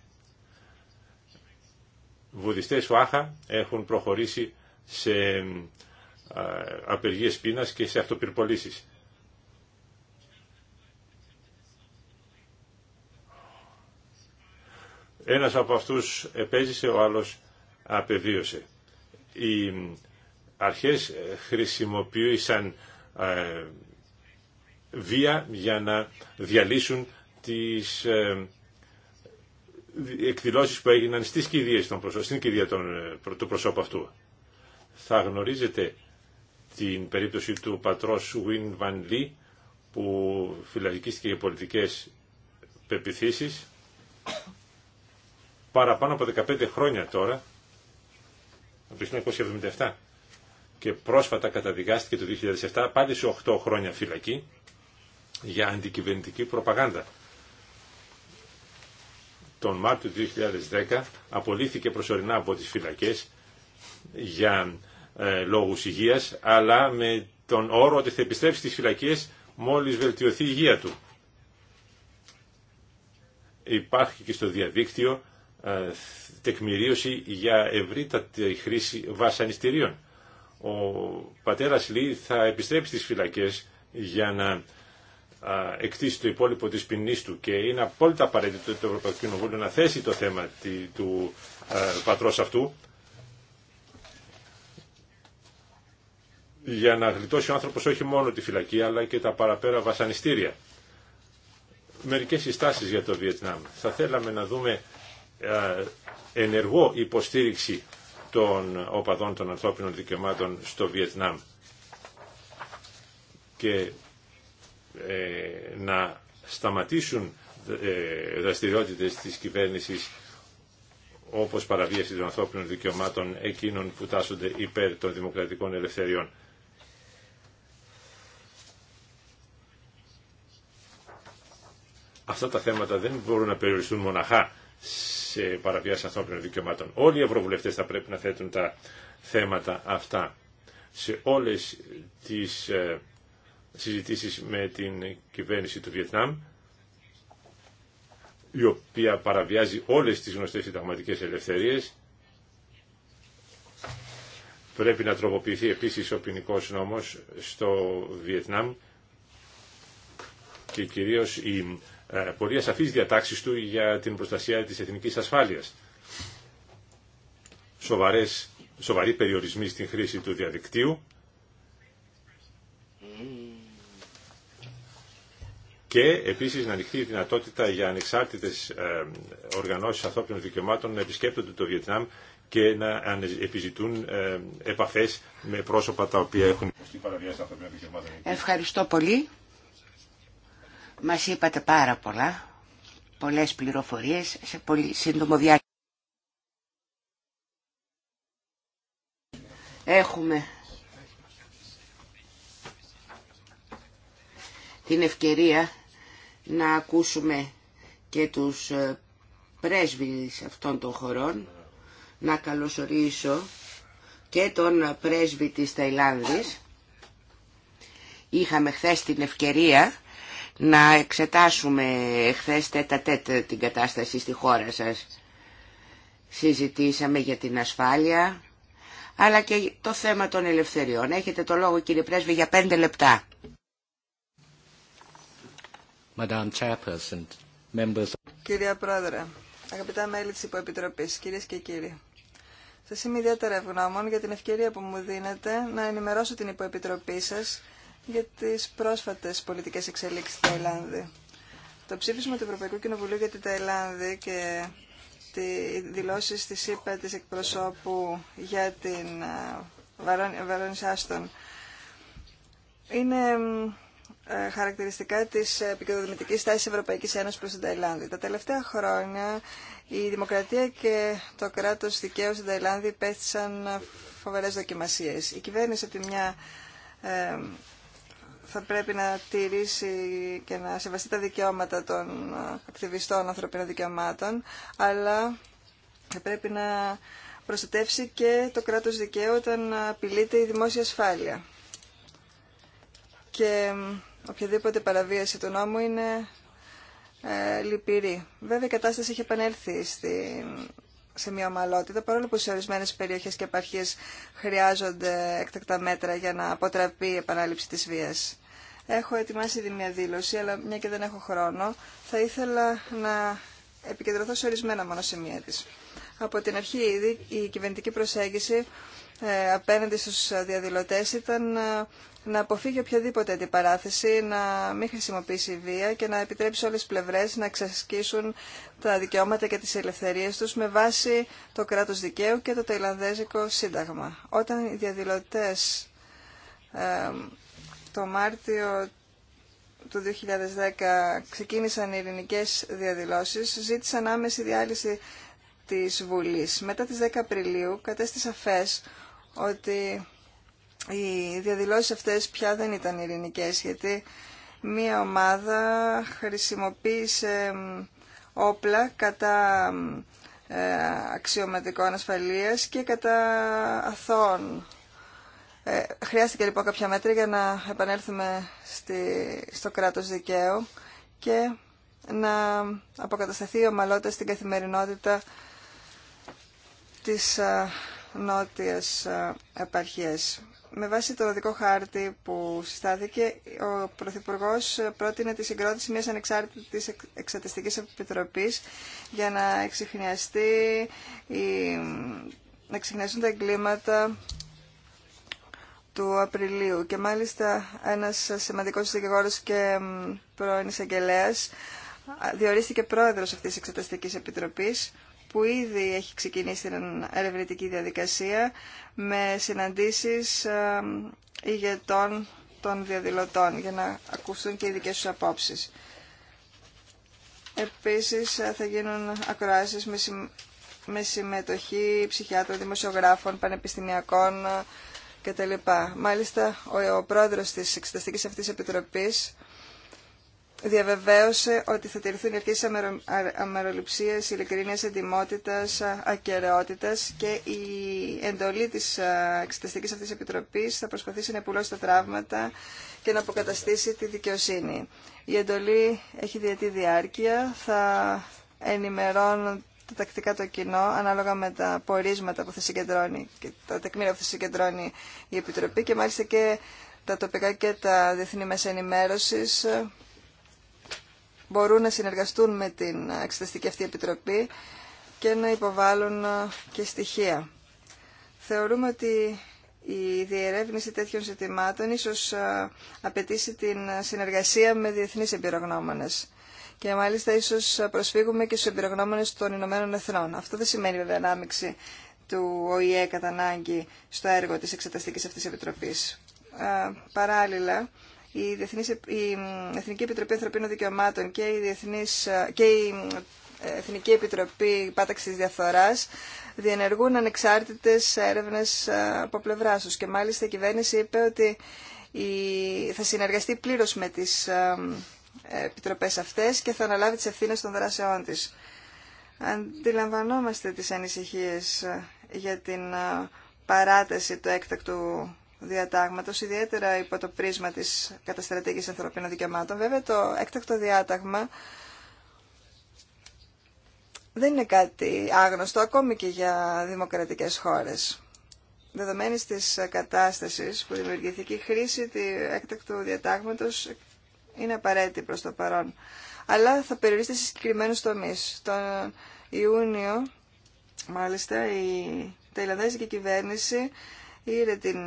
Βουδιστές ΟΑΧΑ έχουν προχωρήσει σε απεργίες πείνας και σε αυτοπυρπολήσεις. Ένας από αυτούς επέζησε, ο άλλος απεβίωσε. Οι αρχές χρησιμοποιούσαν βία για να διαλύσουν τις ε, εκδηλώσεις που έγιναν στις των προσώπων, στην κηδεία ε, του προσώπου αυτού. Θα γνωρίζετε την περίπτωση του πατρός Win Βαν Λί που φυλακίστηκε για πολιτικές πεπιθήσεις παραπάνω από 15 χρόνια τώρα από το 1977 και πρόσφατα καταδικάστηκε το 2007 πάλι σε 8 χρόνια φυλακή για αντικυβερνητική προπαγάνδα. Τον Μάρτιο 2010 απολύθηκε προσωρινά από τις φυλακές για ε, λόγου υγεία, αλλά με τον όρο ότι θα επιστρέψει στις φυλακέ μόλις βελτιωθεί η υγεία του. Υπάρχει και στο διαδίκτυο ε, τεκμηρίωση για ευρύτατη χρήση βασανιστήριων. Ο πατέρας Λί θα επιστρέψει στις φυλακές για να εκτίσει το υπόλοιπο της ποινή του και είναι απόλυτα απαραίτητο το Ευρωπαϊκό Κοινοβούλιο να θέσει το θέμα του ε, πατρός αυτού για να γλιτώσει ο άνθρωπος όχι μόνο τη φυλακή αλλά και τα παραπέρα βασανιστήρια. Μερικές συστάσεις για το Βιετνάμ. Θα θέλαμε να δούμε ε, ενεργό υποστήριξη των οπαδών των ανθρώπινων δικαιωμάτων στο Βιετνάμ και ε, να σταματήσουν ε, δραστηριότητες της κυβέρνησης όπως παραβίαση των ανθρώπινων δικαιωμάτων εκείνων που τάσσονται υπέρ των δημοκρατικών ελευθεριών. αυτά τα θέματα δεν μπορούν να περιοριστούν μοναχά σε παραβιάσεις ανθρώπινων δικαιωμάτων. Όλοι οι ευρωβουλευτέ θα πρέπει να θέτουν τα θέματα αυτά σε όλες τις ε, συζητήσει με την κυβέρνηση του Βιετνάμ η οποία παραβιάζει όλες τις γνωστές συνταγματικές ελευθερίες. Πρέπει να τροποποιηθεί επίσης ο ποινικό νόμος στο Βιετνάμ και κυρίως η ε, πολύ ασαφείς διατάξεις του για την προστασία της εθνικής ασφάλειας. Σοβαρές, σοβαροί περιορισμοί στην χρήση του διαδικτύου και επίσης να ανοιχτεί η δυνατότητα για ανεξάρτητες ε, οργανώσεις ανθρώπινων δικαιωμάτων να επισκέπτονται το Βιετνάμ και να επιζητούν ε, επαφές με πρόσωπα τα οποία έχουν Ευχαριστώ πολύ. Μας είπατε πάρα πολλά, πολλές πληροφορίες σε πολύ σύντομο διάστημα. Έχουμε την ευκαιρία να ακούσουμε και τους ε, πρέσβεις αυτών των χωρών, να καλωσορίσω και τον πρέσβη της Ταϊλάνδης. Είχαμε χθες την ευκαιρία να εξετάσουμε χθες τέτα την κατάσταση στη χώρα σας. Συζητήσαμε για την ασφάλεια, αλλά και το θέμα των ελευθεριών. Έχετε το λόγο κύριε Πρέσβη για πέντε λεπτά. Κυρία Πρόεδρε, αγαπητά μέλη της Υποεπιτροπής, κυρίες και κύριοι. Σας είμαι ιδιαίτερα ευγνώμων για την ευκαιρία που μου δίνετε να ενημερώσω την Υποεπιτροπή σας για τις πρόσφατες πολιτικές εξελίξεις στην Ταϊλάνδη. Το ψήφισμα του Ευρωπαϊκού Κοινοβουλίου για την Ταϊλάνδη και τη δηλώσει τη ΣΥΠΑ της εκπροσώπου για την Βαρόνι Άστον είναι ε, χαρακτηριστικά της επικοδομητικής τάσης Ευρωπαϊκής Ένωσης προς την Ταϊλάνδη. Τα τελευταία χρόνια η δημοκρατία και το κράτος δικαίου στην Ταϊλάνδη υπέστησαν φοβέρε δοκιμασίε. Η κυβέρνηση από τη μια ε, θα πρέπει να τηρήσει και να σεβαστεί τα δικαιώματα των ακτιβιστών ανθρωπίνων δικαιωμάτων, αλλά θα πρέπει να προστατεύσει και το κράτος δικαίου όταν απειλείται η δημόσια ασφάλεια. Και οποιαδήποτε παραβίαση του νόμου είναι ε, λυπηρή. Βέβαια η κατάσταση έχει επανέλθει στην σε μια ομαλότητα, παρόλο που σε ορισμένε περιοχέ και επαρχίε χρειάζονται έκτακτα μέτρα για να αποτραπεί η επανάληψη τη βία. Έχω ετοιμάσει ήδη μια δήλωση, αλλά μια και δεν έχω χρόνο, θα ήθελα να επικεντρωθώ σε ορισμένα μόνο σημεία της. Από την αρχή ήδη η κυβερνητική προσέγγιση ε, απέναντι στους διαδηλωτές ήταν ε, να αποφύγει οποιαδήποτε αντιπαράθεση, να μην χρησιμοποιήσει βία και να επιτρέψει όλες τις πλευρές να εξασκήσουν τα δικαιώματα και τις ελευθερίες τους με βάση το κράτος δικαίου και το Ταϊλανδέζικο Σύνταγμα. Όταν οι διαδηλωτές ε, το Μάρτιο του 2010 ξεκίνησαν οι ειρηνικές διαδηλώσεις, ζήτησαν άμεση διάλυση της Βουλής. Μετά τις 10 Απριλίου κατέστησα αφές ότι οι διαδηλώσεις αυτές πια δεν ήταν ειρηνικές, γιατί μία ομάδα χρησιμοποίησε όπλα κατά ε, αξιωματικών ασφαλείας και κατά αθών. Ε, χρειάστηκε λοιπόν κάποια μέτρα για να επανέλθουμε στη, στο κράτος δικαίου και να αποκατασταθεί ομαλότητα στην καθημερινότητα της α, νότιας επαρχίας. Με βάση το δικό χάρτη που συστάθηκε, ο Πρωθυπουργό πρότεινε τη συγκρότηση μιας ανεξάρτητης εξατιστικής επιτροπής για να εξηχνιαστεί η, να εξηχνιαστούν τα εγκλήματα του Απριλίου και μάλιστα ένας σημαντικός δικηγόρος και πρώην εισαγγελέα διορίστηκε πρόεδρος αυτής της Εξεταστικής Επιτροπής που ήδη έχει ξεκινήσει την ερευνητική διαδικασία με συναντήσεις ηγετών των διαδηλωτών για να ακούσουν και οι δικές τους απόψεις. Επίσης θα γίνουν ακροάσεις με συμμετοχή ψυχιάτρων, δημοσιογράφων, πανεπιστημιακών, κτλ. Μάλιστα, ο, ο πρόεδρος της εξεταστικής αυτής επιτροπής διαβεβαίωσε ότι θα τηρηθούν οι αρχές αμεροληψίας, ειλικρινίας εντιμότητας, ακαιρεότητας και η εντολή της εξεταστικής αυτής επιτροπής θα προσπαθήσει να επουλώσει τα τραύματα και να αποκαταστήσει τη δικαιοσύνη. Η εντολή έχει διετή διάρκεια, θα ενημερώνουν τακτικά το κοινό ανάλογα με τα πορίσματα που θα συγκεντρώνει και τα τεκμήρια που θα συγκεντρώνει η Επιτροπή και μάλιστα και τα τοπικά και τα διεθνή μέσα ενημέρωσης ε, μπορούν να συνεργαστούν με την εξεταστική αυτή επιτροπή και να υποβάλουν ε, και στοιχεία. Θεωρούμε ότι η διερεύνηση τέτοιων ζητημάτων ίσως ε, απαιτήσει την συνεργασία με διεθνείς εμπειρογνώμονες και μάλιστα ίσως προσφύγουμε και στου εμπειρογνώμονε των Ηνωμένων Εθνών. Αυτό δεν σημαίνει βέβαια ανάμειξη του ΟΗΕ κατά ανάγκη στο έργο της εξεταστική αυτής επιτροπής. Ε, παράλληλα, η, Διεθνής, η Εθνική Επιτροπή Ανθρωπίνων Δικαιωμάτων και η, Διεθνής, ε, και η Εθνική Επιτροπή Πάταξης Διαφθορά διενεργούν ανεξάρτητες έρευνες ε, από πλευρά του. Και μάλιστα η κυβέρνηση είπε ότι η, θα συνεργαστεί πλήρω με τι επιτροπές αυτές και θα αναλάβει τις ευθύνες των δράσεών της. Αντιλαμβανόμαστε τις ανησυχίες για την ε, παράταση του έκτακτου διατάγματος, ιδιαίτερα υπό το πρίσμα της καταστρατήγης ανθρωπίνων δικαιωμάτων. Βέβαια το έκτακτο διάταγμα δεν είναι κάτι άγνωστο ακόμη και για δημοκρατικές χώρες. Δεδομένης της κατάστασης που δημιουργήθηκε η χρήση του έκτακτου διατάγματος είναι απαραίτητη προς το παρόν. Αλλά θα περιορίσετε σε συγκεκριμένου τομεί. Τον Ιούνιο, μάλιστα, η Ταϊλανδέζικη κυβέρνηση ήρε την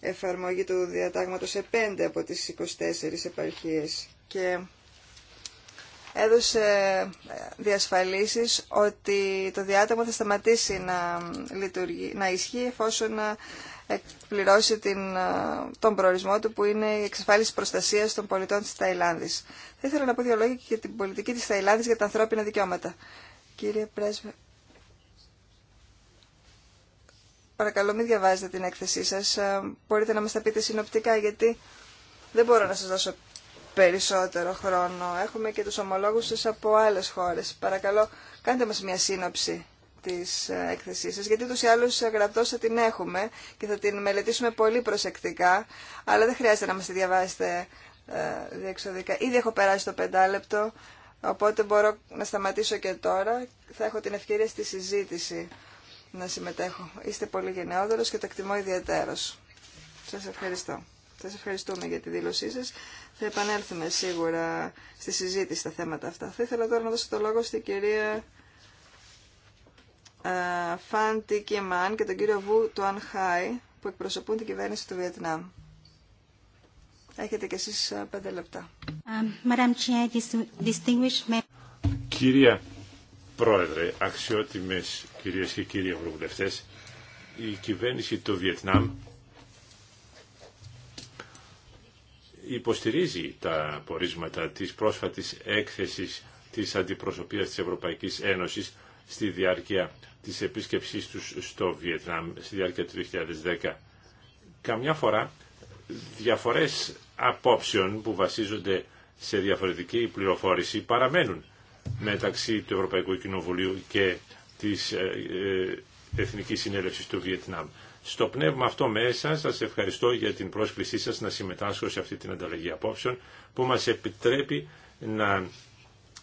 εφαρμογή του διατάγματος σε πέντε από τις 24 επαρχίες και έδωσε ε, διασφαλίσεις ότι το διάταγμα θα σταματήσει να, λειτουργεί, να ισχύει εφόσον πληρώσει την, ε, τον προορισμό του που είναι η εξασφάλιση προστασίας των πολιτών της Ταϊλάνδη. Θα ήθελα να πω δύο λόγια και για την πολιτική της Ταϊλάνδη για τα ανθρώπινα δικαιώματα. Κύριε Πρέσβε, παρακαλώ μην διαβάζετε την έκθεσή σας. Ε, μπορείτε να μας τα πείτε συνοπτικά γιατί δεν μπορώ να σας δώσω περισσότερο χρόνο. Έχουμε και του ομολόγου σα από άλλε χώρε. Παρακαλώ κάντε μα μια σύνοψη της ε, έκθεσής σας, γιατί τους ή άλλους ε, γραπτός θα την έχουμε και θα την μελετήσουμε πολύ προσεκτικά, αλλά δεν χρειάζεται να μας τη διαβάσετε ε, διεξοδικά. Ήδη έχω περάσει το πεντάλεπτο, οπότε μπορώ να σταματήσω και τώρα. Θα έχω την ευκαιρία στη συζήτηση να συμμετέχω. Είστε πολύ γενναιόδωρος και το εκτιμώ ιδιαίτερος. Σας ευχαριστώ. Σας ευχαριστούμε για τη δήλωσή σας. Θα επανέλθουμε σίγουρα στη συζήτηση στα θέματα αυτά. Θα ήθελα τώρα να δώσω το λόγο στην κυρία Φαν Τι Μαν και τον κύριο Βου Τουαν Χάι που εκπροσωπούν την κυβέρνηση του Βιετνάμ. Έχετε κι εσείς πέντε λεπτά. Um, Κυρία Πρόεδρε, αξιότιμες κυρίες και κύριοι ευρωβουλευτές, η κυβέρνηση του Βιετνάμ υποστηρίζει τα πορίσματα της πρόσφατης έκθεσης της αντιπροσωπείας της Ευρωπαϊκής Ένωσης στη διάρκεια της επίσκεψής τους στο Βιετνάμ στη διάρκεια του 2010. Καμιά φορά διαφορές απόψεων που βασίζονται σε διαφορετική πληροφόρηση παραμένουν μεταξύ του Ευρωπαϊκού Κοινοβουλίου και της ε, ε, Εθνικής Συνέλευσης του Βιετνάμ. Στο πνεύμα αυτό μέσα σας ευχαριστώ για την πρόσκλησή σας να συμμετάσχω σε αυτή την ανταλλαγή απόψεων που μας επιτρέπει να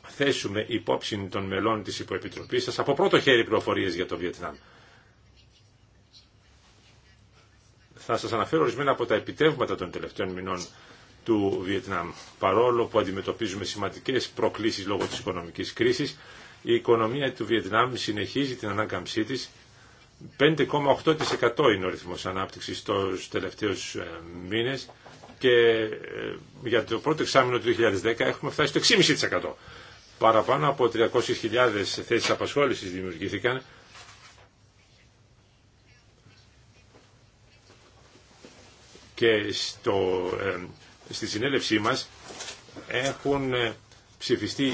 θέσουμε υπόψη των μελών της υποεπιτροπής σας από πρώτο χέρι πληροφορίες για το Βιετνάμ. Θα σας αναφέρω ορισμένα από τα επιτεύγματα των τελευταίων μηνών του Βιετνάμ. Παρόλο που αντιμετωπίζουμε σημαντικές προκλήσεις λόγω της οικονομικής κρίσης, η οικονομία του Βιετνάμ συνεχίζει την ανάκαμψή της. 5,8% είναι ο ρυθμός ανάπτυξης στους τελευταίους ε, μήνες και ε, για το πρώτο εξάμεινο του 2010 έχουμε φτάσει στο 6,5% παραπάνω από 300.000 θέσεις απασχόλησης δημιουργήθηκαν και στη συνέλευσή μας έχουν ε, ψηφιστεί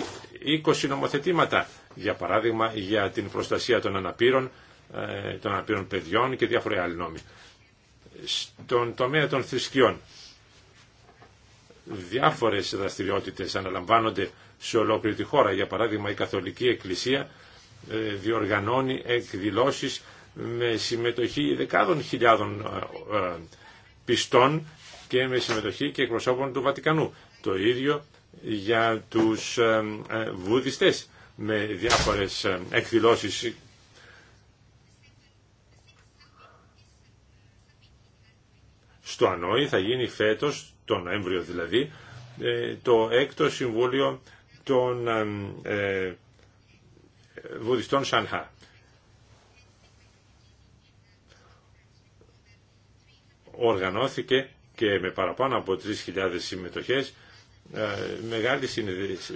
20 νομοθετήματα για παράδειγμα για την προστασία των αναπήρων, ε, των αναπήρων παιδιών και διάφορα άλλοι νόμοι. Στον τομέα των θρησκειών διάφορες δραστηριότητες αναλαμβάνονται σε ολόκληρη τη χώρα. Για παράδειγμα η Καθολική Εκκλησία ε, διοργανώνει εκδηλώσεις με συμμετοχή δεκάδων χιλιάδων ε, ε, πιστών και με συμμετοχή και εκπροσώπων του Βατικανού. Το ίδιο για τους βουδιστές με διάφορες εκδηλώσεις στο Ανόη θα γίνει φέτος, τον Νοέμβριο δηλαδή, ε, το έκτο συμβούλιο των ε, βουδιστών Σανχά. Οργανώθηκε και με παραπάνω από 3.000 συμμετοχές ε, μεγάλη,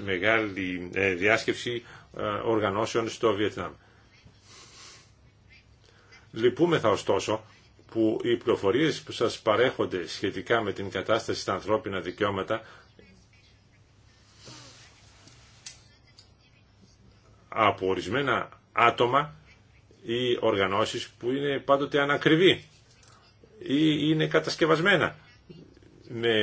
μεγάλη ε, διάσκεψη οργανώσεων στο Βιετνάμ. Λυπούμεθα ωστόσο που οι πληροφορίες που σας παρέχονται σχετικά με την κατάσταση στα ανθρώπινα δικαιώματα από ορισμένα άτομα ή οργανώσεις που είναι πάντοτε ανακριβή ή είναι κατασκευασμένα με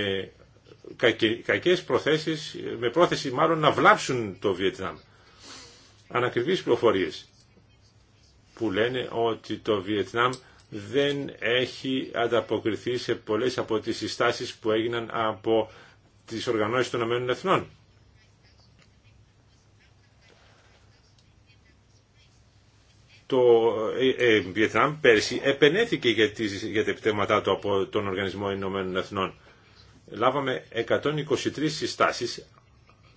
κακές προθέσεις, με πρόθεση μάλλον να βλάψουν το Βιετνάμ. Ανακριβείς πληροφορίες που λένε ότι το Βιετνάμ δεν έχει ανταποκριθεί σε πολλές από τις συστάσεις που έγιναν από τις οργανώσεις των Ηνωμένων Εθνών. Το ε, ε Βιετνάμ πέρσι επενέθηκε για, τις, για τα επιτέματά του από τον Οργανισμό Ηνωμένων Εθνών. Λάβαμε 123 συστάσεις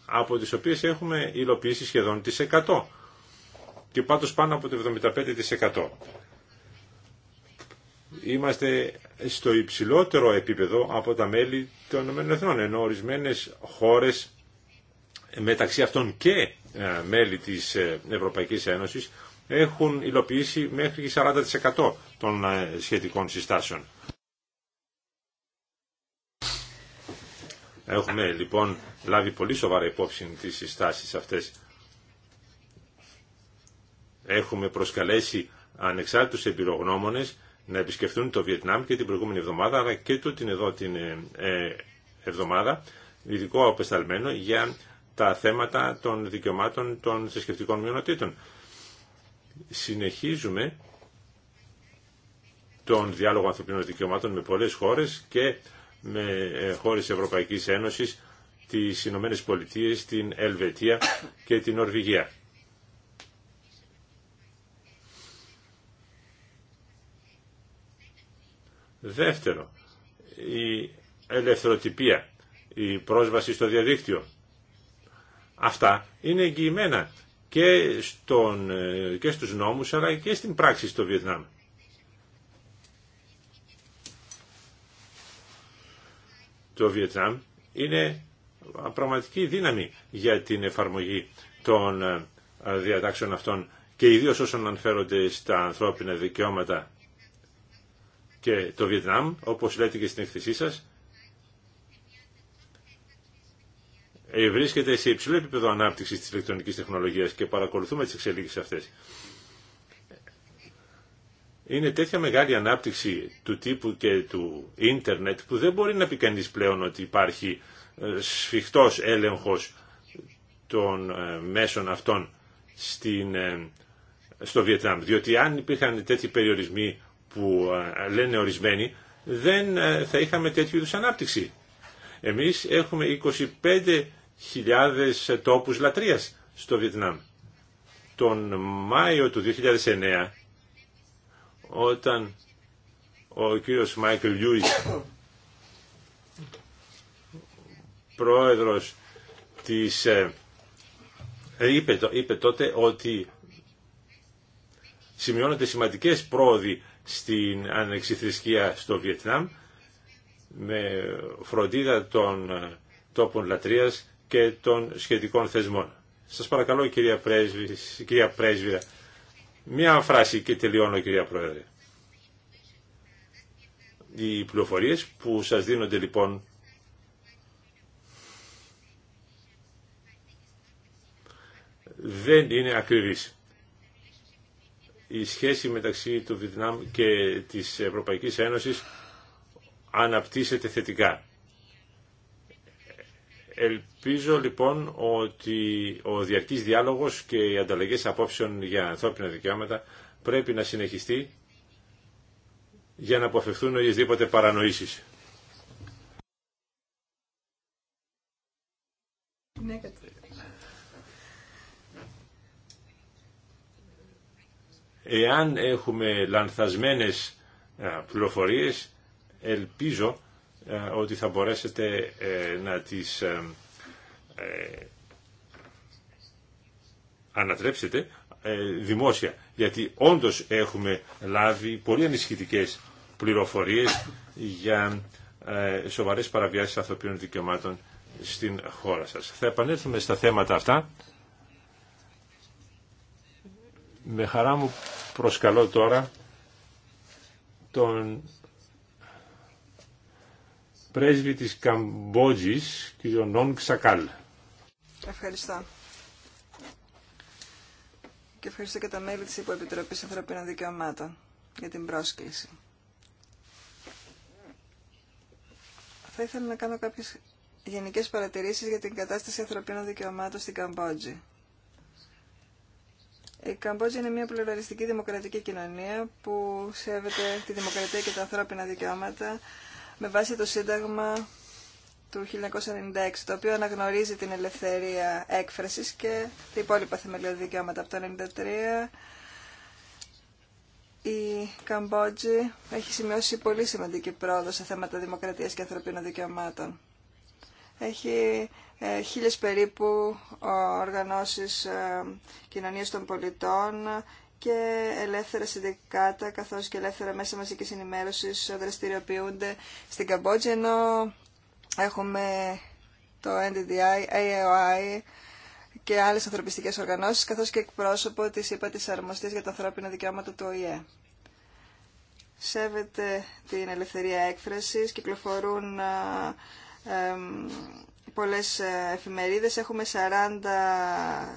από τις οποίες έχουμε υλοποιήσει σχεδόν τις 100 και πάντως πάνω από το 75% είμαστε στο υψηλότερο επίπεδο από τα μέλη των ΗΕ, ενώ ορισμένε χώρες μεταξύ αυτών και ε, μέλη της ε, Ευρωπαϊκής Ένωσης έχουν υλοποιήσει μέχρι και 40% των ε, σχετικών συστάσεων. Έχουμε λοιπόν λάβει πολύ σοβαρά υπόψη τις συστάσεις αυτές. Έχουμε προσκαλέσει ανεξάρτητους εμπειρογνώμονες να επισκεφθούν το Βιετνάμ και την προηγούμενη εβδομάδα, αλλά και το την εδώ την ε, ε, εβδομάδα, ειδικό απεσταλμένο για τα θέματα των δικαιωμάτων των θρησκευτικών μειονοτήτων. Συνεχίζουμε τον διάλογο ανθρωπίνων δικαιωμάτων με πολλές χώρες και με ε, χώρες Ευρωπαϊκής Ένωσης, τις Ηνωμένε Πολιτείες, την Ελβετία και την Ορβηγία. Δεύτερο, η ελευθεροτυπία, η πρόσβαση στο διαδίκτυο. Αυτά είναι εγγυημένα και, στον, ε, και στους νόμους αλλά και στην πράξη στο Βιετνάμ. Το Βιετνάμ είναι πραγματική δύναμη για την εφαρμογή των ε, διατάξεων αυτών και ιδίως όσων αναφέρονται στα ανθρώπινα δικαιώματα και το Βιετνάμ, όπως λέτε και στην εκθεσή σας, ε, βρίσκεται σε υψηλό επίπεδο ανάπτυξης της ηλεκτρονικής τεχνολογίας και παρακολουθούμε τις εξελίξεις αυτές. Είναι τέτοια μεγάλη ανάπτυξη του τύπου και του ίντερνετ που δεν μπορεί να πει κανεί πλέον ότι υπάρχει ε, σφιχτός έλεγχος των ε, μέσων αυτών στην, στο Βιετνάμ. Διότι αν υπήρχαν τέτοιοι περιορισμοί που ε, λένε ορισμένοι, δεν ε, θα είχαμε τέτοιου είδους ανάπτυξη. Εμείς έχουμε 25.000 τόπους λατρείας στο Βιετνάμ. Τον Μάιο του 2009, όταν ο κύριος Μάικλ Λιούις, πρόεδρος της... Ε, είπε, τότε ότι σημειώνονται σημαντικές πρόοδοι στην άνοιξη στο Βιετνάμ με φροντίδα των τόπων λατρείας και των σχετικών θεσμών. Σας παρακαλώ κυρία, Πρέσβη, κυρία μία φράση και τελειώνω κυρία Πρόεδρε. Οι πληροφορίες που σας δίνονται λοιπόν δεν είναι ακριβείς η σχέση μεταξύ του Βιετνάμ και της Ευρωπαϊκής Ένωσης αναπτύσσεται θετικά. Ελπίζω λοιπόν ότι ο διαρκής διάλογος και οι ανταλλαγές απόψεων για ανθρώπινα δικαιώματα πρέπει να συνεχιστεί για να αποφευθούν οποιασδήποτε παρανοήσεις. Ναι, Εάν έχουμε λανθασμένες ε, πληροφορίες, ελπίζω ε, ότι θα μπορέσετε ε, να τις ανατρέψετε δημόσια. Γιατί όντως έχουμε λάβει πολύ ανησυχητικές πληροφορίες για σοβαρές παραβιάσεις ανθρωπίνων δικαιωμάτων στην χώρα σας. Θα επανέλθουμε στα θέματα αυτά με χαρά μου προσκαλώ τώρα τον πρέσβη της Καμπότζης, κ. Νόν Ξακάλ. Ευχαριστώ. Και ευχαριστώ και τα μέλη της Υποεπιτροπής Ανθρωπίνων Δικαιωμάτων για την πρόσκληση. Θα ήθελα να κάνω κάποιες γενικές παρατηρήσεις για την κατάσταση ανθρωπίνων δικαιωμάτων στην Καμπότζη. Η Καμπότζη είναι μια πλουραλιστική δημοκρατική κοινωνία που σέβεται τη δημοκρατία και τα ανθρώπινα δικαιώματα με βάση το Σύνταγμα του 1996, το οποίο αναγνωρίζει την ελευθερία έκφρασης και τα υπόλοιπα θεμελιώδη δικαιώματα. Από το 1993 η Καμπότζη έχει σημειώσει πολύ σημαντική πρόοδο σε θέματα δημοκρατίας και ανθρωπίνων δικαιωμάτων. Έχει ε, χίλιες περίπου ε, οργανώσεις ε, κοινωνίας των πολιτών και ελεύθερα συνδικάτα καθώς και ελεύθερα μέσα μαζικής ενημέρωσης δραστηριοποιούνται στην Καμπότζη ενώ έχουμε το NDDI, AOI και άλλες ανθρωπιστικές οργανώσεις καθώς και εκπρόσωπο της ΥΠΑ της Αρμοστής για τα ανθρώπινα δικαιώματα του ΟΗΕ. Σέβεται την ελευθερία έκφρασης, κυκλοφορούν πολλές ε, εφημερίδες, έχουμε 40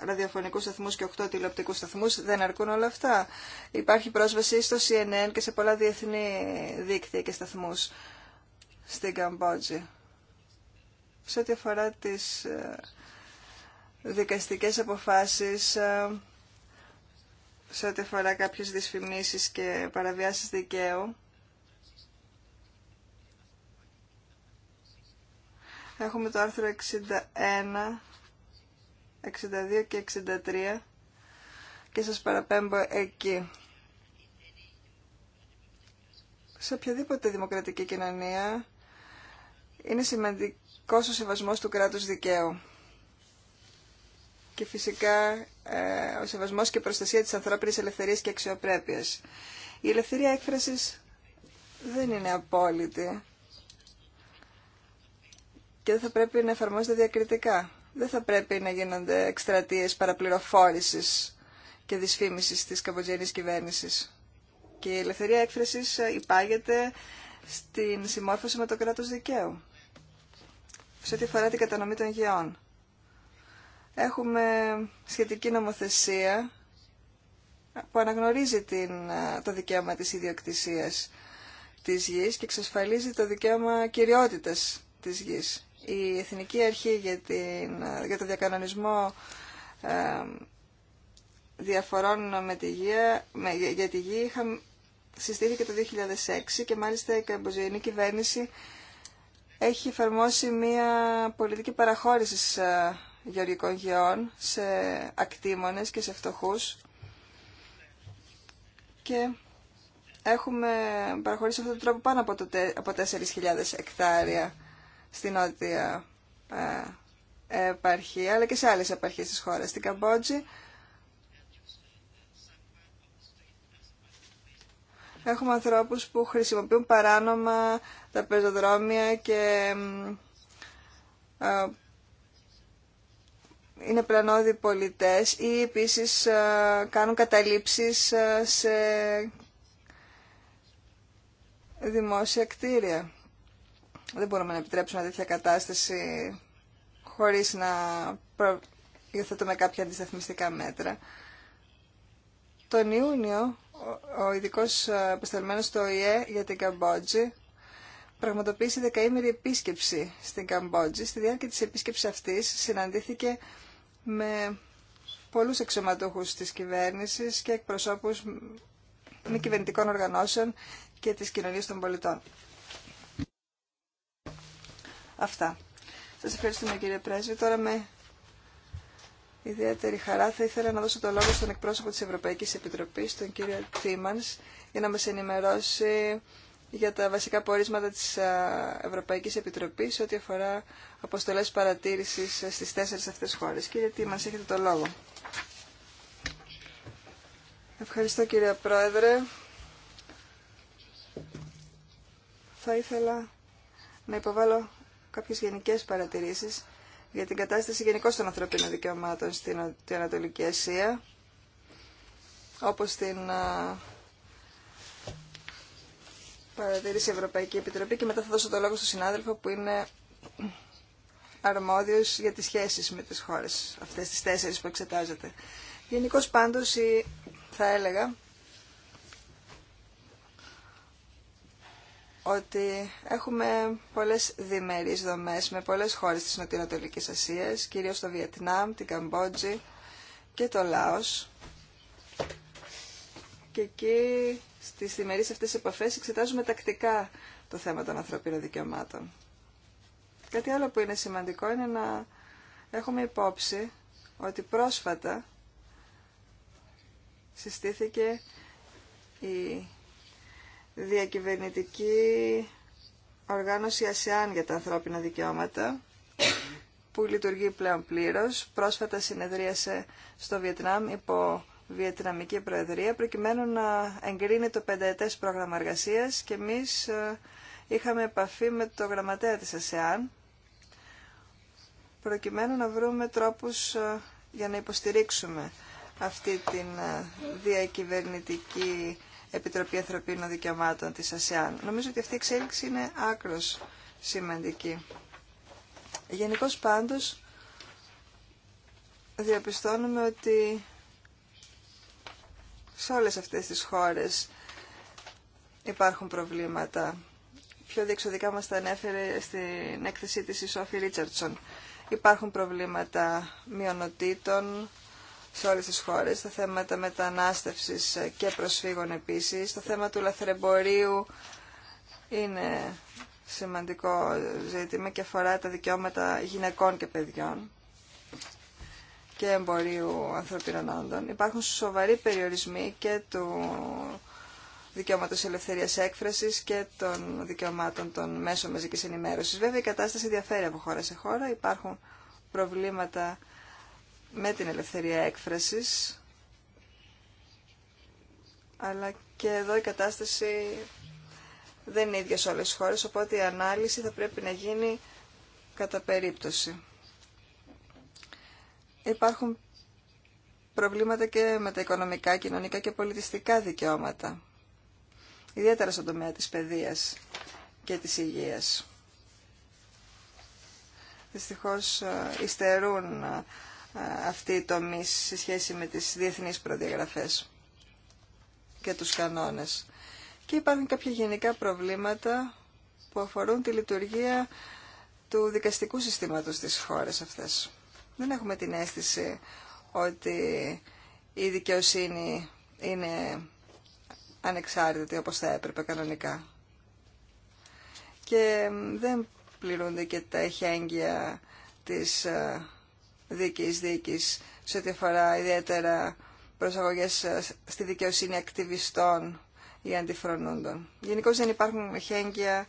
ραδιοφωνικούς σταθμούς και 8 τηλεοπτικούς σταθμούς, δεν αρκούν όλα αυτά. Υπάρχει πρόσβαση στο CNN και σε πολλά διεθνή δίκτυα και σταθμούς στην Καμπότζη. Σε ό,τι αφορά τις ε, δικαστικές αποφάσεις, ε, σε ό,τι αφορά κάποιες δυσφημίσεις και παραβιάσεις δικαίου, Έχουμε το άρθρο 61, 62 και 63 και σας παραπέμπω εκεί. Σε οποιαδήποτε δημοκρατική κοινωνία είναι σημαντικός ο σεβασμός του κράτους δικαίου. Και φυσικά ε, ο σεβασμός και προστασία της ανθρώπινης ελευθερίας και αξιοπρέπειας. Η ελευθερία έκφρασης δεν είναι απόλυτη και δεν θα πρέπει να εφαρμόζεται διακριτικά. Δεν θα πρέπει να γίνονται εκστρατείε παραπληροφόρησης και δυσφήμισης της καμποτζιανής κυβέρνησης. Και η ελευθερία έκφρασης ε, υπάγεται στην συμμόρφωση με το κράτος δικαίου. Σε ό,τι αφορά την κατανομή των γεών. Έχουμε σχετική νομοθεσία που αναγνωρίζει την, ε, το δικαίωμα της ιδιοκτησίας της γης και εξασφαλίζει το δικαίωμα κυριότητας της γης η Εθνική Αρχή για, την, για το διακανονισμό διαφορών με τη γη, με, για τη γη συστήθηκε το 2006 και μάλιστα η καμποζιανή κυβέρνηση έχει εφαρμόσει μια πολιτική παραχώρησης ε, γεωργικών γεών σε ακτήμονες και σε φτωχούς και έχουμε παραχωρήσει αυτόν τον τρόπο πάνω από, το, από 4.000 εκτάρια στην νότια ε, επαρχία, αλλά και σε άλλες επαρχίες της χώρας. Στην Καμπότζη έχουμε ανθρώπους που χρησιμοποιούν παράνομα τα πεζοδρόμια και ε, είναι πλανόδιοι πολιτές ή επίσης ε, κάνουν καταλήψεις σε δημόσια κτίρια. Δεν μπορούμε να επιτρέψουμε μια τέτοια κατάσταση χωρίς να προ... υιοθετούμε κάποια αντισταθμιστικά μέτρα. Τον Ιούνιο, ο ειδικό απεσταλμένος ε, στο ΟΗΕ για την Καμπότζη πραγματοποίησε δεκαήμερη επίσκεψη στην Καμπότζη. Στη διάρκεια της επίσκεψης αυτής συναντήθηκε με πολλούς αξιωματούχους της κυβέρνησης και εκπροσώπους μη κυβερνητικών οργανώσεων και της κοινωνίας των πολιτών. Αυτά. Σας ευχαριστούμε κύριε Πρέσβη. Τώρα με ιδιαίτερη χαρά θα ήθελα να δώσω το λόγο στον εκπρόσωπο της Ευρωπαϊκής Επιτροπής, τον κύριο Τίμανς, για να μας ενημερώσει για τα βασικά πορίσματα της Ευρωπαϊκής Επιτροπής ό,τι αφορά αποστολές παρατήρησης ε, στις τέσσερις αυτές χώρες. Κύριε Τίμανς, έχετε το λόγο. Ευχαριστώ κύριε Πρόεδρε. Θα ήθελα να υποβάλω κάποιες γενικές παρατηρήσεις για την κατάσταση γενικώ των ανθρωπίνων δικαιωμάτων στην Ανατολική Ασία, όπως την παρατηρήσει η Ευρωπαϊκή Επιτροπή και μετά θα δώσω το λόγο στον συνάδελφο που είναι αρμόδιος για τις σχέσεις με τις χώρες, αυτές τις τέσσερις που εξετάζεται. Γενικώ πάντως θα έλεγα ότι έχουμε πολλές διμερείς δομές με πολλές χώρες της Νοτιοανατολικής Ασίας, κυρίως το Βιετνάμ, την Καμπότζη και το Λάος. Και εκεί στις διμερείς αυτές επαφές εξετάζουμε τακτικά το θέμα των ανθρωπίνων δικαιωμάτων. Κάτι άλλο που είναι σημαντικό είναι να έχουμε υπόψη ότι πρόσφατα συστήθηκε η διακυβερνητική οργάνωση ΑΣΕΑΝ για τα ανθρώπινα δικαιώματα που λειτουργεί πλέον πλήρως. Πρόσφατα συνεδρίασε στο Βιετνάμ υπό Βιετναμική Προεδρία προκειμένου να εγκρίνει το πενταετές πρόγραμμα εργασίας και εμείς ε, είχαμε επαφή με το γραμματέα της ΑΣΕΑΝ προκειμένου να βρούμε τρόπους ε, για να υποστηρίξουμε αυτή την ε, διακυβερνητική Επιτροπή Ανθρωπίνων Δικαιωμάτων της ΑΣΕΑΝ. Νομίζω ότι αυτή η εξέλιξη είναι άκρος σημαντική. Γενικώ πάντως διαπιστώνουμε ότι σε όλες αυτές τις χώρες υπάρχουν προβλήματα. Πιο διεξοδικά μας τα ανέφερε στην έκθεσή της η Σόφη Ρίτσαρτσον. Υπάρχουν προβλήματα μειονοτήτων, σε όλες τις χώρες, τα θέματα μετανάστευσης και προσφύγων επίσης, το θέμα του λαθρεμπορίου είναι σημαντικό ζήτημα και αφορά τα δικαιώματα γυναικών και παιδιών και εμπορίου ανθρωπίνων όντων. Υπάρχουν σοβαροί περιορισμοί και του δικαιώματο ελευθερία έκφραση και των δικαιωμάτων των μέσων μαζική ενημέρωση. Βέβαια, η κατάσταση διαφέρει από χώρα σε χώρα. Υπάρχουν προβλήματα με την ελευθερία έκφρασης αλλά και εδώ η κατάσταση δεν είναι ίδια σε όλες τις χώρες οπότε η ανάλυση θα πρέπει να γίνει κατά περίπτωση. Υπάρχουν προβλήματα και με τα οικονομικά, κοινωνικά και πολιτιστικά δικαιώματα ιδιαίτερα στον τομέα της παιδείας και της υγείας. Δυστυχώς ε, υστερούν ε, αυτή η τομή σε σχέση με τις διεθνείς προδιαγραφές και τους κανόνες. Και υπάρχουν κάποια γενικά προβλήματα που αφορούν τη λειτουργία του δικαστικού συστήματος της χώρας αυτές. Δεν έχουμε την αίσθηση ότι η δικαιοσύνη είναι ανεξάρτητη όπως θα έπρεπε κανονικά. Και δεν πληρούνται και τα εχέγγυα της ε, δίκαιης δίκης σε ό,τι αφορά ιδιαίτερα προσαγωγές ε, στη δικαιοσύνη ακτιβιστών ή αντιφρονούντων. Γενικώ δεν υπάρχουν χέγγια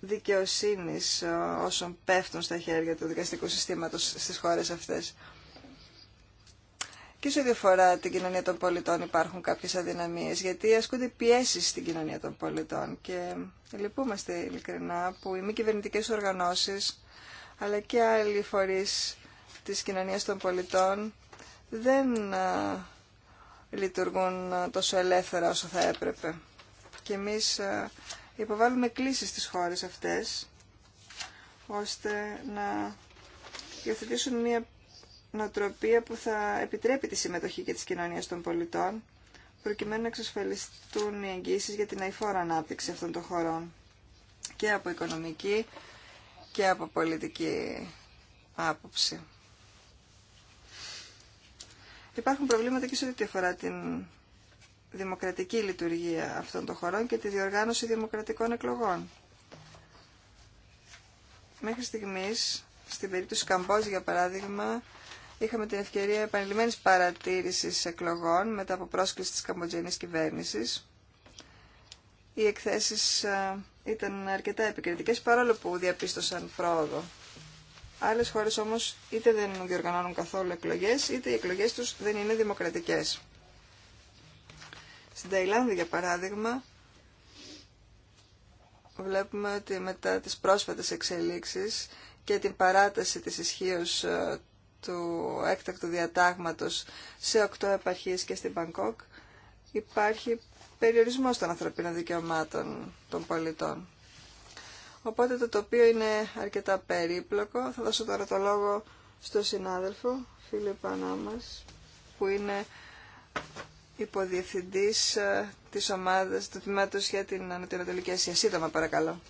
δικαιοσύνης ε, όσων πέφτουν στα χέρια του δικαστικού συστήματος στις χώρες αυτές. Και σε ό,τι αφορά την κοινωνία των πολιτών υπάρχουν κάποιες αδυναμίες, γιατί ασκούνται πιέσεις στην κοινωνία των πολιτών. Και λυπούμαστε ειλικρινά που οι μη κυβερνητικέ οργανώσεις αλλά και άλλοι φορείς της κοινωνίας των πολιτών δεν λειτουργούν τόσο ελεύθερα όσο θα έπρεπε. Και εμείς υποβάλλουμε κλίσεις στις χώρες αυτές, ώστε να υιοθετήσουν μια νοοτροπία που θα επιτρέπει τη συμμετοχή και της κοινωνίας των πολιτών, προκειμένου να εξασφαλιστούν οι εγγύσεις για την αηφόρα ανάπτυξη αυτών των χωρών και από οικονομική και από πολιτική άποψη. Υπάρχουν προβλήματα και σε ό,τι αφορά την δημοκρατική λειτουργία αυτών των χωρών και τη διοργάνωση δημοκρατικών εκλογών. Μέχρι στιγμής, στην περίπτωση Καμπόζη για παράδειγμα, είχαμε την ευκαιρία επανειλημμένης παρατήρησης εκλογών μετά από πρόσκληση της καμποτζενής κυβέρνησης. Οι εκθέσεις ε, ήταν αρκετά επικριτικέ παρόλο που διαπίστωσαν πρόοδο. Άλλε χώρε όμως είτε δεν διοργανώνουν καθόλου εκλογές, είτε οι εκλογές τους δεν είναι δημοκρατικές. Στην Ταϊλάνδη, για παράδειγμα, βλέπουμε ότι μετά τις πρόσφατες εξελίξεις και την παράταση της ισχύω ε, του έκτακτου διατάγματος σε οκτώ επαρχίες και στην Μπαγκόκ, υπάρχει περιορισμός των ανθρωπίνων δικαιωμάτων των πολιτών. Οπότε το τοπίο είναι αρκετά περίπλοκο. Θα δώσω τώρα το λόγο στον συνάδελφο φίλε Πανάμας, που είναι υποδιευθυντής ε, της ομάδας του τμήματος για την Ανατολική Ασία. Σύντομα παρακαλώ.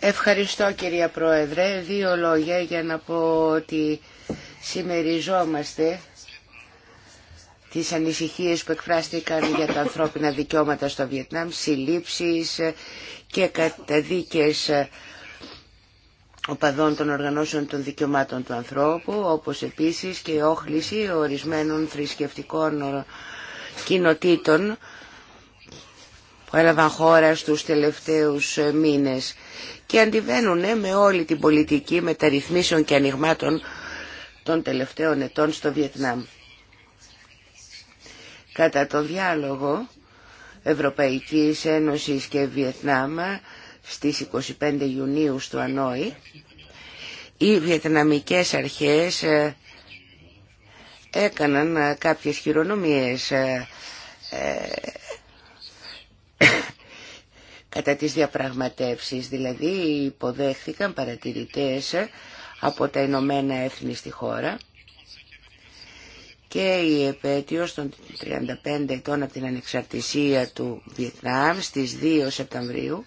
Ευχαριστώ κυρία Πρόεδρε. Δύο λόγια για να πω ότι σημεριζόμαστε τις ανησυχίες που εκφράστηκαν για τα ανθρώπινα δικαιώματα στο Βιετνάμ, συλλήψεις και καταδίκες οπαδών των οργανώσεων των δικαιωμάτων του ανθρώπου, όπως επίσης και όχληση ορισμένων θρησκευτικών κοινοτήτων που έλαβαν χώρα στους τελευταίους μήνες και αντιβαίνουν με όλη την πολιτική μεταρρυθμίσεων και ανοιγμάτων των τελευταίων ετών στο Βιετνάμ κατά το διάλογο Ευρωπαϊκής Ένωσης και Βιετνάμ στις 25 Ιουνίου στο Ανόη οι βιετναμικές αρχές ε, έκαναν ε, κάποιες χειρονομίες ε, (coughs) κατά τις διαπραγματεύσεις δηλαδή υποδέχθηκαν παρατηρητές από τα Ηνωμένα Έθνη στη χώρα και η επέτειος των 35 ετών από την ανεξαρτησία του Βιετνάμ στις 2 Σεπτεμβρίου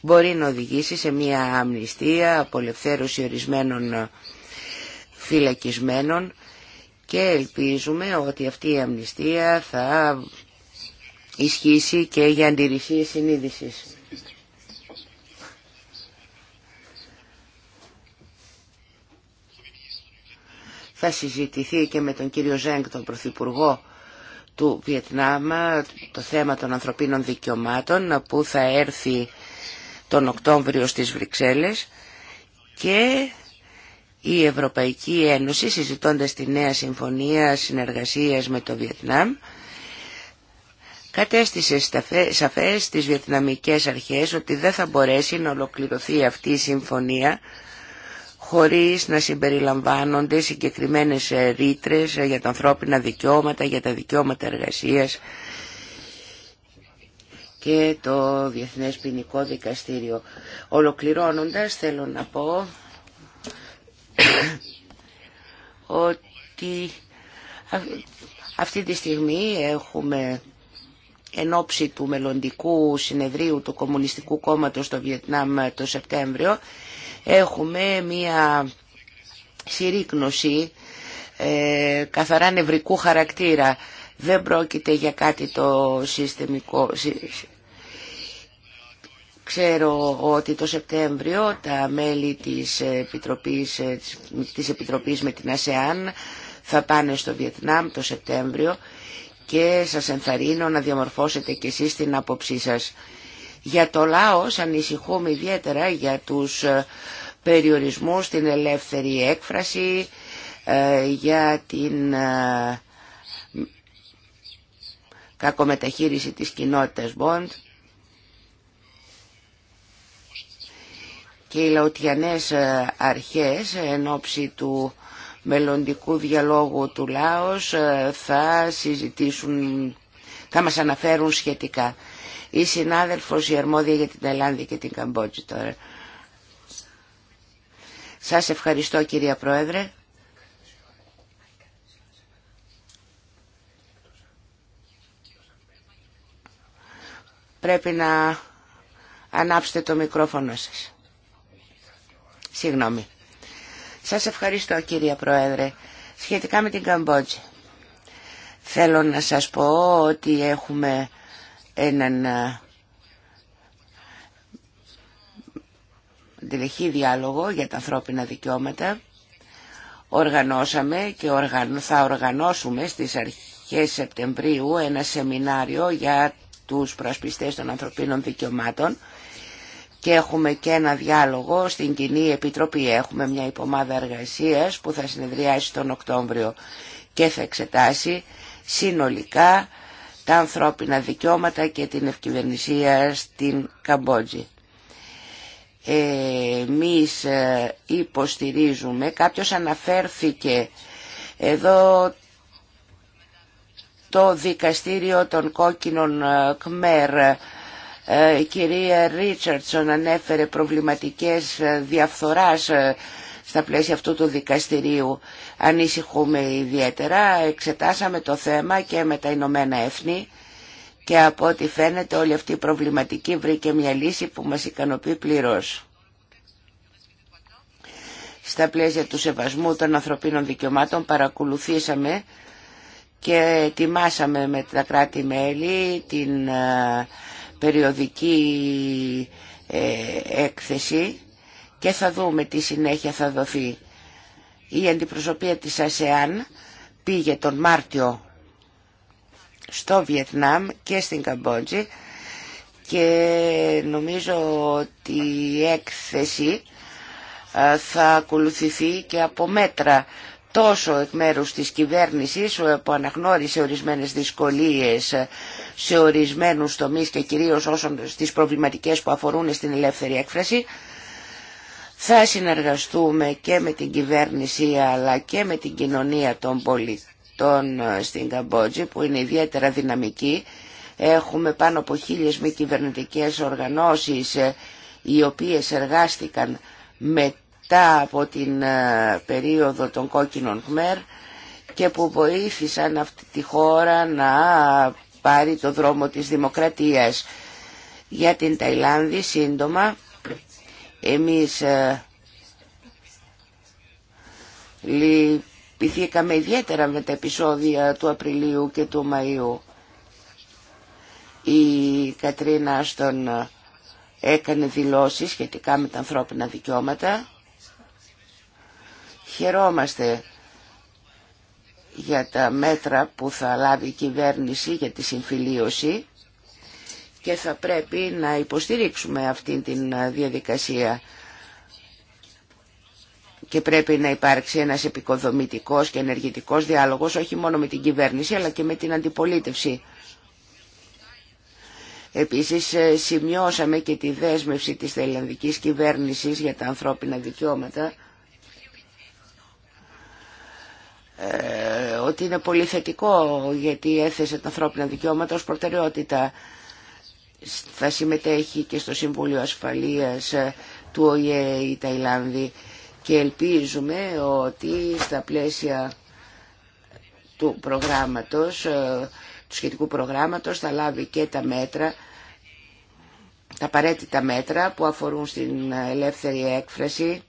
μπορεί να οδηγήσει σε μια αμνηστία, απολευθέρωση ορισμένων ε, φυλακισμένων και ελπίζουμε ότι αυτή η αμνηστία θα ισχύσει και για αντιρρήσεις συνείδησης. θα συζητηθεί και με τον κύριο Ζέγκ, τον Πρωθυπουργό του Βιετνάμ, το θέμα των ανθρωπίνων δικαιωμάτων που θα έρθει τον Οκτώβριο στις Βρυξέλλες και η Ευρωπαϊκή Ένωση συζητώντας τη νέα συμφωνία συνεργασίας με το Βιετνάμ κατέστησε σαφές στις βιετναμικές αρχές ότι δεν θα μπορέσει να ολοκληρωθεί αυτή η συμφωνία χωρίς να συμπεριλαμβάνονται συγκεκριμένες ρήτρε για τα ανθρώπινα δικαιώματα, για τα δικαιώματα εργασίας και το Διεθνές Ποινικό Δικαστήριο. Ολοκληρώνοντας θέλω να πω ότι αυτή τη στιγμή έχουμε εν του μελλοντικού συνεδρίου του Κομμουνιστικού Κόμματος στο Βιετνάμ το Σεπτέμβριο έχουμε μία συρρήκνωση ε, καθαρά νευρικού χαρακτήρα. Δεν πρόκειται για κάτι το συστημικό. Ξέρω ότι το Σεπτέμβριο τα μέλη της Επιτροπής, ε, της Επιτροπής με την ΑΣΕΑΝ θα πάνε στο Βιετνάμ το Σεπτέμβριο και σας ενθαρρύνω να διαμορφώσετε κι εσείς την άποψή σας. Για το Λάος ανησυχούμε ιδιαίτερα για τους ε, περιορισμούς στην ελεύθερη έκφραση, ε, για την ε, κακομεταχείριση της κοινότητας Μποντ. Και οι λαοτιανές αρχές εν ώψη του μελλοντικού διαλόγου του Λάος θα συζητήσουν, θα μας αναφέρουν σχετικά η συνάδελφος η αρμόδια για την Ταϊλάνδη και την Καμπότζη τώρα. Σας ευχαριστώ κυρία Πρόεδρε. Πρέπει να ανάψετε το μικρόφωνο σας. Συγγνώμη. Σας ευχαριστώ κυρία Πρόεδρε. Σχετικά με την Καμπότζη. Θέλω να σας πω ότι έχουμε έναν τελεχή διάλογο για τα ανθρώπινα δικαιώματα. Οργανώσαμε και θα οργανώσουμε στις αρχές Σεπτεμβρίου ένα σεμινάριο για τους προσπιστές των ανθρωπίνων δικαιωμάτων και έχουμε και ένα διάλογο στην Κοινή Επιτροπή. Έχουμε μια υπομάδα εργασίας που θα συνεδριάσει τον Οκτώβριο και θα εξετάσει συνολικά τα ανθρώπινα δικαιώματα και την ευκυβερνησία στην Καμπότζη. Εμείς ε, υποστηρίζουμε, κάποιος αναφέρθηκε εδώ το δικαστήριο των κόκκινων ε, ΚΜΕΡ, ε, η κυρία Ρίτσαρτσον ανέφερε προβληματικές διαφθοράς στα πλαίσια αυτού του δικαστηρίου ανησυχούμε ιδιαίτερα. Εξετάσαμε το θέμα και με τα Ηνωμένα Έθνη και από ό,τι φαίνεται όλη αυτή η προβληματική βρήκε μια λύση που μας ικανοποιεί πλήρως. Στα πλαίσια του σεβασμού των ανθρωπίνων δικαιωμάτων παρακολουθήσαμε και ετοιμάσαμε με τα κράτη-μέλη την ε, περιοδική ε, έκθεση και θα δούμε τι συνέχεια θα δοθεί. Η αντιπροσωπεία της ΑΣΕΑΝ πήγε τον Μάρτιο στο Βιετνάμ και στην Καμπότζη και νομίζω ότι η έκθεση θα ακολουθηθεί και από μέτρα τόσο εκ μέρους της κυβέρνησης που αναγνώρισε ορισμένες δυσκολίες σε ορισμένους τομείς και κυρίως όσον στις προβληματικές που αφορούν στην ελεύθερη έκφραση θα συνεργαστούμε και με την κυβέρνηση αλλά και με την κοινωνία των πολιτών ε, στην Καμπότζη που είναι ιδιαίτερα δυναμική. Έχουμε πάνω από χίλιες μη κυβερνητικές οργανώσεις ε, οι οποίες εργάστηκαν μετά από την ε, περίοδο των κόκκινων χμέρ και που βοήθησαν αυτή τη χώρα να πάρει το δρόμο της δημοκρατίας. Για την Ταϊλάνδη σύντομα εμείς ε, λυπηθήκαμε ιδιαίτερα με τα επεισόδια του Απριλίου και του Μαΐου. Η Κατρίνα Άστον ε, έκανε δηλώσεις σχετικά με τα ανθρώπινα δικαιώματα. Χαιρόμαστε για τα μέτρα που θα λάβει η κυβέρνηση για τη συμφιλίωση και θα πρέπει να υποστηρίξουμε αυτή την ε, διαδικασία και πρέπει να υπάρξει ένας επικοδομητικός και ενεργητικός διάλογος όχι μόνο με την κυβέρνηση αλλά και με την αντιπολίτευση. Επίσης ε, σημειώσαμε και τη δέσμευση της θελανδικής κυβέρνησης για τα ανθρώπινα δικαιώματα ε, ότι είναι πολύ θετικό γιατί έθεσε τα ανθρώπινα δικαιώματα ως προτεραιότητα θα συμμετέχει και στο Συμβούλιο Ασφαλείας ε, του ΟΗΕ η Ταϊλάνδη και ελπίζουμε ότι στα πλαίσια του προγράμματος, ε, του σχετικού προγράμματος θα λάβει και τα μέτρα, τα απαραίτητα μέτρα που αφορούν στην ελεύθερη έκφραση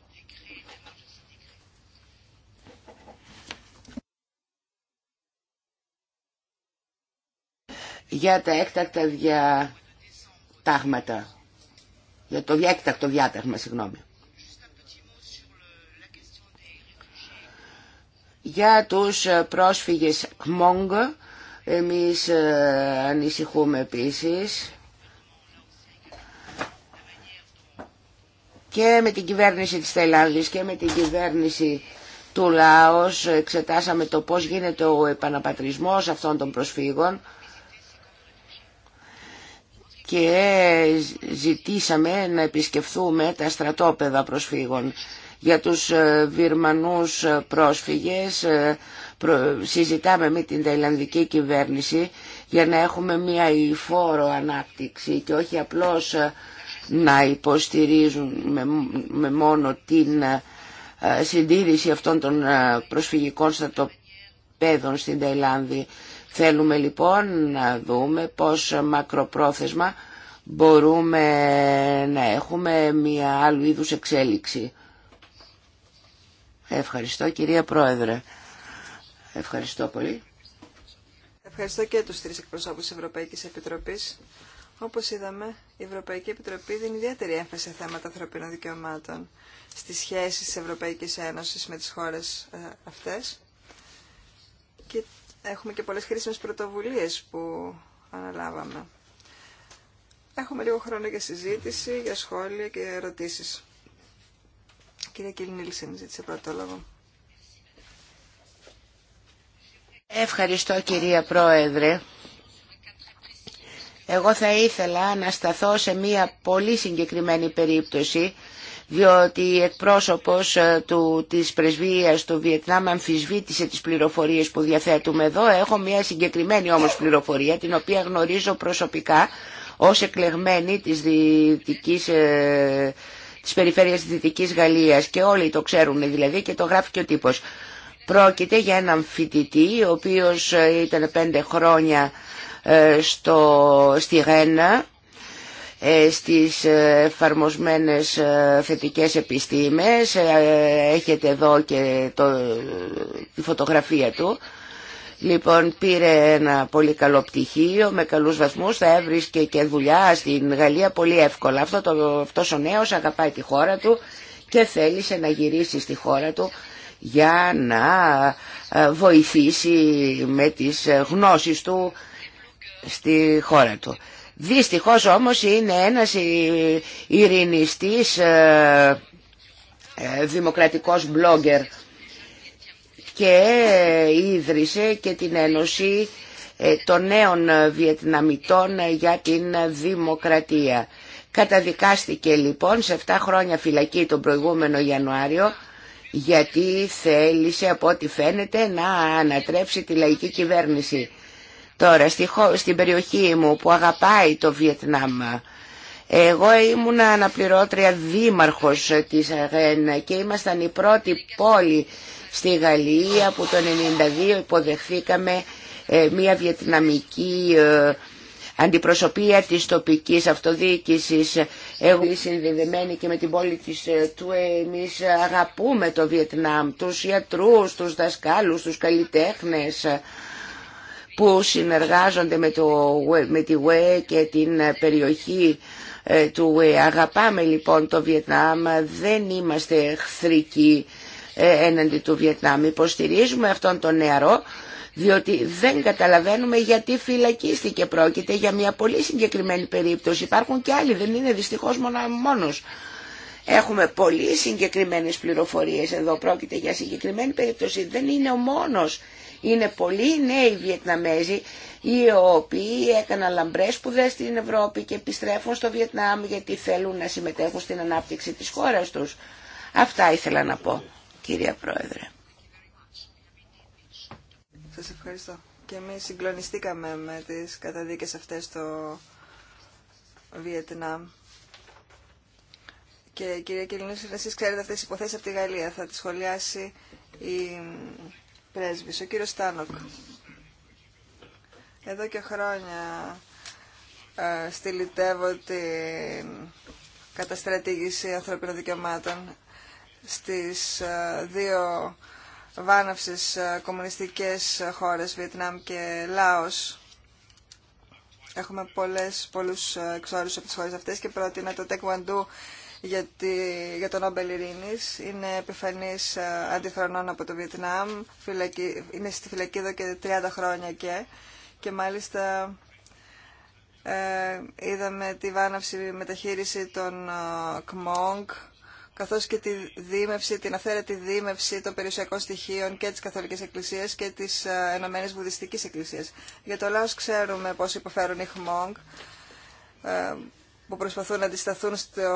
για τα έκτακτα δια για το διέκτακτο διάταγμα, συγγνώμη. Για τους ε, πρόσφυγες Κμόγκ. εμείς ε, ανησυχούμε επίσης. Και με την κυβέρνηση της Ταϊλάνδης και με την κυβέρνηση του Λάος εξετάσαμε το πώς γίνεται ο επαναπατρισμός αυτών των προσφύγων και ζητήσαμε να επισκεφθούμε τα στρατόπεδα προσφύγων. Για τους ε, βυρμανούς πρόσφυγες ε, συζητάμε με την Ταϊλανδική κυβέρνηση για να έχουμε μια υφόρο ανάπτυξη και όχι απλώς ε, να υποστηρίζουν με μόνο την συντήρηση αυτών των προσφυγικών στρατοπέδων στην Ταϊλάνδη Θέλουμε λοιπόν να δούμε πώς μακροπρόθεσμα μπορούμε να έχουμε μια άλλου είδους εξέλιξη. Ευχαριστώ κυρία Πρόεδρε. Ευχαριστώ πολύ. Ευχαριστώ και τους τρεις εκπροσώπους της Ευρωπαϊκής Επιτροπής. Όπως είδαμε, η Ευρωπαϊκή Επιτροπή δίνει ιδιαίτερη έμφαση σε θέματα ανθρωπίνων δικαιωμάτων στις σχέσεις της Ευρωπαϊκής Ένωσης με τις χώρες ε, αυτές και έχουμε και πολλές χρήσιμες πρωτοβουλίες που αναλάβαμε. Έχουμε λίγο χρόνο για συζήτηση, για σχόλια και ερωτήσεις. Κυρία Κιλνίλσεν ζήτησε πρώτο λόγο. Ευχαριστώ κυρία Πρόεδρε. Εγώ θα ήθελα να σταθώ σε μία πολύ συγκεκριμένη περίπτωση διότι η εκπρόσωπος ε, του, της πρεσβείας του Βιετνάμ αμφισβήτησε τις πληροφορίες που διαθέτουμε εδώ. Έχω μια συγκεκριμένη όμως πληροφορία, την οποία γνωρίζω προσωπικά ως εκλεγμένη της, δυτικής, ε, της περιφέρειας της Δυτικής Γαλλίας και όλοι το ξέρουν δηλαδή και το γράφει και ο τύπος. Πρόκειται για έναν φοιτητή, ο οποίος ε, ήταν πέντε χρόνια ε, στο, στη Γένα, ε, στις εφαρμοσμένες ε, θετικές επιστήμες. Ε, έχετε εδώ και το, τη φωτογραφία του. Λοιπόν, πήρε ένα πολύ καλό πτυχίο, με καλούς βαθμούς, θα έβρισκε και δουλειά στην Γαλλία πολύ εύκολα. Αυτό το, αυτός ο νέος αγαπάει τη χώρα του και θέλησε να γυρίσει στη χώρα του για να βοηθήσει με τις γνώσεις του στη χώρα του. Δυστυχώς όμως είναι ένας ειρηνιστής ε, ε, δημοκρατικός blogger και ίδρυσε και την Ένωση ε, των νέων Βιετναμιτών για την Δημοκρατία. Καταδικάστηκε λοιπόν σε 7 χρόνια φυλακή τον προηγούμενο Ιανουάριο γιατί θέλησε από ό,τι φαίνεται να ανατρέψει τη λαϊκή κυβέρνηση. Τώρα, στην περιοχή μου που αγαπάει το Βιετνάμ, εγώ ήμουνα αναπληρώτρια δήμαρχος της ΑΓΕΝ και ήμασταν η πρώτη πόλη στη Γαλλία που το 1992 υποδεχθήκαμε ε, μια βιετναμική ε, αντιπροσωπεία της τοπικής αυτοδιοίκησης. Εγώ είμαι συνδεδεμένη και με την πόλη της ε, Τουέ. Εμείς αγαπούμε το Βιετνάμ, τους ιατρούς, τους δασκάλους, τους καλλιτέχνες που συνεργάζονται με, το, με τη ΟΕ και την ε, περιοχή ε, του ΟΕ. Αγαπάμε λοιπόν το Βιετνάμ, δεν είμαστε εχθρικοί ε, έναντι του Βιετνάμ. Υποστηρίζουμε αυτόν τον νεαρό διότι δεν καταλαβαίνουμε γιατί φυλακίστηκε πρόκειται για μια πολύ συγκεκριμένη περίπτωση. Υπάρχουν και άλλοι, δεν είναι δυστυχώς μόνο μόνος. Έχουμε πολύ συγκεκριμένες πληροφορίες εδώ, πρόκειται για συγκεκριμένη περίπτωση, δεν είναι ο μόνος. Είναι πολλοί νέοι Βιετναμέζοι οι οποίοι έκαναν λαμπρές σπουδέ στην Ευρώπη και επιστρέφουν στο Βιετνάμ γιατί θέλουν να συμμετέχουν στην ανάπτυξη της χώρας τους. Αυτά ήθελα να πω, κυρία Πρόεδρε. Σας ευχαριστώ. Και εμείς συγκλονιστήκαμε με τις καταδίκες αυτές στο Βιετνάμ. Και κυρία Κιλίνου, εσείς ξέρετε αυτές τις υποθέσεις από τη Γαλλία. Θα τις σχολιάσει η πρέσβης, ο κύριος Στάνοκ. Εδώ και χρόνια ε, στυλιτεύω την καταστρατήγηση ανθρωπίνων δικαιωμάτων στις ε, δύο βάναυσες ε, κομμουνιστικές χώρες, Βιετνάμ και Λάος. Έχουμε πολλές, πολλούς ε, εξόρους από τις χώρες αυτές και πρότεινα το Τεκουαντού για, για τον Νόμπελ Είναι επιφανή ε, αντιφρονών από το Βιετνάμ. Φυλακή, είναι στη φυλακή εδώ και 30 χρόνια και. Και μάλιστα ε, είδαμε τη βάναυση μεταχείριση των ε, καθώς και τη δίμευση, την αφαίρετη δίμευση των περιουσιακών στοιχείων και της Καθολικής Εκκλησίας και της ε, Ενωμένης Βουδιστικής Εκκλησίας. Για το Λάος ξέρουμε πώς υποφέρουν οι Χμόγκ, ε, που προσπαθούν να αντισταθούν στο,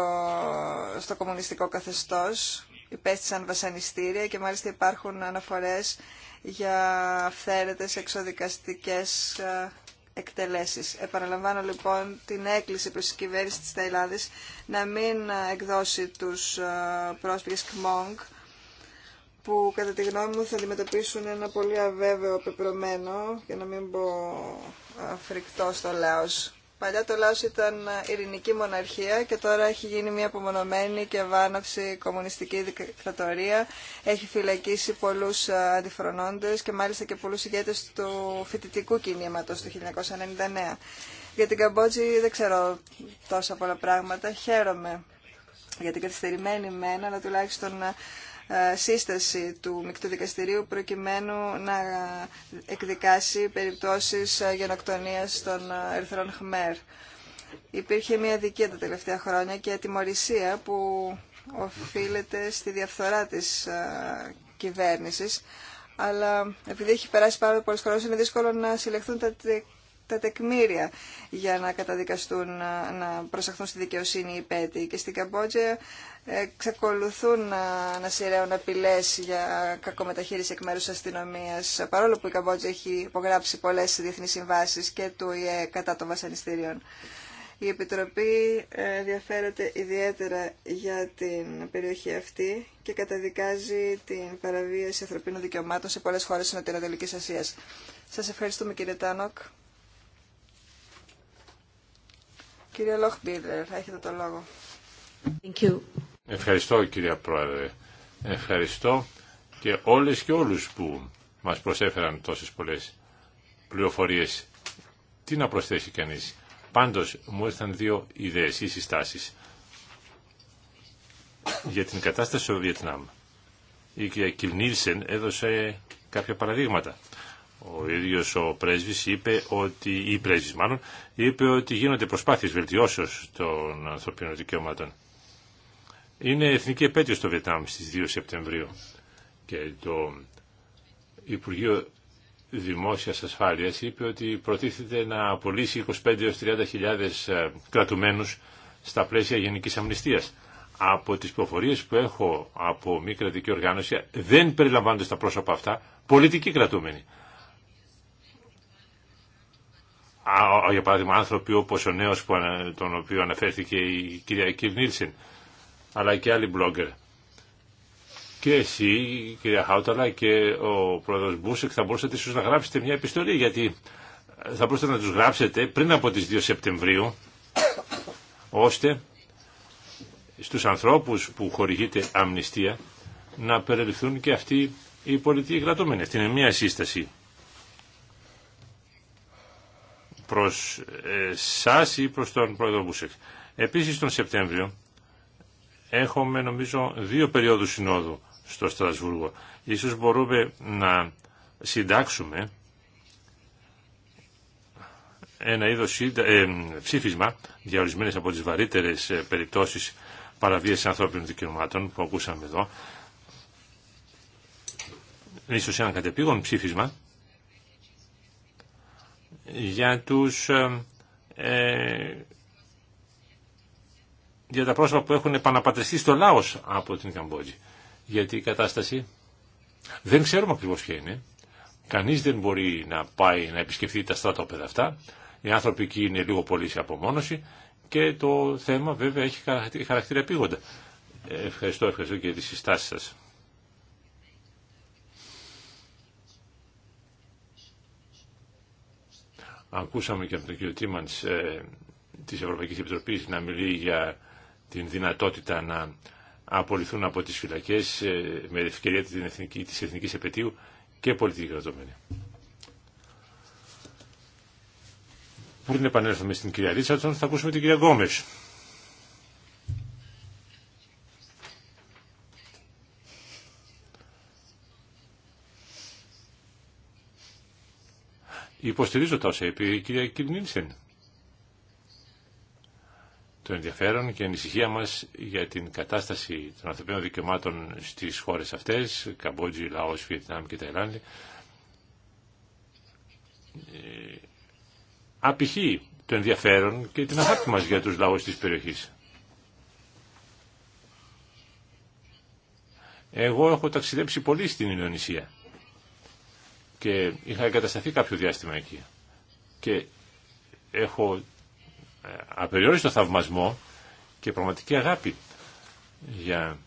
στο κομμουνιστικό καθεστώς. Υπέστησαν βασανιστήρια και μάλιστα υπάρχουν αναφορές για αυθαίρετες εξοδικαστικές ε, εκτελέσεις. Επαναλαμβάνω λοιπόν την έκκληση προς την κυβέρνηση της Ταϊλάδης να μην εκδώσει τους ε, πρόσφυγες ΚΜΟΝΚ που κατά τη γνώμη μου θα αντιμετωπίσουν ένα πολύ αβέβαιο πεπρωμένο για να μην πω ε, φρικτό στο Λάος Παλιά το Λάος ήταν ειρηνική μοναρχία και τώρα έχει γίνει μια απομονωμένη και βάναυση κομμουνιστική δικτατορία. Έχει φυλακίσει πολλούς ε, αντιφρονώντες και μάλιστα και πολλούς ηγέτες του φοιτητικού κινήματος του 1999. Για την Καμπότζη δεν ξέρω τόσα πολλά πράγματα. Χαίρομαι για την καθυστερημένη μένα, αλλά τουλάχιστον ε, ε, σύσταση του Μικτού Δικαστηρίου προκειμένου να εκδικάσει περιπτώσεις ε, γενοκτονίας των ε, Ερθρών Χμέρ. Υπήρχε μια δικία τα τελευταία χρόνια και ατιμορρησία που οφείλεται στη διαφθορά της κυβέρνησης αλλά επειδή έχει περάσει πάρα πολλέ χρόνε, είναι δύσκολο να συλλεχθούν τα τα τεκμήρια για να καταδικαστούν, να προσαχθούν στη δικαιοσύνη οι πέτοι. Και στην Καμπότζε εξακολουθούν να, να σειραίουν απειλέ για κακομεταχείριση εκ μέρου αστυνομία, παρόλο που η Καμπότζη έχει υπογράψει πολλέ διεθνεί συμβάσει και του ΙΕ κατά των βασανιστήριων. Η Επιτροπή ε, ενδιαφέρεται ιδιαίτερα για την περιοχή αυτή και καταδικάζει την παραβίαση ανθρωπίνων δικαιωμάτων σε πολλές χώρες της Νοτιοανατολικής Ασίας. Σας ευχαριστούμε κύριε Τάνοκ. Κύριε θα έχετε το λόγο. Ευχαριστώ κυρία Πρόεδρε. Ευχαριστώ και όλες και όλους που μας προσέφεραν τόσες πολλές πληροφορίες. Τι να προσθέσει κανείς. Πάντως μου ήρθαν δύο ιδέες ή συστάσεις για την κατάσταση στο Βιετνάμ. Η κυρία Κιλνίλσεν έδωσε κάποια παραδείγματα. Ο ίδιος ο πρέσβης είπε ότι, ή μάλλον, είπε ότι γίνονται προσπάθειες βελτιώσεως των ανθρωπίνων δικαιωμάτων. Είναι εθνική επέτειο στο Βιετνάμ στις 2 Σεπτεμβρίου και το Υπουργείο Δημόσιας Ασφάλειας είπε ότι προτίθεται να απολύσει 25-30 ε, κρατουμένους στα πλαίσια γενικής αμνηστίας. Από τις προφορίες που έχω από μη κρατική οργάνωση δεν περιλαμβάνονται στα πρόσωπα αυτά πολιτικοί κρατούμενοι. για παράδειγμα άνθρωποι όπως ο νέος τον οποίο αναφέρθηκε η κυρία Κιβ Νίλσεν, αλλά και άλλοι blogger. Και εσύ, κυρία Χάουταλα, και ο πρόεδρος Μπούσεκ θα μπορούσατε ίσως να γράψετε μια επιστολή, γιατί θα μπορούσατε να τους γράψετε πριν από τις 2 Σεπτεμβρίου, ώστε στους ανθρώπους που χορηγείται αμνηστία να περιληφθούν και αυτοί οι πολιτικοί κρατούμενοι. Αυτή είναι μια σύσταση προς ε, σας ή προς τον πρόεδρο Μπούσεκ. Επίσης τον Σεπτέμβριο έχουμε νομίζω δύο περίοδους συνόδου στο Στρασβούργο. Ίσως μπορούμε να συντάξουμε ένα είδος ε, ψήφισμα για από τις βαρύτερες ε, περιπτώσεις παραβίασης ανθρώπινων δικαιωμάτων που ακούσαμε εδώ. Ίσως ένα κατεπήγον ψήφισμα για τους ε, ε, για τα πρόσωπα που έχουν επαναπατριστεί στο Λάος από την Καμπότζη. Γιατί η κατάσταση δεν ξέρουμε ακριβώ ποια είναι. Κανείς δεν μπορεί να πάει να επισκεφθεί τα στρατόπεδα αυτά. Οι άνθρωποι εκεί είναι λίγο πολύ σε απομόνωση και το θέμα βέβαια έχει χαρακτήρα επίγοντα. Ε, ευχαριστώ, ευχαριστώ και τις συστάσεις σας. Ακούσαμε και από τον κύριο Τίμανς ε, της Ευρωπαϊκής Επιτροπής να μιλεί για την δυνατότητα να απολυθούν από τις φυλακές ε, με ευκαιρία της, εθνική, της εθνικής επαιτίου και πολιτική κρατωμένη. Πριν επανέλθουμε στην κυρία Ρίτσαρτσον, θα ακούσουμε την κυρία Γκόμες. Υποστηρίζω τα όσα είπε η κυρία Κιλνίλσεν. Το ενδιαφέρον και η ανησυχία μας για την κατάσταση των ανθρωπίνων δικαιωμάτων στις χώρες αυτές, Καμπότζη, Λαός, Βιετνάμ και Ταϊλάνδη, ε, απηχεί το ενδιαφέρον και την αγάπη μας για τους λαούς της περιοχής. Εγώ έχω ταξιδέψει πολύ στην Ινδονησία και είχα εγκατασταθεί κάποιο διάστημα εκεί. Και έχω ε, απεριόριστο θαυμασμό και πραγματική αγάπη για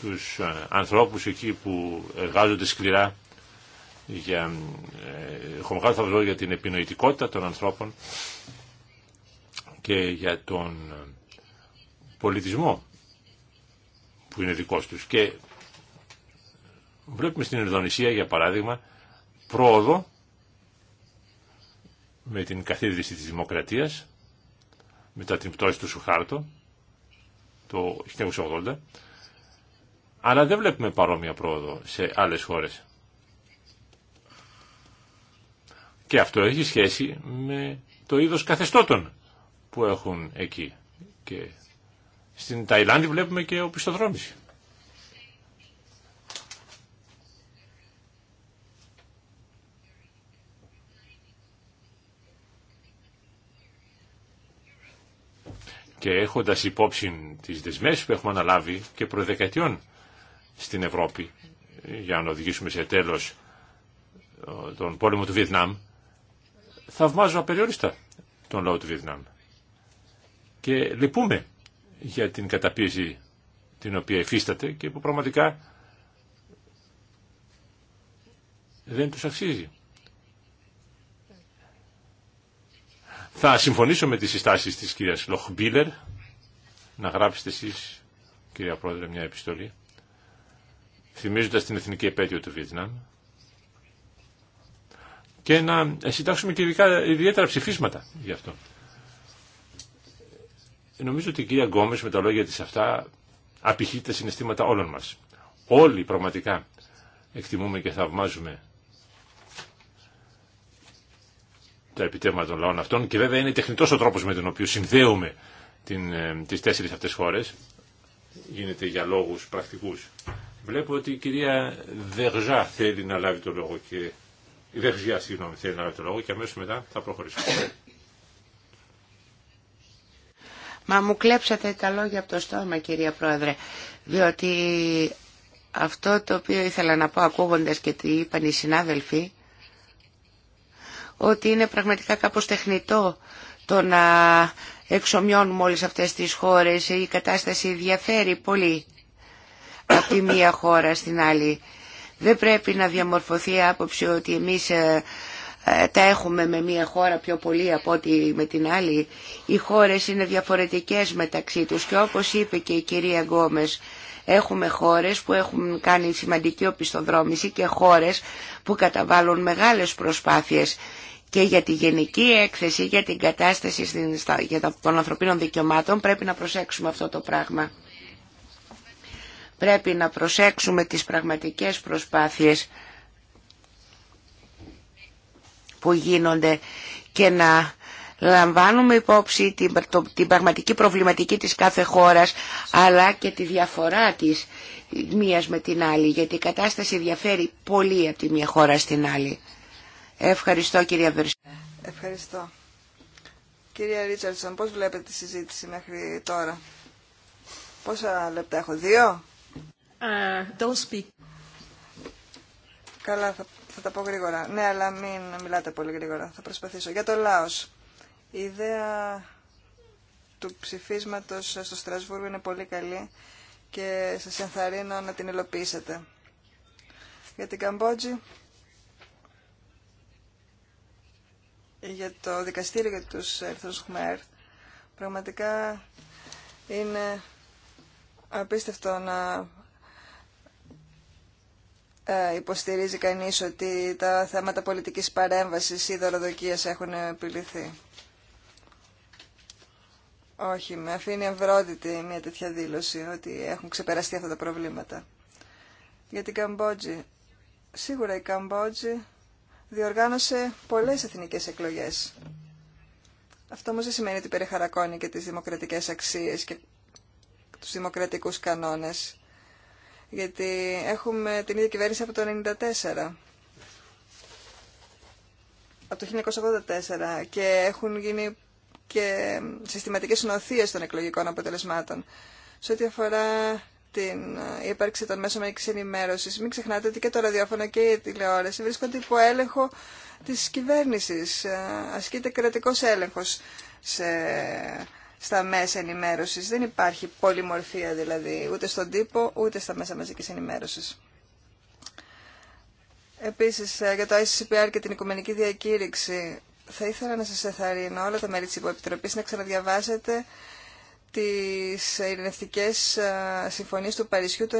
τους ε, ανθρώπους εκεί που εργάζονται σκληρά για, ε, έχω μεγάλο θαυμασμό για την επινοητικότητα των ανθρώπων και για τον πολιτισμό που είναι δικός τους. Και βλέπουμε στην Ερδονησία, για παράδειγμα, πρόοδο με την καθίδρυση της Δημοκρατίας μετά την πτώση του Σουχάρτο το 1980 αλλά δεν βλέπουμε παρόμοια πρόοδο σε άλλες χώρες. Και αυτό έχει σχέση με το είδος καθεστώτων που έχουν εκεί. Και στην Ταϊλάνδη βλέπουμε και οπισθοδρόμηση. και έχοντας υπόψη τις δεσμές που έχουμε αναλάβει και προδεκατιών στην Ευρώπη για να οδηγήσουμε σε τέλος ε, τον πόλεμο του Βιετνάμ, θαυμάζω απεριόριστα τον λαό του Βιετνάμ. Και λυπούμε για την καταπίεση την οποία υφίσταται και που πραγματικά δεν τους αξίζει. Θα συμφωνήσω με τις συστάσεις της κυρίας Λοχμπίλερ. Να γράψετε εσείς, κυρία Πρόεδρε, μια επιστολή. Θυμίζοντας την εθνική επέτειο του Βιετνάμ. Και να συντάξουμε και ιδιαίτερα ψηφίσματα γι' αυτό. Νομίζω ότι η κυρία Γκόμες με τα λόγια της αυτά απηχεί τα συναισθήματα όλων μας. Όλοι πραγματικά εκτιμούμε και θαυμάζουμε τα επιτεύγματα των λαών αυτών και βέβαια είναι τεχνητός ο τρόπος με τον οποίο συνδέουμε την, ε, τις τέσσερις αυτές χώρες. Γίνεται για λόγους πρακτικούς. Βλέπω ότι η κυρία Δεργά θέλει να λάβει το λόγο και η Δεργιά, συγγνώμη, θέλει να λάβει το λόγο και αμέσως μετά θα προχωρήσουμε. Μα μου κλέψατε τα λόγια από το στόμα κυρία Πρόεδρε, διότι αυτό το οποίο ήθελα να πω ακούγοντας και τι είπαν οι συνάδελφοι ότι είναι πραγματικά κάπως τεχνητό το να εξομοιώνουμε όλες αυτές τις χώρες. Η κατάσταση διαφέρει πολύ από τη μία χώρα στην άλλη. Δεν πρέπει να διαμορφωθεί άποψη ότι εμείς ε, ε, τα έχουμε με μία χώρα πιο πολύ από ότι με την άλλη. Οι χώρες είναι διαφορετικές μεταξύ τους και όπως είπε και η κυρία Γκόμες, έχουμε χώρες που έχουν κάνει σημαντική οπισθοδρόμηση και χώρες που καταβάλουν μεγάλες προσπάθειες και για τη γενική έκθεση για την κατάσταση των ανθρωπίνων δικαιωμάτων πρέπει να προσέξουμε αυτό το πράγμα. Πρέπει να προσέξουμε τις πραγματικές προσπάθειες που γίνονται και να λαμβάνουμε υπόψη την, πραγματική προβληματική της κάθε χώρας αλλά και τη διαφορά της μίας με την άλλη γιατί η κατάσταση διαφέρει πολύ από τη μία χώρα στην άλλη. Ευχαριστώ κυρία βερσέ. Ευχαριστώ. Κυρία Ρίτσαρτσον, πώς βλέπετε τη συζήτηση μέχρι τώρα. Πόσα λεπτά έχω, δύο. Ε, don't speak. Καλά, θα, θα τα πω γρήγορα. Ναι, αλλά μην μιλάτε πολύ γρήγορα. Θα προσπαθήσω. Για το Λάος. Η ιδέα του ψηφίσματος στο Στρασβούργο είναι πολύ καλή και σας ενθαρρύνω να την υλοποιήσετε. Για την Καμπότζη για το δικαστήριο για τους Ερθρούς Χμέρ. Πραγματικά είναι απίστευτο να ε, υποστηρίζει κανείς ότι τα θέματα πολιτικής παρέμβασης ή δωροδοκίας έχουν επιληθεί. Όχι, με αφήνει ευρώτητη μια τέτοια δήλωση ότι έχουν ξεπεραστεί αυτά τα προβλήματα. Για την Καμπότζη. Σίγουρα η Καμπότζη διοργάνωσε πολλές εθνικές εκλογές. Αυτό όμως δεν σημαίνει ότι περιχαρακώνει και τις δημοκρατικές αξίες και τους δημοκρατικούς κανόνες. Γιατί έχουμε την ίδια κυβέρνηση από το 1994. Από το 1984 και έχουν γίνει και συστηματικές νοθείες των εκλογικών αποτελεσμάτων. Σε ό,τι αφορά την ε, ύπαρξη των μέσων μαζική ενημέρωση. Μην ξεχνάτε ότι και το ραδιόφωνο και η τηλεόραση βρίσκονται υπό έλεγχο τη κυβέρνηση. Ε, ασκείται κρατικό έλεγχο σε, στα μέσα ενημέρωση. Δεν υπάρχει πολυμορφία δηλαδή ούτε στον τύπο ούτε στα μέσα μαζικής ενημέρωση. Επίση, ε, για το ICCPR και την Οικουμενική Διακήρυξη θα ήθελα να σας εθαρρύνω όλα τα μέλη της Υποεπιτροπής να ξαναδιαβάσετε τις ειρηνευτικές συμφωνίες του Παρισιού το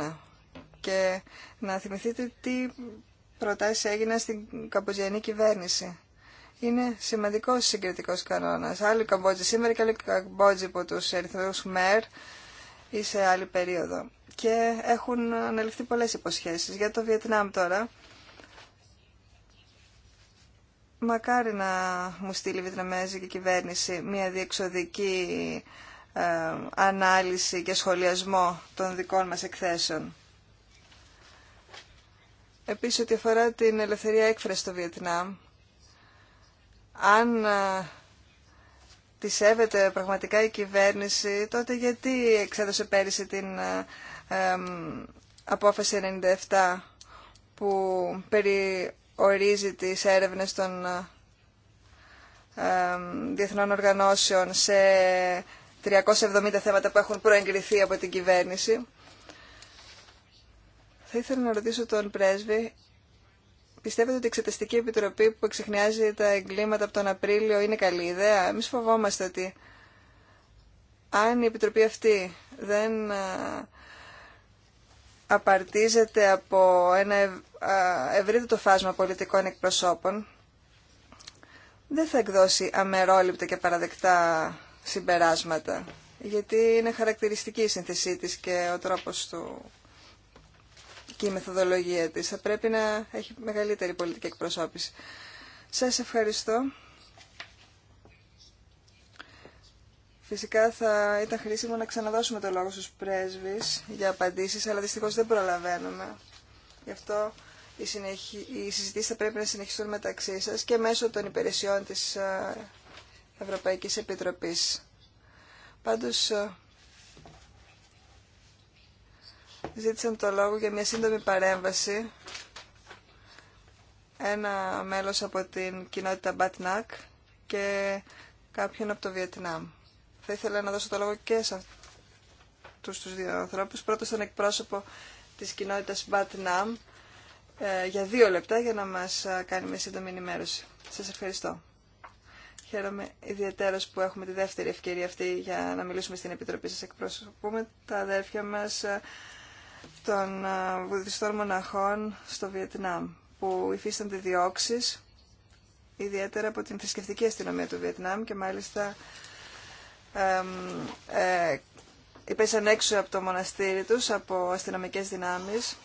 1991 και να θυμηθείτε τι προτάσεις έγιναν στην καμποζιανή κυβέρνηση. Είναι σημαντικό συγκριτικό κανόνα. Άλλη Καμπότζη σήμερα και άλλη Καμπότζη από του Ερυθρού Μέρ ή σε άλλη περίοδο. Και έχουν αναλυφθεί πολλέ υποσχέσει. Για το Βιετνάμ τώρα, Μακάρι να μου στείλει η Βιετναμέζικη κυβέρνηση μια διεξοδική ε, ανάλυση και σχολιασμό των δικών μας εκθέσεων. Επίσης, ότι αφορά την ελευθερία έκφραση στο Βιετνάμ, αν ε, τη σέβεται πραγματικά η κυβέρνηση, τότε γιατί εξέδωσε πέρυσι την ε, ε απόφαση 97 που περί ορίζει τις έρευνες των ε, διεθνών οργανώσεων σε 370 θέματα που έχουν προεγκριθεί από την κυβέρνηση. Θα ήθελα να ρωτήσω τον πρέσβη. Πιστεύετε ότι η Εξεταστική Επιτροπή που εξεχνιάζει τα εγκλήματα από τον Απρίλιο είναι καλή ιδέα. Εμείς φοβόμαστε ότι αν η Επιτροπή αυτή δεν ε, απαρτίζεται από ένα ευρύτερο φάσμα πολιτικών εκπροσώπων, δεν θα εκδώσει αμερόληπτα και παραδεκτά συμπεράσματα, γιατί είναι χαρακτηριστική η σύνθεσή της και ο τρόπος του και η μεθοδολογία της. Θα πρέπει να έχει μεγαλύτερη πολιτική εκπροσώπηση. Σας ευχαριστώ. Φυσικά θα ήταν χρήσιμο να ξαναδώσουμε το λόγο στους πρέσβεις για απαντήσεις, αλλά δυστυχώς δεν προλαβαίνουμε. Γι' αυτό οι, συνεχι... οι συζητήσεις θα πρέπει να συνεχιστούν μεταξύ σας και μέσω των υπηρεσιών της ε, Ευρωπαϊκής Επιτροπής. Πάντως, ε, ζήτησαν το λόγο για μια σύντομη παρέμβαση ένα μέλος από την κοινότητα Μπατνακ και κάποιον από το Βιετνάμ. Θα ήθελα να δώσω το λόγο και σε αυτούς τους δύο ανθρώπους. Πρώτος στον εκπρόσωπο της κοινότητας Batnam ε, για δύο λεπτά για να μας ε, κάνει μια σύντομη ενημέρωση. Σας ευχαριστώ. Χαίρομαι ιδιαίτερα που έχουμε τη δεύτερη ευκαιρία αυτή για να μιλήσουμε στην Επιτροπή σας εκπροσωπούμε τα αδέρφια μας ε, των βουδιστών μοναχών στο Βιετνάμ που υφίστανται διώξεις ιδιαίτερα από την θρησκευτική αστυνομία του Βιετνάμ και μάλιστα ε, υπέσαν έξω από το μοναστήρι τους από αστυνομικές δυνάμεις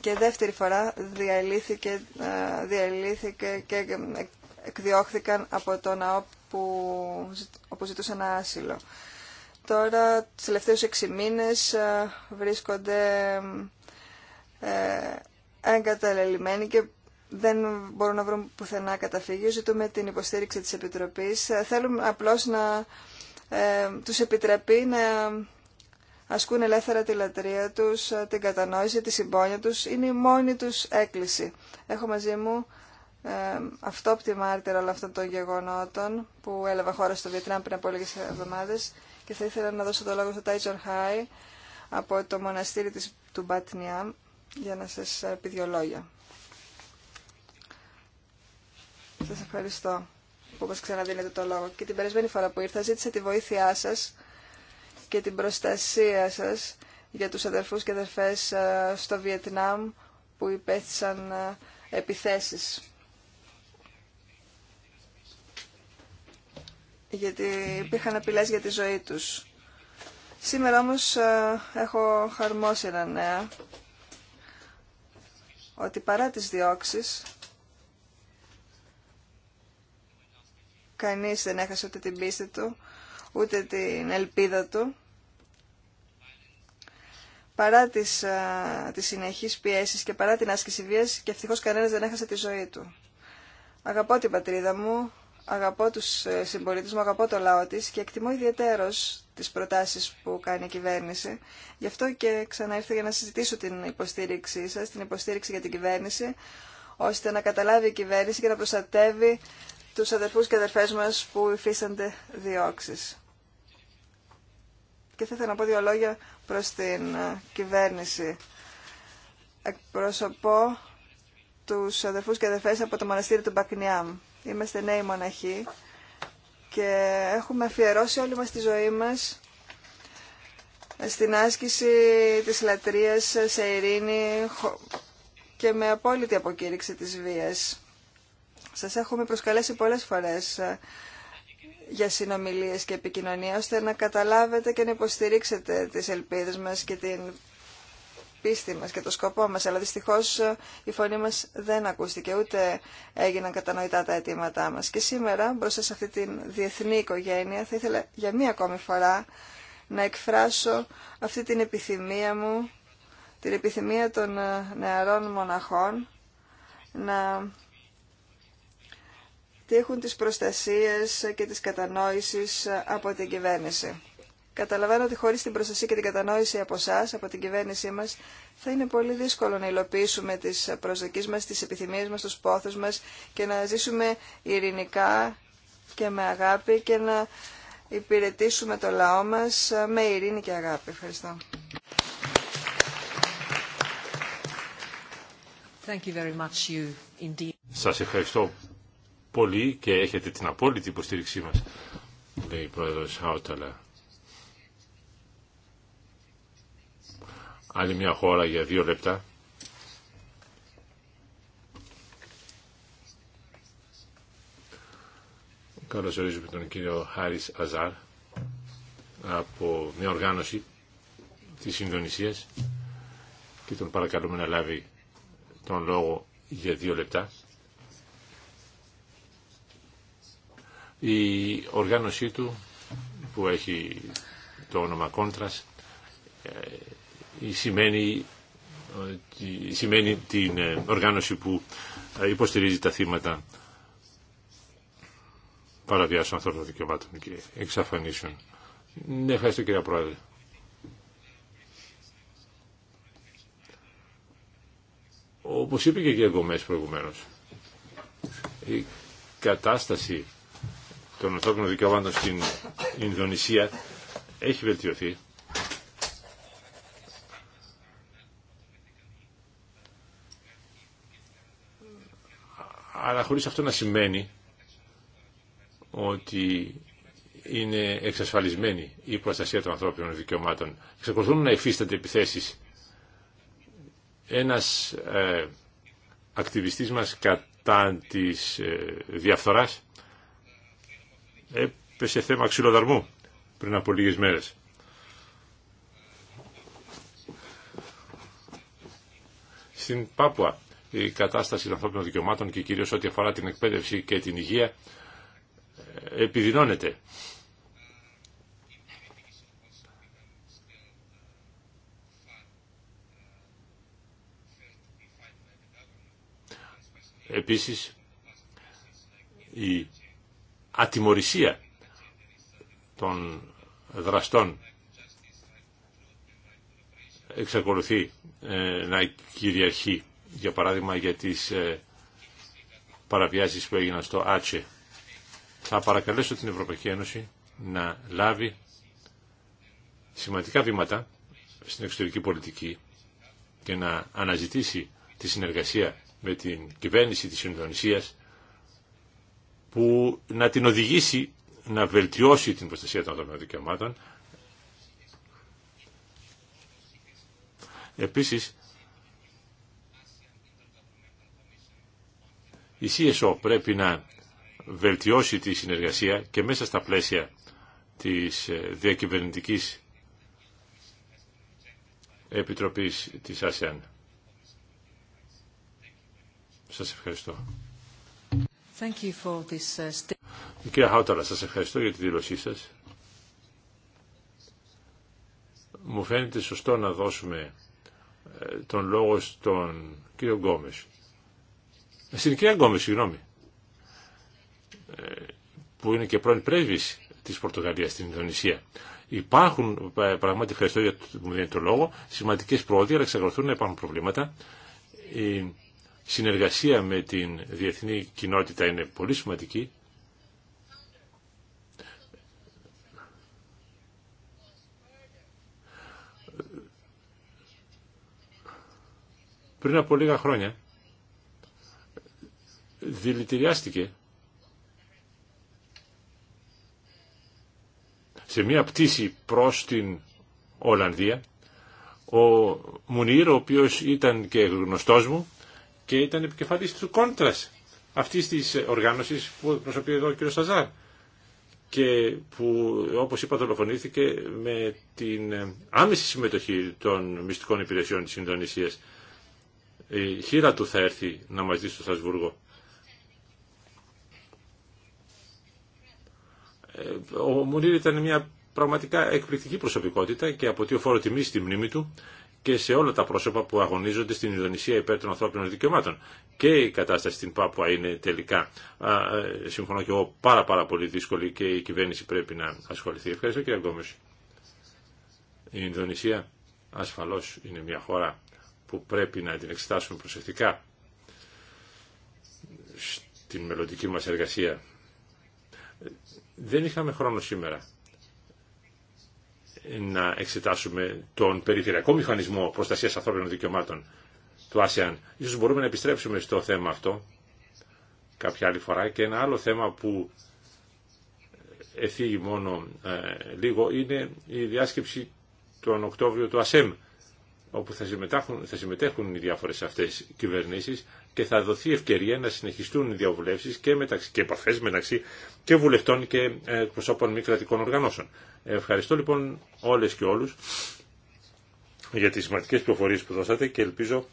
και δεύτερη φορά διαλύθηκε, ε, διαλύθηκε και εκδιώχθηκαν από το ναό που, όπου ένα άσυλο. Τώρα, τους τελευταίους έξι μήνες ε, βρίσκονται ε, εγκαταλελειμμένοι και δεν μπορούν να βρουν πουθενά καταφύγιο. Ζητούμε την υποστήριξη της Επιτροπής. Ε, θέλουμε απλώς να ε, τους επιτρέπει να ασκούν ελεύθερα τη λατρεία τους, ε, την κατανόηση, τη συμπόνια τους. Είναι η μόνη τους έκκληση. Έχω μαζί μου ε, αυτόπτη μάρτυρα όλων αυτών των γεγονότων που έλαβα χώρα στο Βιετνάμ πριν από λίγες εβδομάδες και θα ήθελα να δώσω το λόγο στο Τάι Χάι από το μοναστήρι της, του Μπατνιάμ για να σας ε, πει δύο λόγια. Σας ευχαριστώ που μας ξαναδίνετε το λόγο. Και την περασμένη φορά που ήρθα ζήτησα τη βοήθειά σας και την προστασία σας για τους αδερφούς και αδερφές ε, στο Βιετνάμ που υπέστησαν ε, επιθέσεις. Γιατί υπήρχαν απειλές για τη ζωή τους. Σήμερα όμως ε, έχω ένα νέα ότι παρά τις διώξεις Κανείς δεν έχασε ούτε την πίστη του, ούτε την ελπίδα του. Παρά τις, α, τις συνεχείς πιέσεις και παρά την άσκηση βίας και ευτυχώς κανένας δεν έχασε τη ζωή του. Αγαπώ την πατρίδα μου, αγαπώ τους ε, συμπολίτες μου, αγαπώ το λαό της και εκτιμώ ιδιαίτερος τις προτάσεις που κάνει η κυβέρνηση. Γι' αυτό και ξανά για να συζητήσω την υποστήριξή σας, την υποστήριξη για την κυβέρνηση, ώστε να καταλάβει η κυβέρνηση και να προστατεύει τους αδερφούς και αδερφές μας που υφίστανται διώξεις. Και θα ήθελα να πω δύο λόγια προς την ε, κυβέρνηση. Εκπροσωπώ τους αδερφούς και αδερφές από το μοναστήρι του Μπακνιάμ. Είμαστε νέοι μοναχοί και έχουμε αφιερώσει όλη μας τη ζωή μας στην άσκηση της λατρείας σε ειρήνη και με απόλυτη αποκήρυξη της βίας. Σας έχουμε προσκαλέσει πολλές φορές ε, για συνομιλίες και επικοινωνία, ώστε να καταλάβετε και να υποστηρίξετε τις ελπίδες μας και την πίστη μας και το σκοπό μας. Αλλά δυστυχώς ε, η φωνή μας δεν ακούστηκε, ούτε έγιναν κατανοητά τα αιτήματά μας. Και σήμερα, μπροστά σε αυτή την διεθνή οικογένεια, θα ήθελα για μία ακόμη φορά να εκφράσω αυτή την επιθυμία μου, την επιθυμία των ε, νεαρών μοναχών, να τι έχουν τις προστασίες και τις κατανόησης από την κυβέρνηση. Καταλαβαίνω ότι χωρίς την προστασία και την κατανόηση από εσά, από την κυβέρνησή μας, θα είναι πολύ δύσκολο να υλοποιήσουμε τις προσδοκίες μας, τις επιθυμίες μας, τους πόθους μας και να ζήσουμε ειρηνικά και με αγάπη και να υπηρετήσουμε το λαό μας με ειρήνη και αγάπη. Ευχαριστώ. Thank you very much, you, indeed. Σας ευχαριστώ πολύ και έχετε την απόλυτη υποστήριξή μας, λέει η πρόεδρος Χάουταλα. Άλλη μια χώρα για δύο λεπτά. Καλώς ορίζουμε τον κύριο Χάρης Αζάρ από μια οργάνωση της Ινδονησίας και τον παρακαλούμε να λάβει τον λόγο για δύο λεπτά. Η οργάνωσή του που έχει το όνομα Κόντρας ε, σημαίνει, σημαίνει την ε, οργάνωση που ε, υποστηρίζει τα θύματα παραβιάσεων ανθρώπων δικαιωμάτων και εξαφανίσεων. Ναι, ευχαριστώ κύριε Πρόεδρε. Όπως είπε και ο κ. Γκομές προηγουμένως, η κατάσταση των ανθρώπινων δικαιωμάτων στην Ινδονησία έχει βελτιωθεί. Αλλά χωρίς αυτό να σημαίνει ότι είναι εξασφαλισμένη η προστασία των ανθρώπινων δικαιωμάτων. Εξακολουθούν να υφίστανται επιθέσεις. Ένας ε, ακτιβιστής μας κατά της ε, διαφθοράς έπεσε θέμα ξυλοδαρμού πριν από λίγες μέρες. Στην Πάπουα η κατάσταση των ανθρώπινων δικαιωμάτων και κυρίως ό,τι αφορά την εκπαίδευση και την υγεία ε, επιδεινώνεται. Επίσης, η ατιμορρησία των δραστών εξακολουθεί ε, να κυριαρχεί, για παράδειγμα για τις ε, παραβιάσεις που έγιναν στο Άτσε. Θα παρακαλέσω την Ευρωπαϊκή Ένωση να λάβει σημαντικά βήματα στην εξωτερική πολιτική και να αναζητήσει τη συνεργασία με την κυβέρνηση της Ινδονησίας που να την οδηγήσει να βελτιώσει την προστασία των ανθρωπίνων δικαιωμάτων. Επίσης, η CSO πρέπει να βελτιώσει τη συνεργασία και μέσα στα πλαίσια της ε, διακυβερνητικής επιτροπής της ASEAN. Σας ευχαριστώ. Uh, Κύριε Χάουταλα, σας ευχαριστώ για τη δήλωσή σας. Μου φαίνεται σωστό να δώσουμε ε, τον λόγο στον κύριο Γκόμες. Ε, στην κυρία Γκόμες, συγγνώμη, ε, που είναι και πρώην πρέσβης της Πορτογαλίας στην Ινδονησία. Υπάρχουν, πραγματικά ευχαριστώ για το που μου το λόγο, σημαντικές πρόοδοι, αλλά εξακολουθούν να υπάρχουν προβλήματα συνεργασία με την διεθνή κοινότητα είναι πολύ σημαντική. Πριν από λίγα χρόνια δηλητηριάστηκε σε μια πτήση προς την Ολλανδία ο Μουνίρ, ο οποίος ήταν και γνωστός μου, και ήταν επικεφαλής του Κόντρας αυτή τη οργάνωσης που προσωπεί εδώ ο κ. Σαζάρ και που όπως είπα δολοφονήθηκε με την ε, άμεση συμμετοχή των μυστικών υπηρεσιών της Ινδονησίας. Η χείρα του θα έρθει να μας δει στο Σασβούργο. Ε, ο Μουνίρη ήταν μια πραγματικά εκπληκτική προσωπικότητα και αποτείω οφόρο τιμή στη μνήμη του και σε όλα τα πρόσωπα που αγωνίζονται στην Ινδονησία υπέρ των ανθρώπινων δικαιωμάτων. Και η κατάσταση στην Πάπουα είναι τελικά, α, ε, συμφωνώ και εγώ, πάρα πάρα πολύ δύσκολη και η κυβέρνηση πρέπει να ασχοληθεί. Ευχαριστώ κύριε Γκόμες. Η Ινδονησία ασφαλώς είναι μια χώρα που πρέπει να την εξετάσουμε προσεκτικά στην μελλοντική μας εργασία. Δεν είχαμε χρόνο σήμερα να εξετάσουμε τον περιφερειακό μηχανισμό προστασίας ανθρώπινων δικαιωμάτων του ΑΣΕΑΝ. Ίσως μπορούμε να επιστρέψουμε στο θέμα αυτό κάποια άλλη φορά και ένα άλλο θέμα που εφήγει μόνο ε, λίγο είναι η διάσκεψη τον Οκτώβριο του ΑΣΕΜ όπου θα συμμετέχουν, θα συμμετέχουν οι διάφορες αυτές κυβερνήσεις και θα δοθεί ευκαιρία να συνεχιστούν οι διαβουλεύσει και, και επαφές μεταξύ και βουλευτών και ε, προσώπων μη κρατικών οργανώσεων. Ευχαριστώ λοιπόν όλε και όλου για τι σημαντικέ πληροφορίε που δώσατε και ελπίζω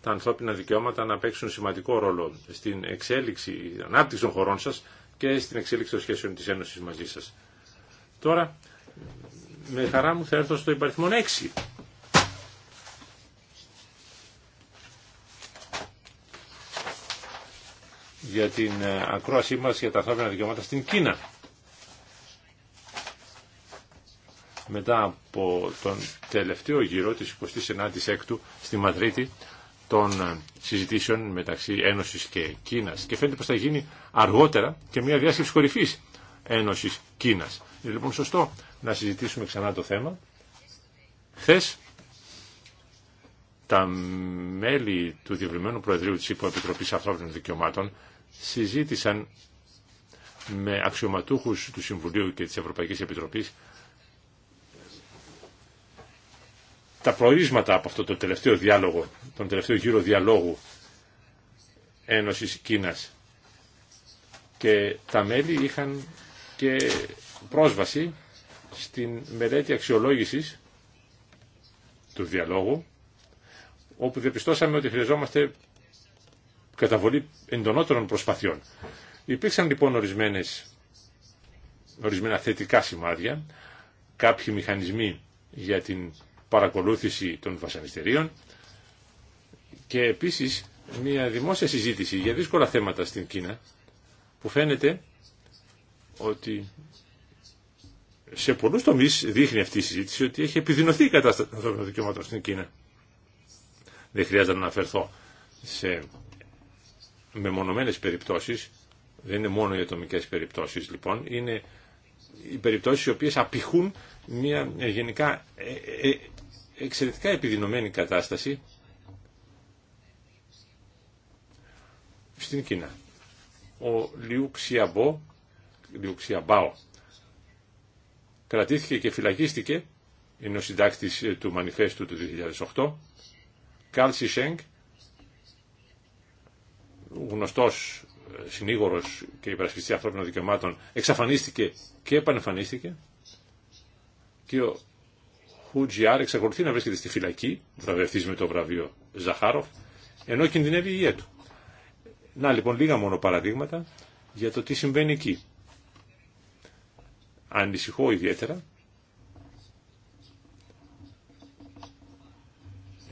τα ανθρώπινα δικαιώματα να παίξουν σημαντικό ρόλο στην εξέλιξη, στην ανάπτυξη των χωρών σα και στην εξέλιξη των σχέσεων τη Ένωση μαζί σα. Τώρα, με χαρά μου θα έρθω στο υπαριθμό 6 για την ε, ακρόασή μας για τα ανθρώπινα δικαιώματα στην Κίνα. Μετά από τον τελευταίο γύρο της 29ης έκτου στη Μαδρίτη των ε, συζητήσεων μεταξύ Ένωσης και Κίνας και φαίνεται πως θα γίνει αργότερα και μια διάσκεψη κορυφής Ένωσης Κίνας. Είναι λοιπόν σωστό να συζητήσουμε ξανά το θέμα. Χθε τα μέλη του Διευρυμένου Προεδρείου της Υποεπιτροπής Ανθρώπινων Δικαιωμάτων συζήτησαν με αξιωματούχους του Συμβουλίου και της Ευρωπαϊκής Επιτροπής τα προορίσματα από αυτό το τελευταίο διάλογο, τον τελευταίο γύρο διαλόγου Ένωσης Κίνας και τα μέλη είχαν και πρόσβαση στην μελέτη αξιολόγησης του διαλόγου όπου διαπιστώσαμε ότι χρειαζόμαστε καταβολή εντονότερων προσπαθειών. Υπήρξαν λοιπόν ορισμένες, ορισμένα θετικά σημάδια, κάποιοι μηχανισμοί για την παρακολούθηση των βασανιστερίων και επίσης μια δημόσια συζήτηση για δύσκολα θέματα στην Κίνα που φαίνεται ότι σε πολλούς τομείς δείχνει αυτή η συζήτηση ότι έχει επιδεινωθεί η κατάσταση των δικαιωμάτων στην Κίνα. Δεν χρειάζεται να αναφερθώ σε με μεμονωμένες περιπτώσεις, δεν είναι μόνο οι ατομικές περιπτώσεις λοιπόν, είναι οι περιπτώσεις οι οποίες απηχούν μια ε, γενικά ε, ε, εξαιρετικά επιδεινωμένη κατάσταση στην Κίνα. Ο Λιου κρατήθηκε και φυλακίστηκε, είναι ο συντάκτης του Μανιφέστου του 2008, Καλ Σισέγκ, γνωστός ε, συνήγορος και υπερασπιστή ανθρώπινων δικαιωμάτων εξαφανίστηκε και επανεφανίστηκε και ο Χουτζιάρ εξακολουθεί να βρίσκεται στη φυλακή βραβευτή με το βραβείο Ζαχάροφ ενώ κινδυνεύει η υγεία του. Να λοιπόν λίγα μόνο παραδείγματα για το τι συμβαίνει εκεί. Ανησυχώ ιδιαίτερα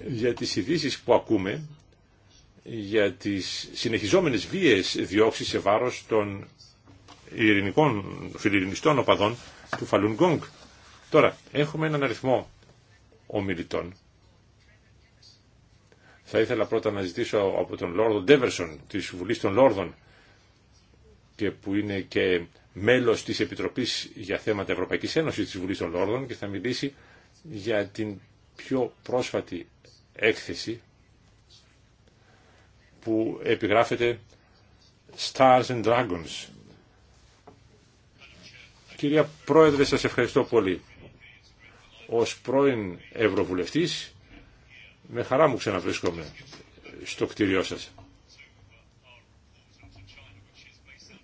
για τις ειδήσει που ακούμε για τις συνεχιζόμενες βίες διώξεις σε βάρος των ειρηνικών φιλιρινιστών οπαδών του Φαλουνγκόγκ. Τώρα, έχουμε έναν αριθμό ομιλητών. Θα ήθελα πρώτα να ζητήσω από τον Λόρδο Ντέβερσον της Βουλής των Λόρδων και που είναι και μέλος της Επιτροπής για θέματα Ευρωπαϊκής Ένωσης της Βουλής των Λόρδων και θα μιλήσει για την πιο πρόσφατη έκθεση που επιγράφεται Stars and Dragons. Κυρία Πρόεδρε, σας ευχαριστώ πολύ. Ως πρώην Ευρωβουλευτής, με χαρά μου ξαναβρίσκομαι στο κτίριό σας.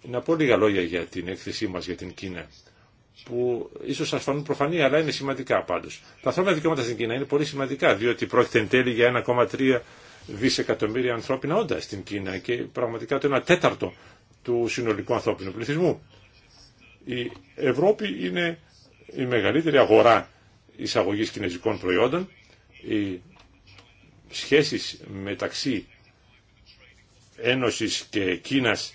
Να πω λίγα λόγια για την έκθεσή μας για την Κίνα, που ίσως σας φανούν προφανή, αλλά είναι σημαντικά πάντως. Τα ανθρώπινα δικαιώματα στην Κίνα είναι πολύ σημαντικά, διότι πρόκειται εν τέλει για 1,3 δισεκατομμύρια ανθρώπινα όντα στην Κίνα και πραγματικά το ένα τέταρτο του συνολικού ανθρώπινου πληθυσμού. Η Ευρώπη είναι η μεγαλύτερη αγορά εισαγωγής κινέζικων προϊόντων. Οι σχέσεις μεταξύ Ένωσης και Κίνας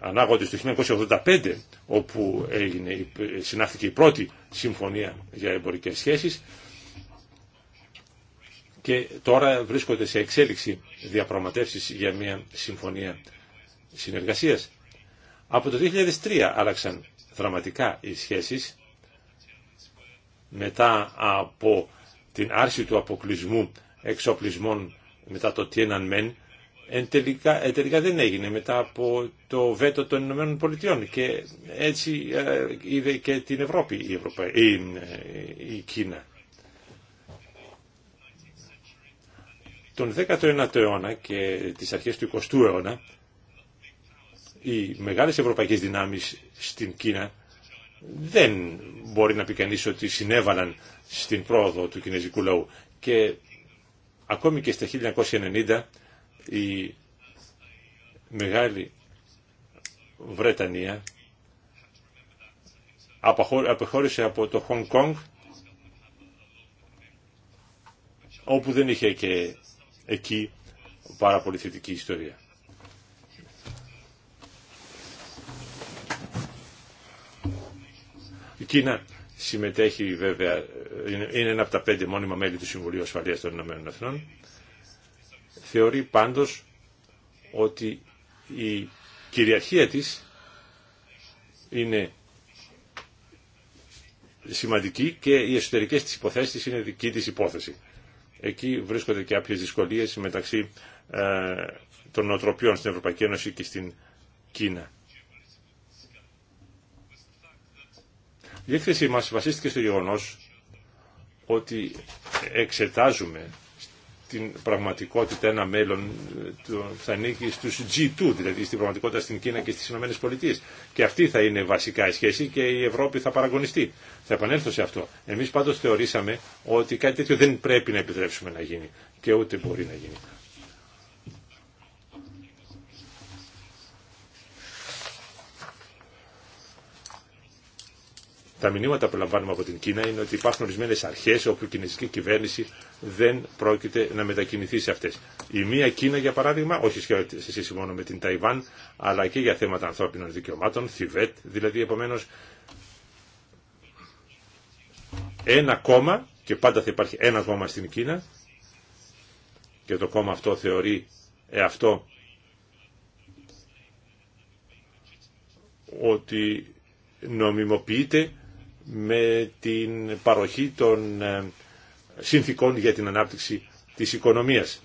ανάγονται στο 1985 όπου έγινε, συνάφθηκε η πρώτη συμφωνία για εμπορικές σχέσεις και τώρα βρίσκονται σε εξέλιξη διαπραγματεύσεις για μια συμφωνία συνεργασίας. Από το 2003 άλλαξαν δραματικά οι σχέσεις μετά από την άρση του αποκλεισμού εξοπλισμών μετά το Tiananmen μέν εν τελικά, δεν έγινε μετά από το βέτο των Ηνωμένων Πολιτειών και έτσι ε, είδε και την Ευρώπη η, η, ε, η Κίνα. Τον 19ο αιώνα και τις αρχές του 20ου αιώνα οι μεγάλες ευρωπαϊκές δυνάμεις στην Κίνα δεν μπορεί να πει κανεί ότι συνέβαλαν στην πρόοδο του κινέζικου λαού. Και ακόμη και στα 1990 η μεγάλη Βρετανία απεχώρησε από το Χονγκ Κόνγκ όπου δεν είχε και εκεί πάρα πολύ θετική ιστορία. Η Κίνα συμμετέχει βέβαια, είναι ένα από τα πέντε μόνιμα μέλη του Συμβουλίου Ασφαλείας των Ηνωμένων Εθνών. Θεωρεί πάντως ότι η κυριαρχία της είναι σημαντική και οι εσωτερικές της υποθέσεις είναι δική της υπόθεση. Εκεί βρίσκονται και κάποιες δυσκολίες μεταξύ ε, των νοοτροπιών στην Ευρωπαϊκή Ένωση και στην Κίνα. Η έκθεση μας βασίστηκε στο γεγονός ότι εξετάζουμε στην πραγματικότητα ένα μέλλον ε, θα ανήκει στους G2, δηλαδή στην πραγματικότητα στην Κίνα και στις Ηνωμένες Πολιτείες. Και αυτή θα είναι βασικά η σχέση και η Ευρώπη θα παραγωνιστεί. Θα επανέλθω σε αυτό. Εμείς πάντως θεωρήσαμε ότι κάτι τέτοιο δεν πρέπει να επιτρέψουμε να γίνει και ούτε μπορεί να γίνει. τα μηνύματα που λαμβάνουμε από την Κίνα είναι ότι υπάρχουν ορισμένε αρχέ όπου η κινητική κυβέρνηση δεν πρόκειται να μετακινηθεί σε αυτέ. Η μία Κίνα, για παράδειγμα, όχι σε σχέση μόνο με την Ταϊβάν, αλλά και για θέματα ανθρώπινων δικαιωμάτων, Θιβέτ, δηλαδή επομένω ένα κόμμα, και πάντα θα υπάρχει ένα κόμμα στην Κίνα, και το κόμμα αυτό θεωρεί εαυτό ότι νομιμοποιείται με την παροχή των ε, συνθήκων για την ανάπτυξη της οικονομίας,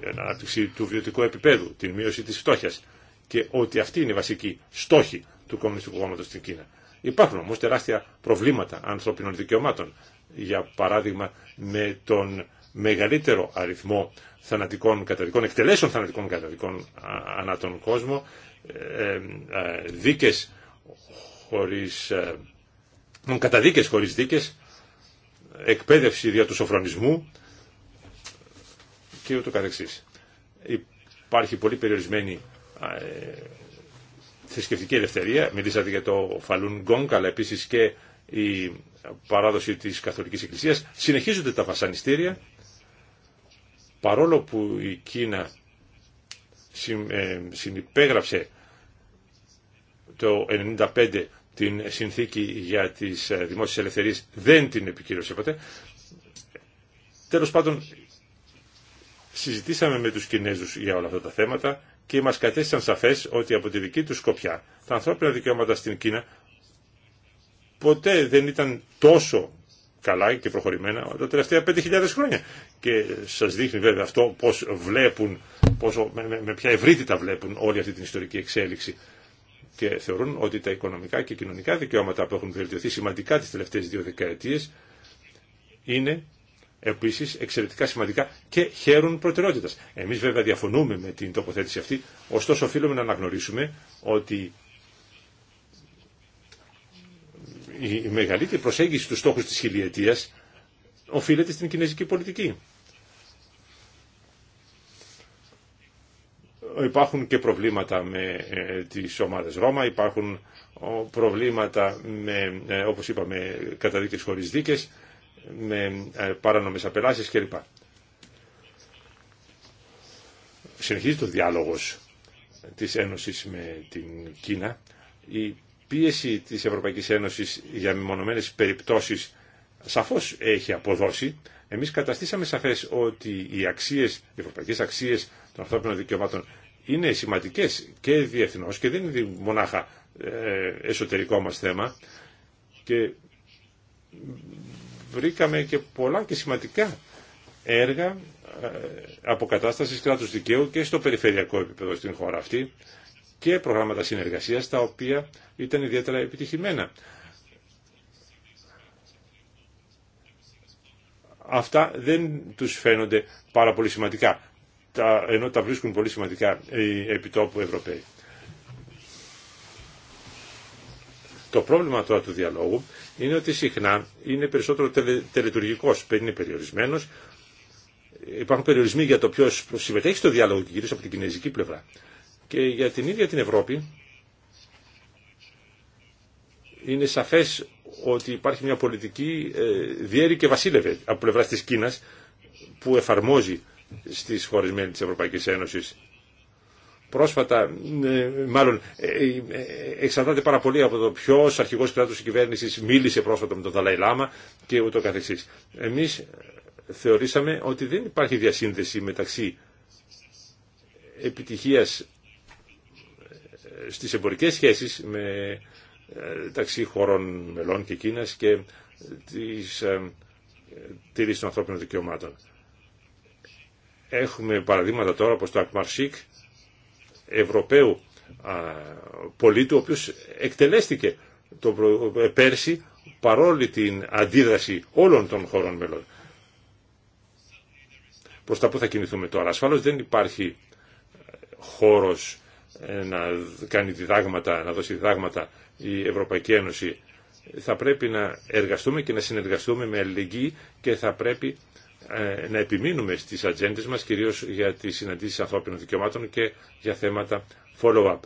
την ανάπτυξη του βιωτικού επίπεδου, την μείωση της φτώχειας και ότι αυτή είναι η βασική στόχη του Κομμουνιστικού Κόμματος στην Κίνα. Υπάρχουν όμως τεράστια προβλήματα ανθρώπινων δικαιωμάτων, για παράδειγμα με τον μεγαλύτερο αριθμό θανατικών καταδικών, εκτελέσεων θανατικών καταδικών ανά τον κόσμο, ε, ε, δίκες χωρίς καταδίκες χωρίς δίκες, εκπαίδευση δια του σοφρονισμού και ούτω καθεξής. Υπάρχει πολύ περιορισμένη ε, θρησκευτική ελευθερία, μιλήσατε για το Φαλούν Γκόγκ, αλλά επίσης και η παράδοση της Καθολικής Εκκλησίας. Συνεχίζονται τα βασανιστήρια, παρόλο που η Κίνα ε, συνυπέγραψε το 1995 την συνθήκη για τις ε, δημόσιες ελευθερίες δεν την επικύρωσε ποτέ. Τέλος πάντων, συζητήσαμε με τους Κινέζους για όλα αυτά τα θέματα και μας κατέστησαν σαφές ότι από τη δική τους σκοπιά τα ανθρώπινα δικαιώματα στην Κίνα ποτέ δεν ήταν τόσο καλά και προχωρημένα τα τελευταία 5.000 χρόνια. Και σας δείχνει βέβαια αυτό πώς βλέπουν, με ποια ευρύτητα βλέπουν όλη αυτή την ιστορική εξέλιξη και θεωρούν ότι τα οικονομικά και κοινωνικά δικαιώματα που έχουν βελτιωθεί σημαντικά τις τελευταίες δύο δεκαετίες είναι επίσης εξαιρετικά σημαντικά και χαίρουν προτεραιότητας. Εμείς βέβαια διαφωνούμε με την τοποθέτηση αυτή, ωστόσο οφείλουμε να αναγνωρίσουμε ότι η μεγαλύτερη προσέγγιση του στόχου της χιλιετίας οφείλεται στην κινέζικη πολιτική. υπάρχουν και προβλήματα με ε, τις ομάδες Ρώμα, υπάρχουν προβλήματα με, ε, όπως είπαμε, καταδίκες χωρίς δίκες, με ε, παράνομες απελάσεις κλπ. Συνεχίζει το διάλογος της Ένωσης με την Κίνα. Η πίεση της Ευρωπαϊκής Ένωσης για μεμονωμένες περιπτώσεις σαφώς έχει αποδώσει. Εμείς καταστήσαμε σαφές ότι οι αξίες, οι ευρωπαϊκές αξίες των ανθρώπινων δικαιωμάτων είναι σημαντικές και διεθνώς και δεν είναι μονάχα ε, εσωτερικό μας θέμα και βρήκαμε και πολλά και σημαντικά έργα ε, αποκατάστασης κράτους δικαίου και στο περιφερειακό επίπεδο στην χώρα αυτή και προγράμματα συνεργασίας τα οποία ήταν ιδιαίτερα επιτυχημένα. Αυτά δεν τους φαίνονται πάρα πολύ σημαντικά ενώ τα βρίσκουν πολύ σημαντικά οι επιτόπου Ευρωπαίοι. Το πρόβλημα τώρα του διαλόγου είναι ότι συχνά είναι περισσότερο τελε, τελετουργικός, είναι περιορισμένος. Υπάρχουν περιορισμοί για το ποιο συμμετέχει στο διάλογο και κυρίως από την κινέζικη πλευρά. Και για την ίδια την Ευρώπη είναι σαφές ότι υπάρχει μια πολιτική ε, διέρη και βασίλευε από πλευρά της Κίνας που εφαρμόζει στις χώρες μέλη της Ευρωπαϊκής Ένωσης. Πρόσφατα, ε, μάλλον ε, ε, εξαρτάται πάρα πολύ από το ποιο αρχηγό κράτου κυβέρνηση μίλησε πρόσφατα με τον Δαλάη και ούτω καθεξή. Εμεί θεωρήσαμε ότι δεν υπάρχει διασύνδεση μεταξύ επιτυχία στις εμπορικέ σχέσεις με ταξί χωρών μελών και κίνα και τη τήρηση των ανθρώπινων δικαιωμάτων. Έχουμε παραδείγματα τώρα όπως το Ακμαρσίκ, Ευρωπαίου πολίτου, ο οποίος εκτελέστηκε το ε, πέρσι παρόλη την αντίδραση όλων των χωρών μελών. Προς τα που θα κινηθούμε τώρα. Ασφαλώς δεν υπάρχει ε, χώρος ε, να κάνει διδάγματα, να δώσει διδάγματα η Ευρωπαϊκή Ένωση. Θα πρέπει να εργαστούμε και να συνεργαστούμε με αλληλεγγύη και θα πρέπει ε, να επιμείνουμε στις ατζέντες μας, κυρίως για τις συναντήσεις ανθρώπινων δικαιωμάτων και για θέματα follow-up.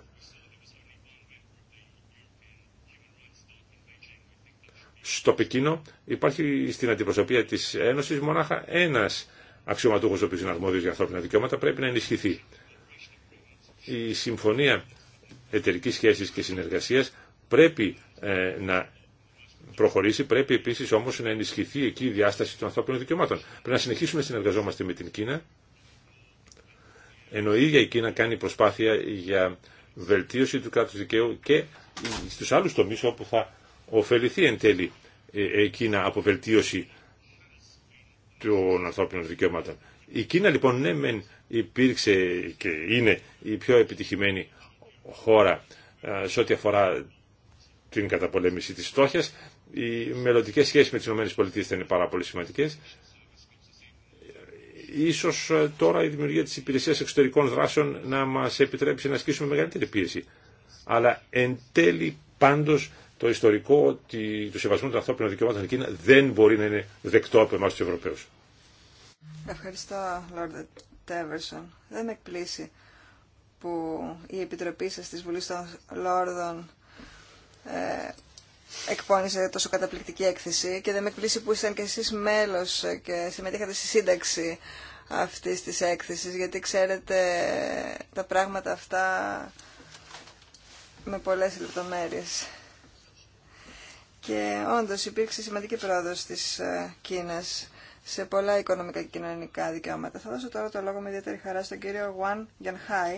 Στο Πεκίνο υπάρχει στην αντιπροσωπεία της Ένωσης μονάχα ένας αξιωματούχος ο οποίος είναι αρμόδιος για ανθρώπινα δικαιώματα, πρέπει να ενισχυθεί. Η Συμφωνία Εταιρικής Σχέσης και Συνεργασίας πρέπει ε, να προχωρήσει, πρέπει επίσης όμως να ενισχυθεί εκεί η διάσταση των ανθρώπινων δικαιωμάτων. Πρέπει να συνεχίσουμε να συνεργαζόμαστε με την Κίνα, ενώ η ίδια η Κίνα κάνει προσπάθεια για βελτίωση του κράτου δικαίου και στους άλλους τομείς όπου θα ωφεληθεί εν τέλει ε, ε, η Κίνα από βελτίωση των ανθρώπινων δικαιωμάτων. Η Κίνα λοιπόν ναι μεν υπήρξε και είναι η πιο επιτυχημένη χώρα ε, σε ό,τι αφορά την καταπολέμηση της φτώχειας, οι μελλοντικέ σχέσει με τι ΗΠΑ θα είναι πάρα πολύ σημαντικέ. Ίσως ε, τώρα η δημιουργία της υπηρεσίας εξωτερικών δράσεων να μας επιτρέψει να ασκήσουμε μεγαλύτερη πίεση. Αλλά εν τέλει πάντω το ιστορικό ότι του σεβασμού των ανθρώπινων δικαιωμάτων στην Κίνα δεν μπορεί να είναι δεκτό από εμά του Ευρωπαίου. Ευχαριστώ, Λόρδε Τέβερσον. Δεν με εκπλήσει που η Επιτροπή σας της Βουλής των Λόρδων ε, εκπώνησε τόσο καταπληκτική έκθεση και δεν με εκπλήσει που ήσασταν και εσείς μέλος και συμμετείχατε στη σύνταξη αυτής της έκθεσης γιατί ξέρετε τα πράγματα αυτά με πολλές λεπτομέρειες. Και όντως υπήρξε σημαντική πρόοδος της ε, Κίνας σε πολλά οικονομικά και κοινωνικά δικαιώματα. Θα δώσω τώρα το λόγο με ιδιαίτερη χαρά στον κύριο Γουάν Γιανχάη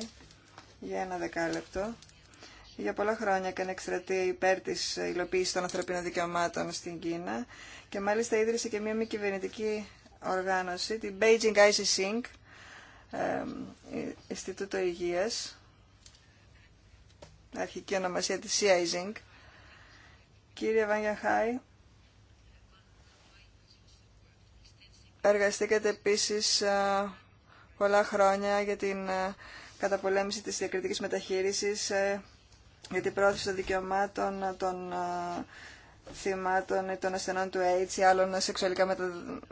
για ένα δεκάλεπτο για πολλά χρόνια έκανε εξτρατεία υπέρ τη υλοποίηση των ανθρωπίνων δικαιωμάτων στην Κίνα και μάλιστα ίδρυσε και μια μη κυβερνητική οργάνωση, την Beijing ICC Inc., ε, Ινστιτούτο Υγείας, αρχική ονομασία τη CIZING. Κύριε Βάνια Χάι, εργαστήκατε επίσης ε, πολλά χρόνια για την ε, καταπολέμηση της διακριτικής μεταχείρισης για την πρόθεση των δικαιωμάτων των ε, θυμάτων ή των ασθενών του AIDS ή άλλων σεξουαλικά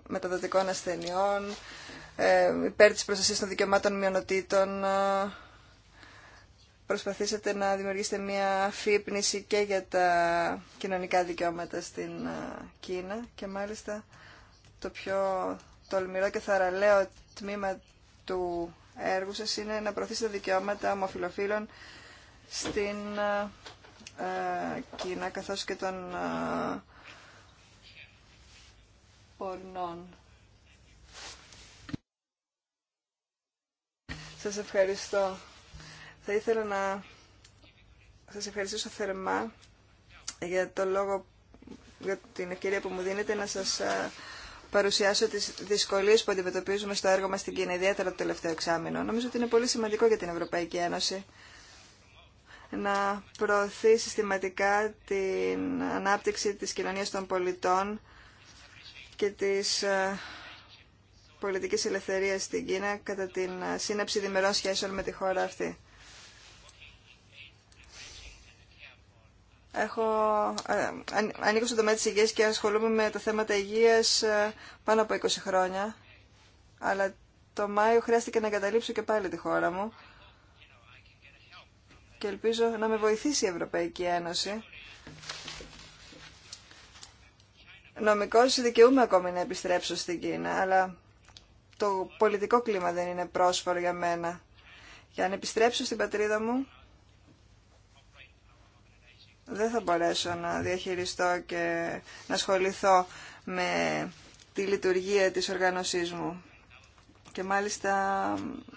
μεταδοτικών ασθενειών, ε, υπέρ της προστασίας των δικαιωμάτων μειονοτήτων. Ε, Προσπαθήσατε να δημιουργήσετε μια αφύπνιση και για τα κοινωνικά δικαιώματα στην Κίνα και μάλιστα το πιο τολμηρό και θαραλέο τμήμα του έργου σας είναι να προωθήσετε δικαιώματα ομοφιλοφίλων στην ε, ε, Κίνα καθώς και των ε, πορνών. Σας ευχαριστώ. Θα ήθελα να σας ευχαριστήσω θερμά για το λόγο, για την ευκαιρία που μου δίνετε να σας παρουσιάσω τις δυσκολίες που αντιμετωπίζουμε στο έργο μας στην Κίνα, ιδιαίτερα το τελευταίο εξάμεινο. Νομίζω ότι είναι πολύ σημαντικό για την Ευρωπαϊκή Ένωση να προωθεί συστηματικά την ανάπτυξη της κοινωνίας των πολιτών και της ε, πολιτικής ελευθερίας στην Κίνα κατά την ε, σύναψη διμερών σχέσεων με τη χώρα αυτή. Έχω, ε, ανήκω στον τομέα της υγείας και ασχολούμαι με τα θέματα υγείας πάνω από 20 χρόνια, αλλά το Μάιο χρειάστηκε να εγκαταλείψω και πάλι τη χώρα μου και ελπίζω να με βοηθήσει η Ευρωπαϊκή Ένωση. Νομικώς δικαιούμαι ακόμη να επιστρέψω στην Κίνα, αλλά το πολιτικό κλίμα δεν είναι πρόσφορο για μένα. Για να επιστρέψω στην πατρίδα μου, δεν θα μπορέσω να διαχειριστώ και να ασχοληθώ με τη λειτουργία της οργάνωσής μου. Και μάλιστα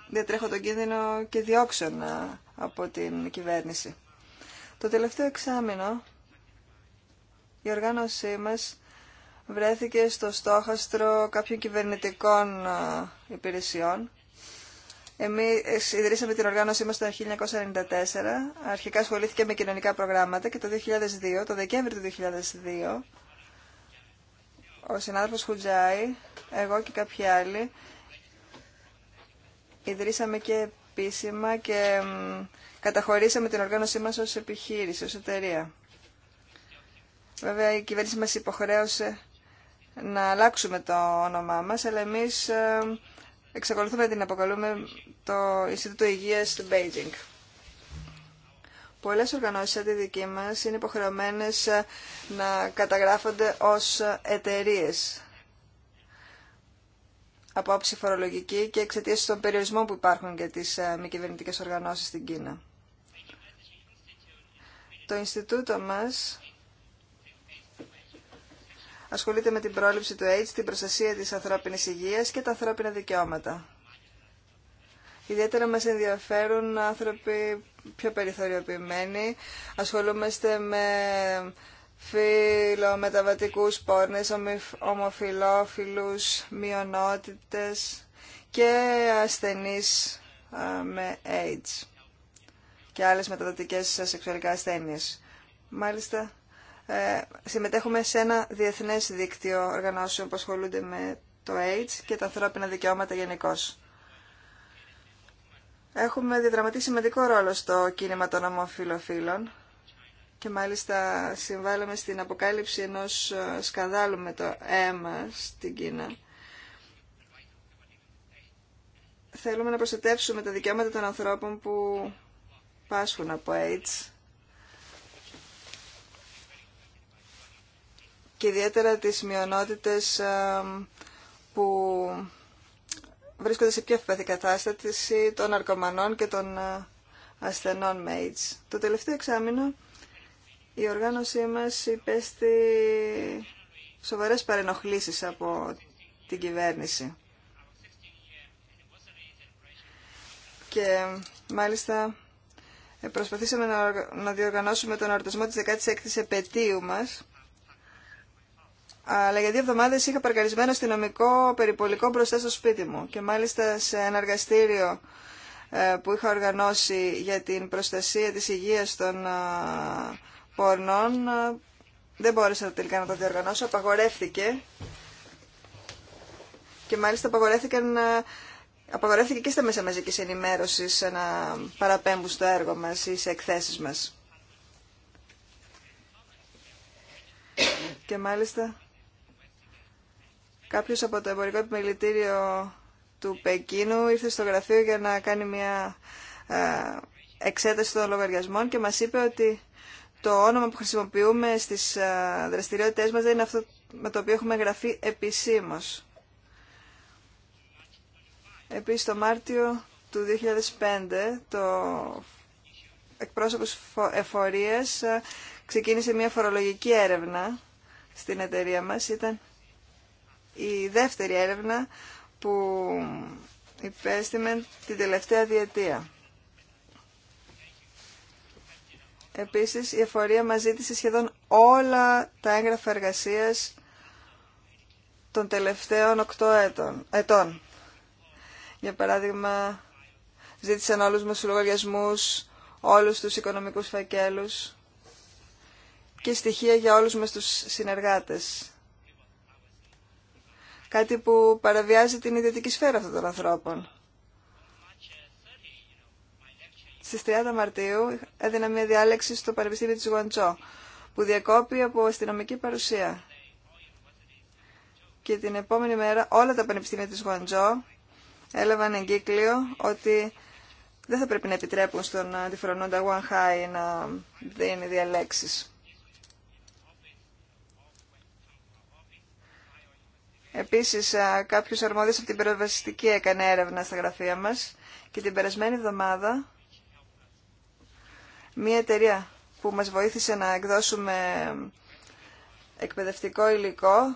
διατρέχω τον κίνδυνο και διώξω να από την κυβέρνηση. Το τελευταίο εξάμεινο η οργάνωσή μας βρέθηκε στο στόχαστρο κάποιων κυβερνητικών υπηρεσιών. Εμείς ιδρύσαμε την οργάνωσή μας το 1994, αρχικά ασχολήθηκε με κοινωνικά προγράμματα και το 2002, το Δεκέμβριο του 2002, ο συνάδελφος Χουτζάη, εγώ και κάποιοι άλλοι, ιδρύσαμε και επίσημα και καταχωρήσαμε την οργάνωσή μας ως επιχείρηση, ως εταιρεία. Βέβαια η κυβέρνηση μας υποχρέωσε να αλλάξουμε το όνομά μας, αλλά εμείς ε, εξακολουθούμε να την αποκαλούμε το Ινστιτούτο Υγείας του Beijing. Πολλές οργανώσεις σαν τη δική μας είναι υποχρεωμένες ε, να καταγράφονται ως εταιρείες από άψη φορολογική και εξαιτία των περιορισμών που υπάρχουν για τις ε, μη κυβερνητικέ οργανώσεις στην Κίνα. Το Ινστιτούτο μας ασχολείται με την πρόληψη του AIDS, την προστασία της ανθρώπινης υγείας και τα ανθρώπινα δικαιώματα. Ιδιαίτερα μας ενδιαφέρουν άνθρωποι πιο περιθωριοποιημένοι. Ασχολούμαστε με φιλομεταβατικούς πόρνες, ομοφιλόφιλους, μειονότητες και ασθενείς ε, με AIDS και άλλες μεταδοτικές σεξουαλικά ασθένειες. Μάλιστα, ε, συμμετέχουμε σε ένα διεθνές δίκτυο οργανώσεων που ασχολούνται με το AIDS και τα ανθρώπινα δικαιώματα γενικώ. Έχουμε διαδραματίσει σημαντικό ρόλο στο κίνημα των ομοφιλοφίλων και μάλιστα συμβάλαμε στην αποκάλυψη ενός ε, σκανδάλου με το αίμα στην Κίνα. Θέλουμε να προστατεύσουμε τα δικαιώματα των ανθρώπων που πάσχουν από AIDS και ιδιαίτερα τις μειονότητες ε, που βρίσκονται σε πιο ευπαθή κατάσταση των αρκομανών και των ε, ασθενών με AIDS. Το τελευταίο εξάμεινο η οργάνωσή μας υπέστη σοβαρές παρενοχλήσεις από την κυβέρνηση. Και μάλιστα ε, προσπαθήσαμε να διοργανώσουμε τον εορτασμό της 16ης επαιτίου μας, αλλά για δύο εβδομάδες είχα παρκαρισμένο αστυνομικό περιπολικό μπροστά στο σπίτι μου και μάλιστα σε ένα εργαστήριο ε, που είχα οργανώσει για την προστασία της υγείας των ε, πορνών ε, δεν μπόρεσα τελικά να το διοργανώσω, απαγορεύτηκε και μάλιστα απαγορεύτηκαν ε, Απαγορεύτηκε και στα μέσα μαζική ενημέρωση να παραπέμπουν στο έργο μα ή σε εκθέσει μα. Και μάλιστα κάποιος από το εμπορικό επιμελητήριο του Πεκίνου ήρθε στο γραφείο για να κάνει μια ε, εξέταση των λογαριασμών και μας είπε ότι το όνομα που χρησιμοποιούμε στις ε, δραστηριότητές μας δεν είναι αυτό με το οποίο έχουμε γραφεί επισήμως. Επίσης, το Μάρτιο του 2005, το εκπρόσωπος εφορίας ε, ξεκίνησε μια φορολογική έρευνα στην εταιρεία μας. Ήταν η δεύτερη έρευνα που υπέστημε την τελευταία διετία. Επίσης, η εφορία μας ζήτησε σχεδόν όλα τα έγγραφα εργασίας των τελευταίων 8 ετών. Για παράδειγμα, ζήτησαν όλους μας τους λογαριασμούς, όλους τους οικονομικούς φακέλους και στοιχεία για όλους μας τους συνεργάτες. Κάτι που παραβιάζει την ιδιωτική σφαίρα αυτών των ανθρώπων. στις 30 Μαρτίου έδινα μια διάλεξη στο Πανεπιστήμιο της Γουαντζό που διακόπη από αστυνομική παρουσία. Και την επόμενη μέρα όλα τα πανεπιστήμια της Γουαντζό έλαβαν εγκύκλιο ότι δεν θα πρέπει να επιτρέπουν στον αντιφρονούντα Γουανχάι να δίνει διαλέξεις. Επίσης, κάποιος αρμόδιος από την περιοριστική έκανε έρευνα στα γραφεία μας και την περασμένη εβδομάδα Μία εταιρεία που μας βοήθησε να εκδώσουμε εκπαιδευτικό υλικό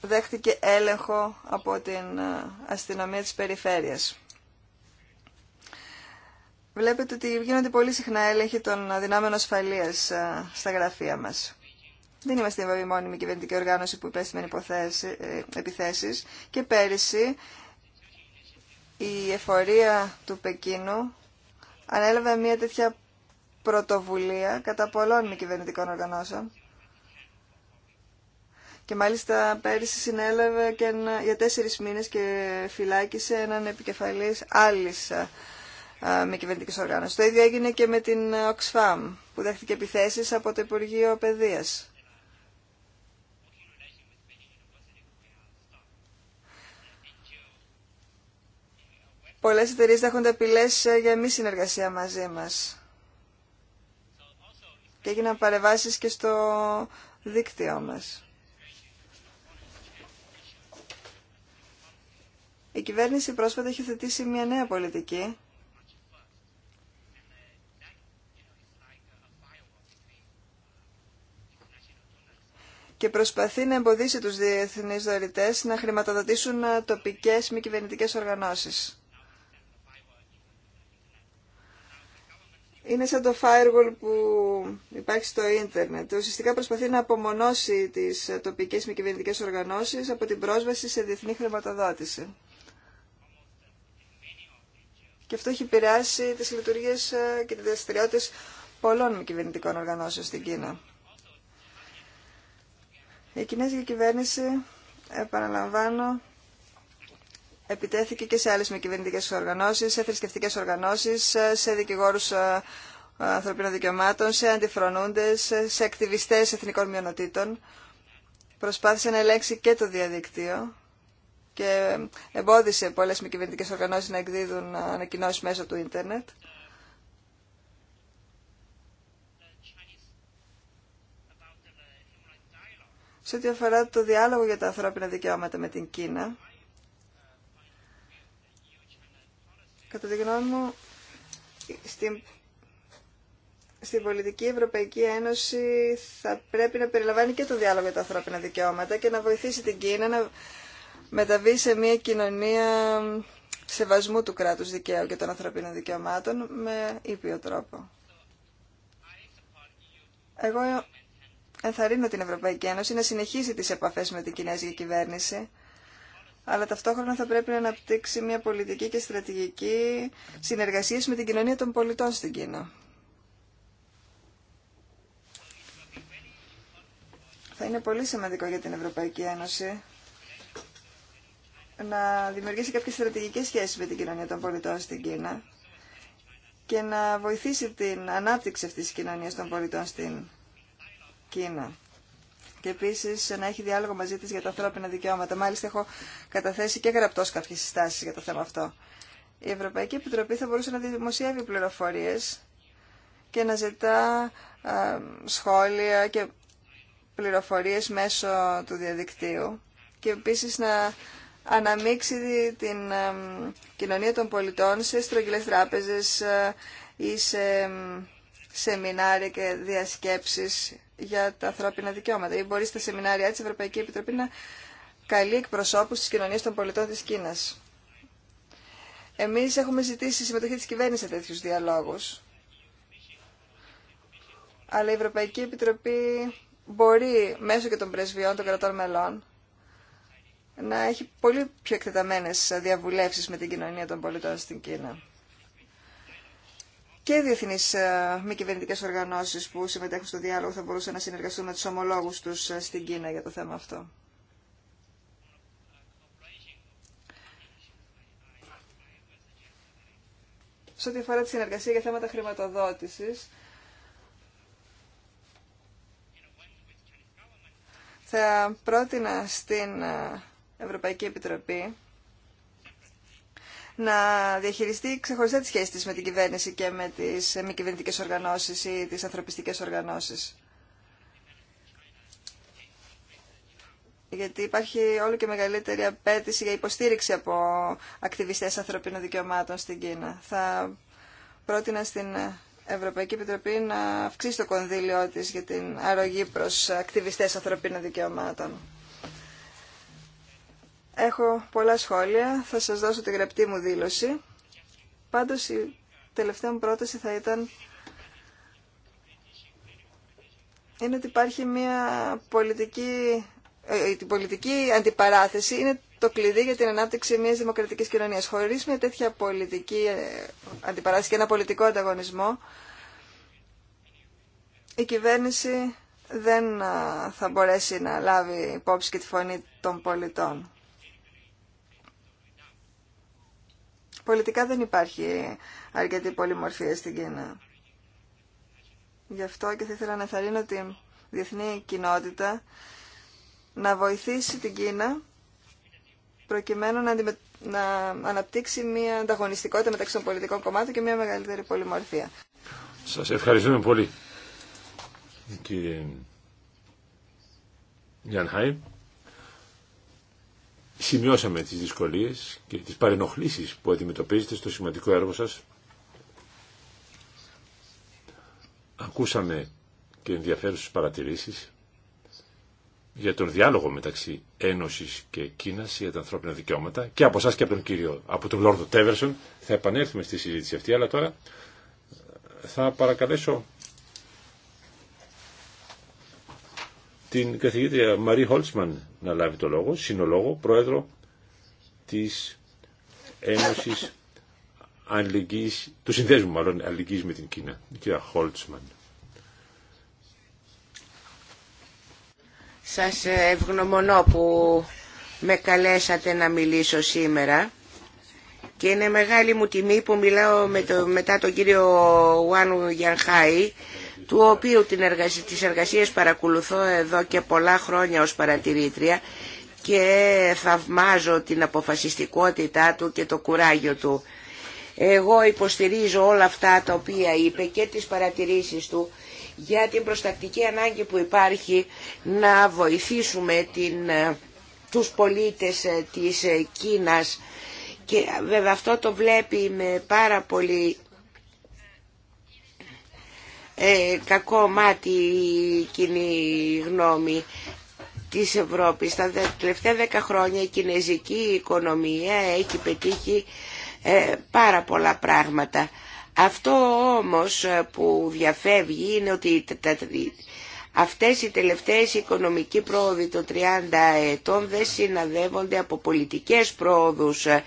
δέχτηκε έλεγχο από την ε, αστυνομία της περιφέρειας. Βλέπετε ότι γίνονται πολύ συχνά έλεγχοι των δυνάμεων ασφαλεία ε, στα γραφεία μας. Δεν είμαστε η μόνιμη κυβερνητική οργάνωση που με ε, επιθέσεις και πέρυσι η εφορία του Πεκίνου ανέλαβε μια τέτοια πρωτοβουλία κατά πολλών μη κυβερνητικών οργανώσεων. Και μάλιστα πέρυσι συνέλαβε και για τέσσερις μήνες και φυλάκισε έναν επικεφαλής άλλης μη κυβερνητική οργάνωση. Το ίδιο έγινε και με την Oxfam, που δέχτηκε επιθέσεις από το Υπουργείο Παιδείας. πολλές εταιρείες έχουν απειλέ ε, για μη συνεργασία μαζί μας. Και έγιναν παρεβάσεις και στο δίκτυό μας. Η κυβέρνηση πρόσφατα έχει θετήσει μια νέα πολιτική και προσπαθεί να εμποδίσει τους διεθνείς δωρητές να χρηματοδοτήσουν ε, τοπικές μη κυβερνητικές οργανώσεις. είναι σαν το firewall που υπάρχει στο ίντερνετ. Ουσιαστικά προσπαθεί να απομονώσει τις τοπικές μη κυβερνητικέ οργανώσεις από την πρόσβαση σε διεθνή χρηματοδότηση. Και αυτό έχει επηρεάσει τις λειτουργίες ε, και τις δραστηριότητες πολλών μη κυβερνητικών οργανώσεων στην Κίνα. Η Κινέζικη κυβέρνηση, επαναλαμβάνω, επιτέθηκε και σε άλλες μη κυβερνητικέ οργανώσεις, σε θρησκευτικέ οργανώσεις, σε δικηγόρους ε, ανθρωπίνων δικαιωμάτων, σε αντιφρονούντες, σε ακτιβιστές εθνικών μειονοτήτων. Προσπάθησε να ελέγξει και το διαδικτύο και εμπόδισε πολλές μη κυβερνητικέ οργανώσεις να εκδίδουν ανακοινώσεις μέσω του ίντερνετ. Σε ό,τι αφορά το διάλογο για τα ανθρώπινα δικαιώματα με την Κίνα, Κατά τη γνώμη μου, στην, στην πολιτική Ευρωπαϊκή Ένωση θα πρέπει να περιλαμβάνει και το διάλογο για τα ανθρώπινα δικαιώματα και να βοηθήσει την Κίνα να μεταβεί σε μια κοινωνία σεβασμού του κράτους δικαίου και των ανθρωπίνων δικαιωμάτων με ήπιο τρόπο. Εγώ ενθαρρύνω την Ευρωπαϊκή Ένωση να συνεχίσει τις επαφές με την Κινέζικη κυβέρνηση αλλά ταυτόχρονα θα πρέπει να αναπτύξει μια πολιτική και στρατηγική συνεργασία με την κοινωνία των πολιτών στην Κίνα. Θα είναι πολύ σημαντικό για την Ευρωπαϊκή Ένωση να δημιουργήσει κάποιες στρατηγικές σχέσεις με την κοινωνία των πολιτών στην Κίνα και να βοηθήσει την ανάπτυξη αυτής της κοινωνίας των πολιτών στην Κίνα και επίση να έχει διάλογο μαζί τη για τα ανθρώπινα δικαιώματα. Μάλιστα, έχω καταθέσει και γραπτό κάποιε συστάσει για το θέμα αυτό. Η Ευρωπαϊκή Επιτροπή θα μπορούσε να δημοσιεύει πληροφορίε και να ζητά σχόλια και πληροφορίες μέσω του διαδικτύου και επίση να αναμίξει την κοινωνία των πολιτών σε στρογγυλέ τράπεζε ή σε σεμινάρια και διασκέψεις για τα ανθρώπινα δικαιώματα ή μπορεί στα σεμινάρια της Ευρωπαϊκή Επιτροπή να καλεί εκπροσώπους της κοινωνίας των πολιτών της Κίνας. Εμείς έχουμε ζητήσει συμμετοχή της κυβέρνησης σε τέτοιους διαλόγους. Αλλά η μπορει στα σεμιναρια τη ευρωπαικη επιτροπη να καλει Επιτροπή εμεις εχουμε ζητησει συμμετοχη τη κυβερνηση σε τετοιου διαλογου αλλα η ευρωπαικη επιτροπη μπορει μεσω και των πρεσβειών των κρατών μελών να έχει πολύ πιο εκτεταμένες διαβουλεύσεις με την κοινωνία των πολιτών στην Κίνα και οι διεθνεί ε, μη κυβερνητικέ οργανώσει που συμμετέχουν στο διάλογο θα μπορούσαν να συνεργαστούν με του ομολόγου του ε, στην Κίνα για το θέμα αυτό. Σε ό,τι αφορά τη συνεργασία για θέματα χρηματοδότηση, θα πρότεινα στην ε, Ευρωπαϊκή Επιτροπή να διαχειριστεί ξεχωριστά τη σχέση της με την κυβέρνηση και με τις μη κυβερνητικές οργανώσεις ή τις ανθρωπιστικές οργανώσεις. γιατί υπάρχει όλο και μεγαλύτερη απέτηση για υποστήριξη από ακτιβιστές ανθρωπίνων δικαιωμάτων στην Κίνα. Θα πρότεινα στην Ευρωπαϊκή Επιτροπή να αυξήσει το κονδύλιό της για την αρρωγή προς ακτιβιστές ανθρωπίνων δικαιωμάτων. Έχω πολλά σχόλια, θα σας δώσω τη γραπτή μου δήλωση. Πάντως η τελευταία μου πρόταση θα ήταν είναι ότι υπάρχει μια πολιτική, ε, η πολιτική αντιπαράθεση είναι το κλειδί για την ανάπτυξη μιας δημοκρατικής κοινωνίας. Χωρίς μια τέτοια πολιτική ε, αντιπαράθεση και ένα πολιτικό ανταγωνισμό, η κυβέρνηση δεν ε, θα μπορέσει να λάβει υπόψη και τη φωνή των πολιτών. Πολιτικά δεν υπάρχει αρκετή πολυμορφία στην Κίνα. Γι' αυτό και θα ήθελα να θαρρύνω την διεθνή κοινότητα να βοηθήσει την Κίνα προκειμένου να, να αναπτύξει μια ανταγωνιστικότητα μεταξύ των πολιτικών κομμάτων και μια μεγαλύτερη πολυμορφία. Σας ευχαριστούμε πολύ, κύριε σημειώσαμε τις δυσκολίες και τις παρενοχλήσεις που αντιμετωπίζετε στο σημαντικό έργο σας. Ακούσαμε και ενδιαφέρουσες παρατηρήσεις για τον διάλογο μεταξύ Ένωσης και Κίνας για τα ανθρώπινα δικαιώματα και από εσάς και από τον κύριο, από τον Λόρδο Τέβερσον. Θα επανέλθουμε στη συζήτηση αυτή, αλλά τώρα θα παρακαλέσω την καθηγήτρια Μαρή Χόλτσμαν να λάβει το λόγο, συνολόγο, πρόεδρο της Ένωσης Αλληλεγγύης, του συνδέσμου μάλλον αλληλεγγύης με την Κίνα, η κυρία Χόλτσμαν. Σας ευγνωμονώ που με καλέσατε να μιλήσω σήμερα και είναι μεγάλη μου τιμή που μιλάω με το, μετά τον κύριο Ουάνου Γιανχάη του οποίου την εργασία, τις εργασίες παρακολουθώ εδώ και πολλά χρόνια ως παρατηρήτρια και θαυμάζω την αποφασιστικότητά του και το κουράγιο του. Εγώ υποστηρίζω όλα αυτά τα οποία είπε και τις παρατηρήσεις του για την προστακτική ανάγκη που υπάρχει να βοηθήσουμε την, ε, τους πολίτες ε, της ε, Κίνας και βέβαια αυτό το βλέπει με πάρα πολύ ε, κακό μάτι η κοινή γνώμη της Ευρώπης. Τα τελευταία δέκα χρόνια η κινέζικη οικονομία έχει πετύχει ε, πάρα πολλά πράγματα. Αυτό όμως ε, που διαφεύγει είναι ότι τα, αυτές οι τελευταίες οικονομικοί πρόοδοι των 30 ετών δεν συναδεύονται από πολιτικές πρόοδους ε,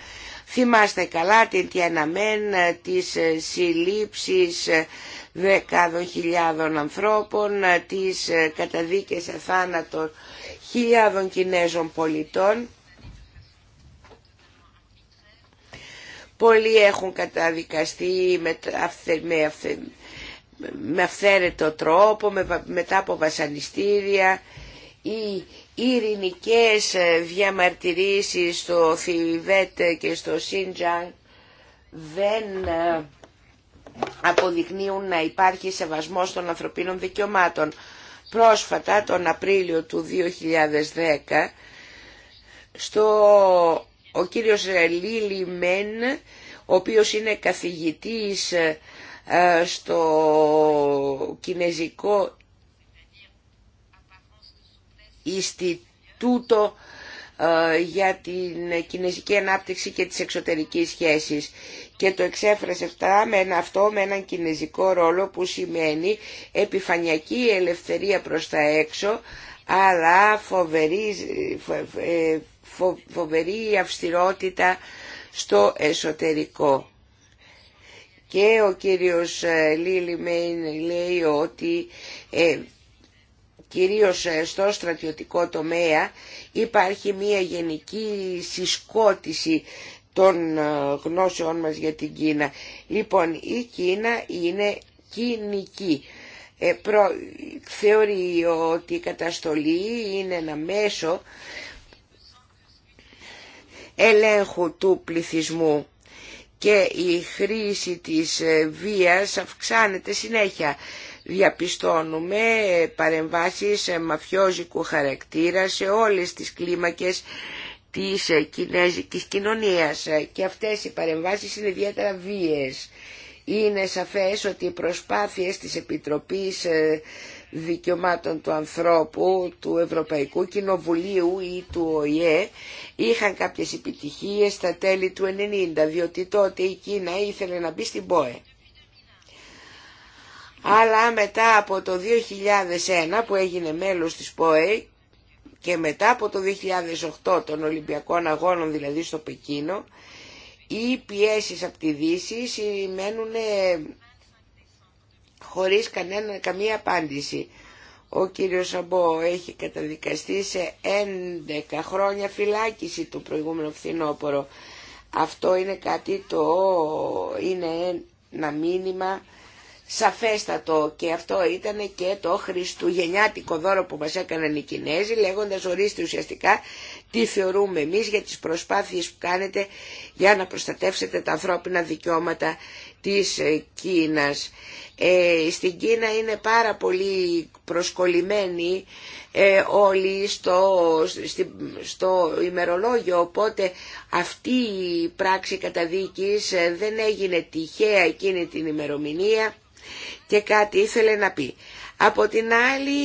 Θυμάστε καλά την Τιαναμέν, ε, τις ε, συλλήψεις ε, δεκάδων χιλιάδων ανθρώπων, τις καταδίκες σε θάνατο χιλιάδων Κινέζων πολιτών. Πολλοί έχουν καταδικαστεί με, αυθε, με, με αυθαίρετο τρόπο, με, μετά από βασανιστήρια ή ειρηνικές ε, διαμαρτυρήσεις στο Θιβέτ και στο Σίντζαν δεν ε, αποδεικνύουν να υπάρχει σεβασμός των ανθρωπίνων δικαιωμάτων. Πρόσφατα, τον Απρίλιο του 2010, στο ο κύριος ε, Λίλι Μεν, ο οποίος είναι καθηγητής στο Κινέζικο Ιστιτούτο ε, για την κινέζικη ανάπτυξη και τις εξωτερικές σχέσεις και το εξέφρασε αυτά με αυτό με έναν κινέζικο ρόλο που σημαίνει επιφανειακή ελευθερία προς τα έξω αλλά φοβερή, ε, φο, φοβερή αυστηρότητα στο εσωτερικό. Και ο κύριος ε, Λίλι Μέιν λέει ότι κυρίως ε, στο στρατιωτικό τομέα υπάρχει μια γενική συσκότηση των ε, γνώσεών μας για την Κίνα. Λοιπόν, η Κίνα είναι κοινική. Ε, προ, θεωρεί ότι η καταστολή είναι ένα μέσο ελέγχου του πληθυσμού και η χρήση της ε, βίας αυξάνεται συνέχεια διαπιστώνουμε παρεμβάσεις μαφιόζικου χαρακτήρα σε όλες τις κλίμακες της ε, κινέζικης κοινωνίας και αυτές οι παρεμβάσεις είναι ιδιαίτερα βίες. Είναι σαφές ότι οι προσπάθειες της Επιτροπής ε, Δικαιωμάτων του Ανθρώπου, του Ευρωπαϊκού Κοινοβουλίου ή του ΟΗΕ είχαν κάποιες επιτυχίες στα τέλη του 1990 διότι τότε η Κίνα ήθελε να μπει στην ΠΟΕ αλλά μετά από το 2001 που έγινε μέλος της ΠΟΕ και μετά από το 2008 των Ολυμπιακών Αγώνων δηλαδή στο Πεκίνο οι πιέσεις από τη Δύση σημαίνουν χωρίς κανένα, καμία απάντηση. Ο κύριος Σαμπό έχει καταδικαστεί σε 11 χρόνια φυλάκιση το προηγούμενο φθινόπωρο. Αυτό είναι κάτι το... είναι ένα μήνυμα σαφέστατο και αυτό ήταν και το χριστουγεννιάτικο δώρο που μας έκαναν οι Κινέζοι λέγοντας ορίστε ουσιαστικά τι θεωρούμε εμείς για τις προσπάθειες που κάνετε για να προστατεύσετε τα ανθρώπινα δικαιώματα της ε, Κίνας. Ε, στην Κίνα είναι πάρα πολύ προσκολλημένοι ε, όλοι στο, στο ημερολόγιο οπότε αυτή η πράξη καταδίκης ε, δεν έγινε τυχαία εκείνη την ημερομηνία και κάτι ήθελε να πει. Από την άλλη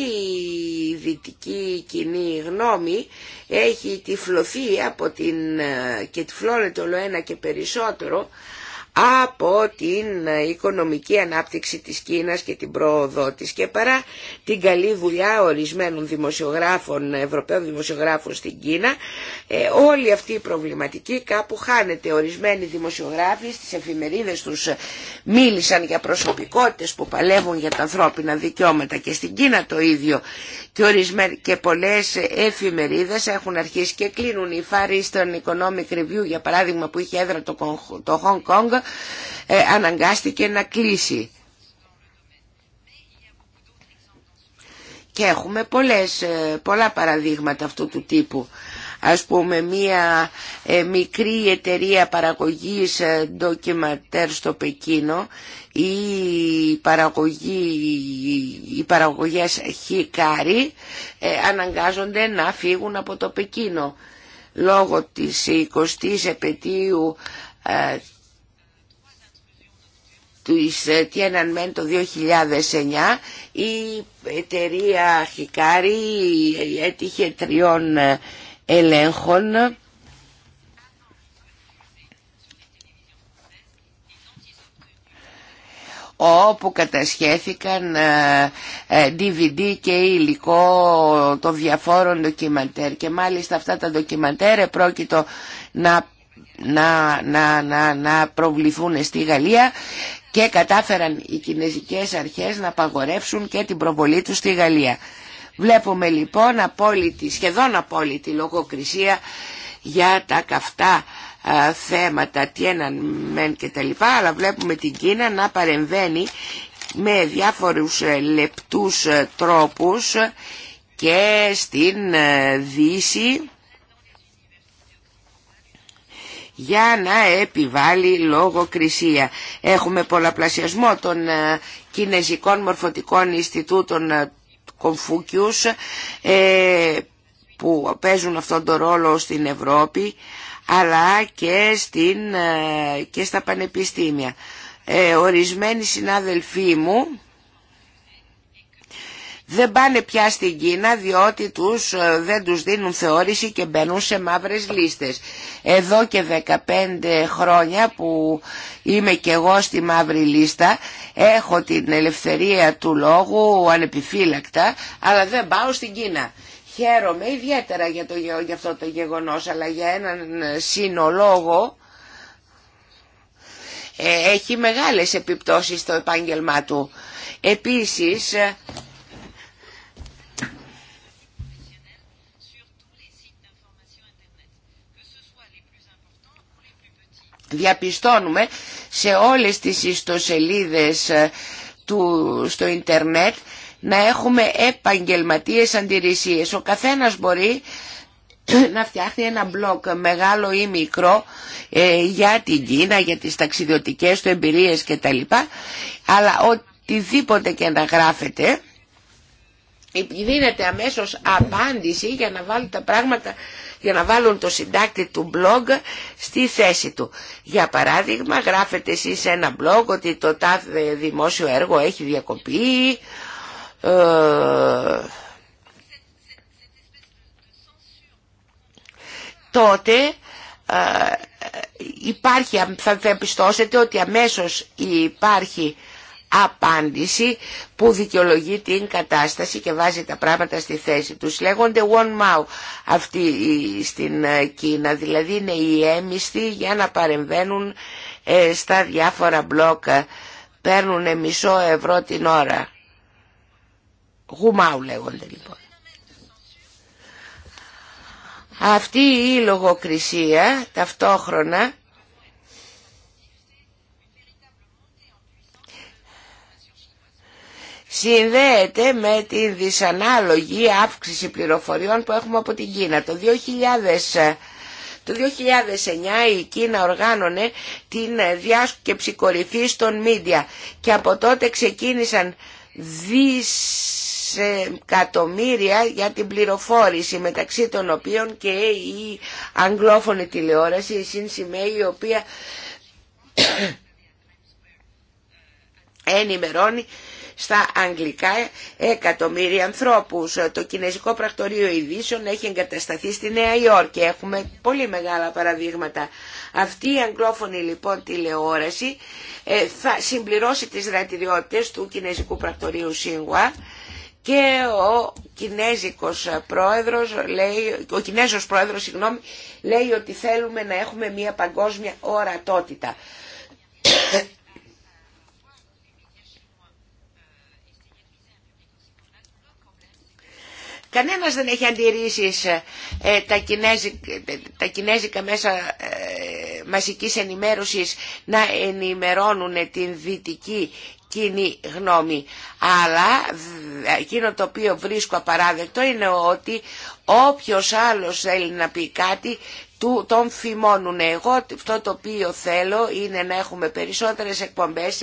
η δυτική κοινή γνώμη έχει τυφλωθεί από την, ε, και τυφλώνεται όλο ένα και περισσότερο από την οικονομική ανάπτυξη της Κίνας και την πρόοδό της και παρά την καλή δουλειά ορισμένων δημοσιογράφων, ευρωπαίων δημοσιογράφων στην Κίνα ε, όλη αυτή η προβληματική κάπου χάνεται ορισμένοι δημοσιογράφοι στις εφημερίδες τους μίλησαν για προσωπικότητες που παλεύουν για τα ανθρώπινα δικαιώματα και στην Κίνα το ίδιο και, ορισμέ... και πολλές εφημερίδες έχουν αρχίσει και κλείνουν οι Far Eastern Economic Review για παράδειγμα που είχε έδρα το Hong Kong ε, αναγκάστηκε να κλείσει. Και έχουμε πολλές, ε, πολλά παραδείγματα αυτού του τύπου. Ας πούμε μία ε, μικρή εταιρεία παραγωγής ντοκιματέρ στο Πεκίνο ή παραγωγή, οι παραγωγές χικάρι αναγκάζονται να φύγουν από το Πεκίνο. Λόγω της 20ης επαιτίου της μέν ε, το 2009 η εταιρεία Χικάρη έτυχε τριών ε, ελέγχων όπου κατασχέθηκαν DVD ε, και υλικό των διαφόρων ντοκιμαντέρ και μάλιστα αυτά τα ντοκιμαντέρ πρόκειτο να, να, να, να, να προβληθούν στη Γαλλία και κατάφεραν οι κινέζικες αρχές να παγορεύσουν και την προβολή τους στη Γαλλία. Βλέπουμε λοιπόν απόλυτη, σχεδόν απόλυτη λογοκρισία για τα καυτά θέματα, τι έναν μεν και τα λοιπά, αλλά βλέπουμε την Κίνα να παρεμβαίνει με διάφορους ε, λεπτούς ε, τρόπους και στην ε, Δύση για να επιβάλλει λογοκρισία. Έχουμε πολλαπλασιασμό των ε, Κινέζικων Μορφωτικών Ινστιτούτων Κομφούκιους ε, ε, που παίζουν αυτόν τον ρόλο στην Ευρώπη αλλά και, στην, και στα πανεπιστήμια. ορισμένοι συνάδελφοί μου δεν πάνε πια στην Κίνα διότι τους, ε, δεν τους δίνουν θεώρηση και μπαίνουν σε μαύρες λίστες. Εδώ και 15 χρόνια που είμαι και εγώ στη μαύρη λίστα έχω την ελευθερία του λόγου ανεπιφύλακτα αλλά δεν πάω στην Κίνα. Χαίρομαι ιδιαίτερα για, το, για αυτό το γεγονός αλλά για έναν ε, συνολόγο ε, έχει μεγάλες επιπτώσεις στο επάγγελμά του. Επίσης διαπιστώνουμε σε όλες τις ιστοσελίδες ε, του, στο ίντερνετ να έχουμε επαγγελματίες αντιρρησίες. Ο καθένας μπορεί (clears throat) να φτιάχνει ένα μπλοκ μεγάλο ή μικρό ε, για την Κίνα, για τις ταξιδιωτικές του εμπειρίες κτλ. Αλλά οτιδήποτε και να γράφετε δίνεται αμέσως απάντηση για να βάλει τα πράγματα για να βάλουν το συντάκτη του blog στη θέση του. Για παράδειγμα γράφετε εσείς ένα blog ότι το τάδε δημόσιο έργο έχει διακοπεί, ε, τότε ε, υπάρχει, θα πιστώσετε ότι αμέσως υπάρχει απάντηση που δικαιολογεί την κατάσταση και βάζει τα πράγματα στη θέση τους. Λέγονται One Mao αυτοί στην ε, Κίνα, δηλαδή είναι οι έμιστοι για να παρεμβαίνουν ε, στα διάφορα μπλόκα. Παίρνουν μισό ευρώ την ώρα. Γουμάου λέγονται λοιπόν. Αυτή η λογοκρισία ταυτόχρονα συνδέεται με τη δυσανάλογη αύξηση πληροφοριών που έχουμε από την Κίνα. Το 2000 το 2009 η Κίνα οργάνωνε την διάσκεψη κορυφή των μίντια και από τότε ξεκίνησαν δισεκατομμύρια για την πληροφόρηση μεταξύ των οποίων και η αγγλόφωνη τηλεόραση, η Συνσημέη η οποία (coughs) ενημερώνει στα αγγλικά εκατομμύρια ανθρώπους. Το Κινέζικο Πρακτορείο Ειδήσεων έχει εγκατασταθεί στη Νέα Υόρκη. Έχουμε πολύ μεγάλα παραδείγματα. Αυτή η αγγλόφωνη λοιπόν τηλεόραση ε, θα συμπληρώσει τις δρατηριότητες του Κινέζικου Πρακτορείου Σίγουα και ο Κινέζικος πρόεδρος λέει, ο Κινέζος πρόεδρος συγγνώμη, λέει ότι θέλουμε να έχουμε μια παγκόσμια ορατότητα. Κανένας δεν έχει αντιρρήσεις ε, τα, κινέζικα, μέσα ε, μασικής ενημέρωσης να ενημερώνουν την δυτική κοινή γνώμη. Αλλά εκείνο το οποίο βρίσκω απαράδεκτο είναι ότι όποιος άλλος θέλει να πει κάτι του, τον φημώνουν. Εγώ αυτό το οποίο θέλω είναι να έχουμε περισσότερες εκπομπές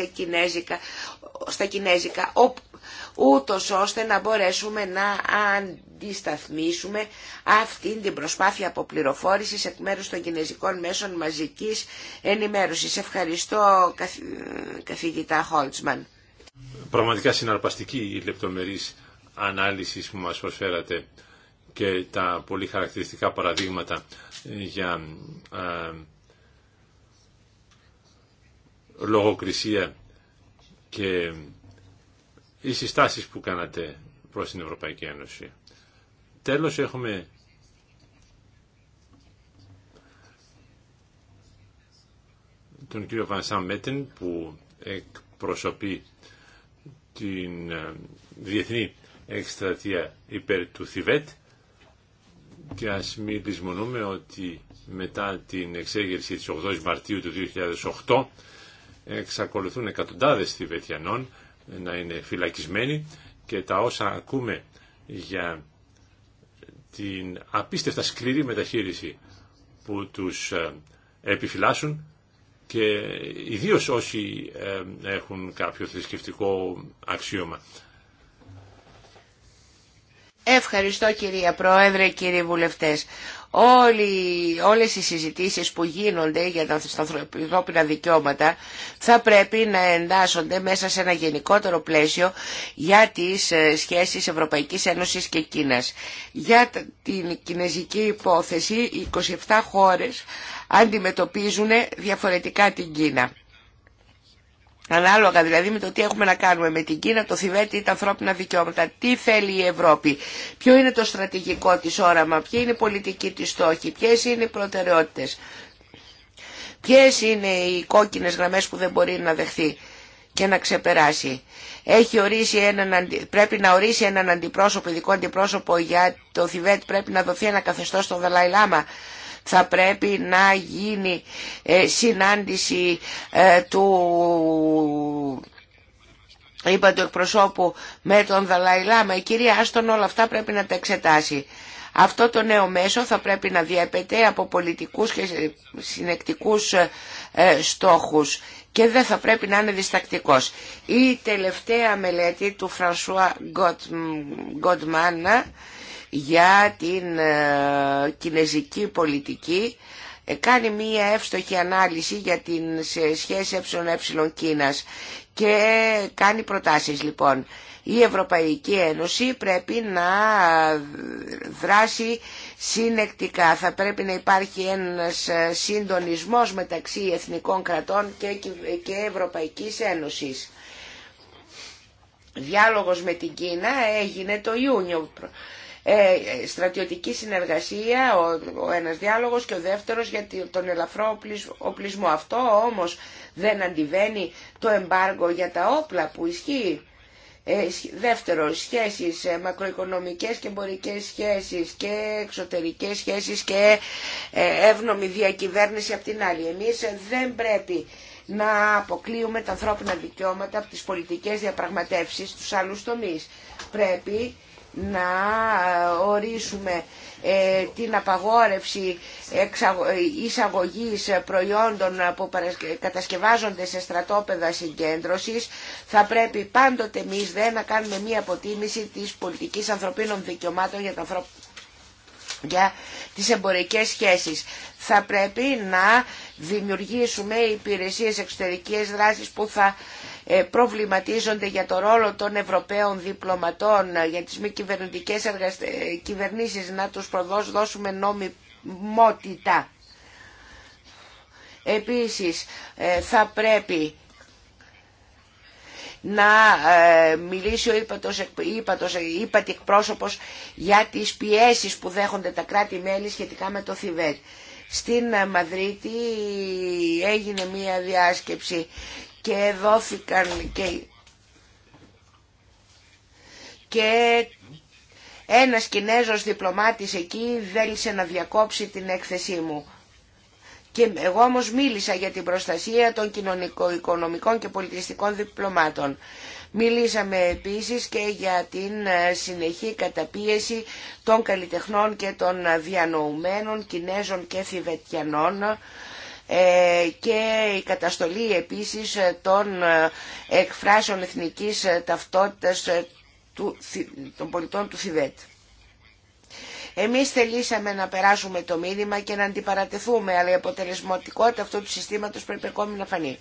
στα κινέζικα, ούτως ώστε να μπορέσουμε να αντισταθμίσουμε αυτή την προσπάθεια αποπληροφόρησης εκ μέρους των κινέζικων μέσων μαζικής ενημέρωσης. Ευχαριστώ καθηγητά Χόλτσμαν. Πραγματικά συναρπαστική η λεπτομερής ανάλυση που μας προσφέρατε και τα πολύ χαρακτηριστικά παραδείγματα για α, λογοκρισία και οι συστάσεις που κάνατε προς την Ευρωπαϊκή Ένωση. Τέλος έχουμε τον κύριο Βανσάν Μέτεν που εκπροσωπεί την ε, διεθνή εκστρατεία υπέρ του Θιβέτ και ας μην δυσμονούμε ότι μετά την εξέγερση της 8 Μαρτίου του 2008 εξακολουθούν εκατοντάδες Θιβετιανών να είναι φυλακισμένοι και τα όσα ακούμε για την απίστευτα σκληρή μεταχείριση που τους ε, επιφυλάσσουν και ιδίως όσοι ε, έχουν κάποιο θρησκευτικό αξίωμα. Ευχαριστώ κυρία Πρόεδρε, κύριοι βουλευτές. Όλοι, όλες οι συζητήσεις που γίνονται για τα ανθρώπινα δικαιώματα θα πρέπει να εντάσσονται μέσα σε ένα γενικότερο πλαίσιο για τις ε, σχέσεις Ευρωπαϊκής Ένωσης και Κίνας. Για την κινέζικη υπόθεση, 27 χώρες αντιμετωπίζουν διαφορετικά την Κίνα. Ανάλογα δηλαδή με το τι έχουμε να κάνουμε με την Κίνα, το Θιβέτ ή τα ανθρώπινα δικαιώματα. Τι θέλει η Ευρώπη, ποιο είναι το στρατηγικό της όραμα, ποια είναι η πολιτική της οραμα ποια ειναι η πολιτικη της στόχοι, ποιες είναι οι προτεραιότητες, ποιες είναι οι κόκκινες γραμμές που δεν μπορεί να δεχθεί και να ξεπεράσει. Έχει ορίσει έναν, πρέπει να ορίσει έναν αντιπρόσωπο, ειδικό αντιπρόσωπο για το Θιβέτ, πρέπει να δοθεί ένα καθεστώς στον Δαλάη Λάμα θα πρέπει να γίνει ε, συνάντηση ε, του είπα του εκπροσώπου με τον Δαλάη Η κυρία Άστον όλα αυτά πρέπει να τα εξετάσει. Αυτό το νέο μέσο θα πρέπει να διαπαιτεί από πολιτικούς και συνεκτικούς ε, στόχους και δεν θα πρέπει να είναι διστακτικός. Η τελευταία μελέτη του Φρανσουά Γκοτμάνα για την ε, κινέζικη πολιτική ε, κάνει μία εύστοχη ανάλυση για την σχέση ΕΕ Κίνας και κάνει προτάσεις λοιπόν. Η Ευρωπαϊκή Ένωση πρέπει να δράσει συνεκτικά. Θα πρέπει να υπάρχει ένας ε, συντονισμός μεταξύ εθνικών κρατών και Ευρωπαϊκής Ένωσης. Διάλογος με την Κίνα έγινε το Ιούνιο ε, στρατιωτική συνεργασία, ο ένας διάλογος και ο δεύτερος για τον ελαφρό οπλισμό. Αυτό όμως δεν αντιβαίνει το εμπάργο για τα όπλα που ισχύει. Ε, Δεύτερο, σχέσεις, ε, μακροοικονομικές και εμπορικές σχέσεις και εξωτερικές σχέσεις και εύνομη διακυβέρνηση από την άλλη. Εμείς δεν πρέπει να αποκλείουμε τα ανθρώπινα δικαιώματα από τις πολιτικές διαπραγματεύσεις στους άλλους τομείς. Πρέπει να ε, ορίσουμε ε, την απαγόρευση ε, εισαγωγής προϊόντων που κατασκευάζονται σε στρατόπεδα συγκέντρωσης θα πρέπει πάντοτε εμεί δε να κάνουμε μία αποτίμηση της πολιτικής ανθρωπίνων δικαιωμάτων για τα για τις εμπορικές σχέσεις. Θα πρέπει να δημιουργήσουμε υπηρεσίες εξωτερικές δράσεις που θα ε, προβληματίζονται για το ρόλο των Ευρωπαίων διπλωματών, για τις μη κυβερνητικές κυβερνήσεις να τους προδώσουμε νομιμότητα. Επίσης ε, θα πρέπει να ε, μιλήσει ο ύπατος, ύπατη εκπρόσωπος για τις πιέσεις που δέχονται τα κράτη-μέλη σχετικά με το Θιβέτ. Στην Μαδρίτη έγινε μία διάσκεψη και δόθηκαν και, και ένας Κινέζος διπλωμάτης εκεί δέλησε να διακόψει την έκθεσή μου. Και εγώ όμως μίλησα για την προστασία των κοινωνικο-οικονομικών και πολιτιστικών διπλωμάτων. Μιλήσαμε επίσης και για την ε, συνεχή καταπίεση των καλλιτεχνών και των ε, διανοουμένων Κινέζων και Θιβετιανών, ε, και η καταστολή επίσης ε, των ε, εκφράσεων εθνικής ταυτότητας των πολιτών του Θιβέτ. Εμείς θελήσαμε να περάσουμε το μήνυμα και να αντιπαρατεθούμε, αλλά η αποτελεσματικότητα αυτού του συστήματος πρέπει ακόμη να φανεί.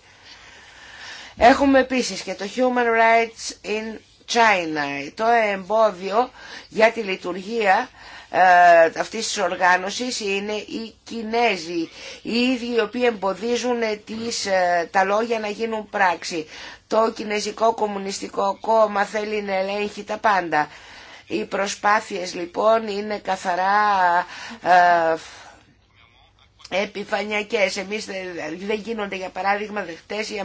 Έχουμε επίσης και το Human Rights in China, το εμπόδιο για τη λειτουργία ε, αυτής της οργάνωσης είναι οι Κινέζοι, οι ίδιοι οι οποίοι εμποδίζουν τις, ε, τα λόγια να γίνουν πράξη. Το Κινέζικο Κομμουνιστικό Κόμμα θέλει να ελέγχει τα πάντα. Οι προσπάθειες λοιπόν είναι καθαρά ε, επιφανειακές. Εμείς δεν γίνονται για παράδειγμα δεχτές οι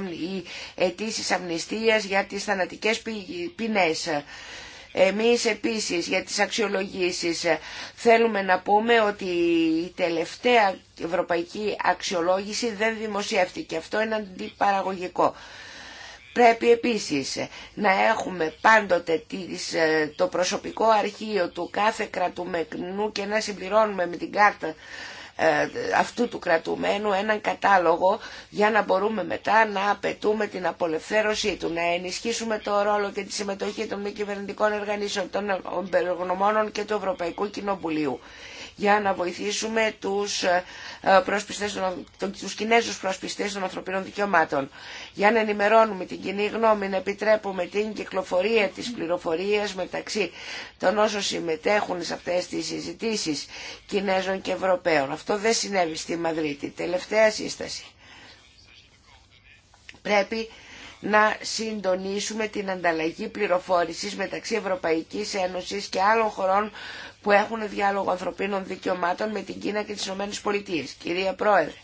αιτήσει αμνηστίας για τις θανατικές ποινές. Εμείς επίσης για τις αξιολογήσεις ε, θέλουμε να πούμε ότι η τελευταία ευρωπαϊκή αξιολόγηση δεν δημοσιεύτηκε. Αυτό είναι αντιπαραγωγικό. Πρέπει επίσης ε, να έχουμε πάντοτε ε, το προσωπικό αρχείο του κάθε κρατουμεκνού και να συμπληρώνουμε με την κάρτα ε, αυτού του κρατουμένου έναν κατάλογο για να μπορούμε μετά να απαιτούμε την απολευθέρωσή του, να ενισχύσουμε το ρόλο και τη συμμετοχή των μη κυβερνητικών οργανίσεων, των ομπερογνωμόνων και του Ευρωπαϊκού Κοινοβουλίου για να βοηθήσουμε τους, ε, προσπιστές, τους Κινέζους προσπιστές των ανθρωπίνων δικαιωμάτων. Για να ενημερώνουμε την κοινή γνώμη, να επιτρέπουμε την κυκλοφορία της πληροφορίας μεταξύ των όσων συμμετέχουν σε αυτές τις συζητήσεις Κινέζων και Ευρωπαίων. Αυτό δεν συνέβη στη Μαδρίτη. Τελευταία σύσταση. Πρέπει να συντονίσουμε την ανταλλαγή πληροφόρησης μεταξύ Ευρωπαϊκής Ένωσης και άλλων χωρών που έχουν διάλογο ανθρωπίνων δικαιωμάτων με την Κίνα και τις Ηνωμένες Πολιτείες. Κυρία Πρόεδρε,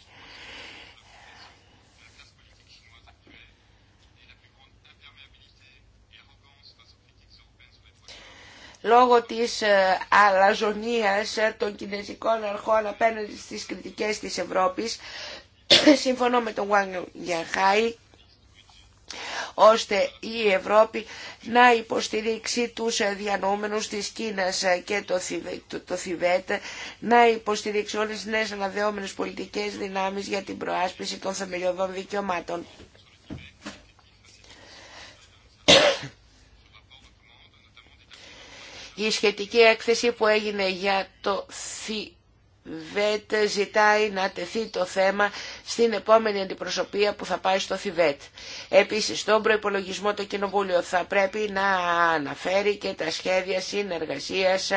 λόγω της ε, αλαζονίας ε, των κινέζικων αρχών απέναντι στις κριτικές της Ευρώπης, (coughs) συμφωνώ με τον Wang Yanhai, ώστε η Ευρώπη να υποστηρίξει τους διανοούμενους της Κίνας και το, το, Θιβέτ, να υποστηρίξει όλες τις νέες αναδεόμενες πολιτικές δυνάμεις για την προάσπιση των θεμελιωδών δικαιωμάτων. Η σχετική έκθεση που έγινε για το Θιβέτ ΒΕΤ ζητάει να τεθεί το θέμα στην επόμενη αντιπροσωπεία που θα πάει στο ΘΙΒΕΤ. Επίσης, στον προϋπολογισμό το Κοινοβούλιο θα πρέπει να αναφέρει και τα σχέδια συνεργασίας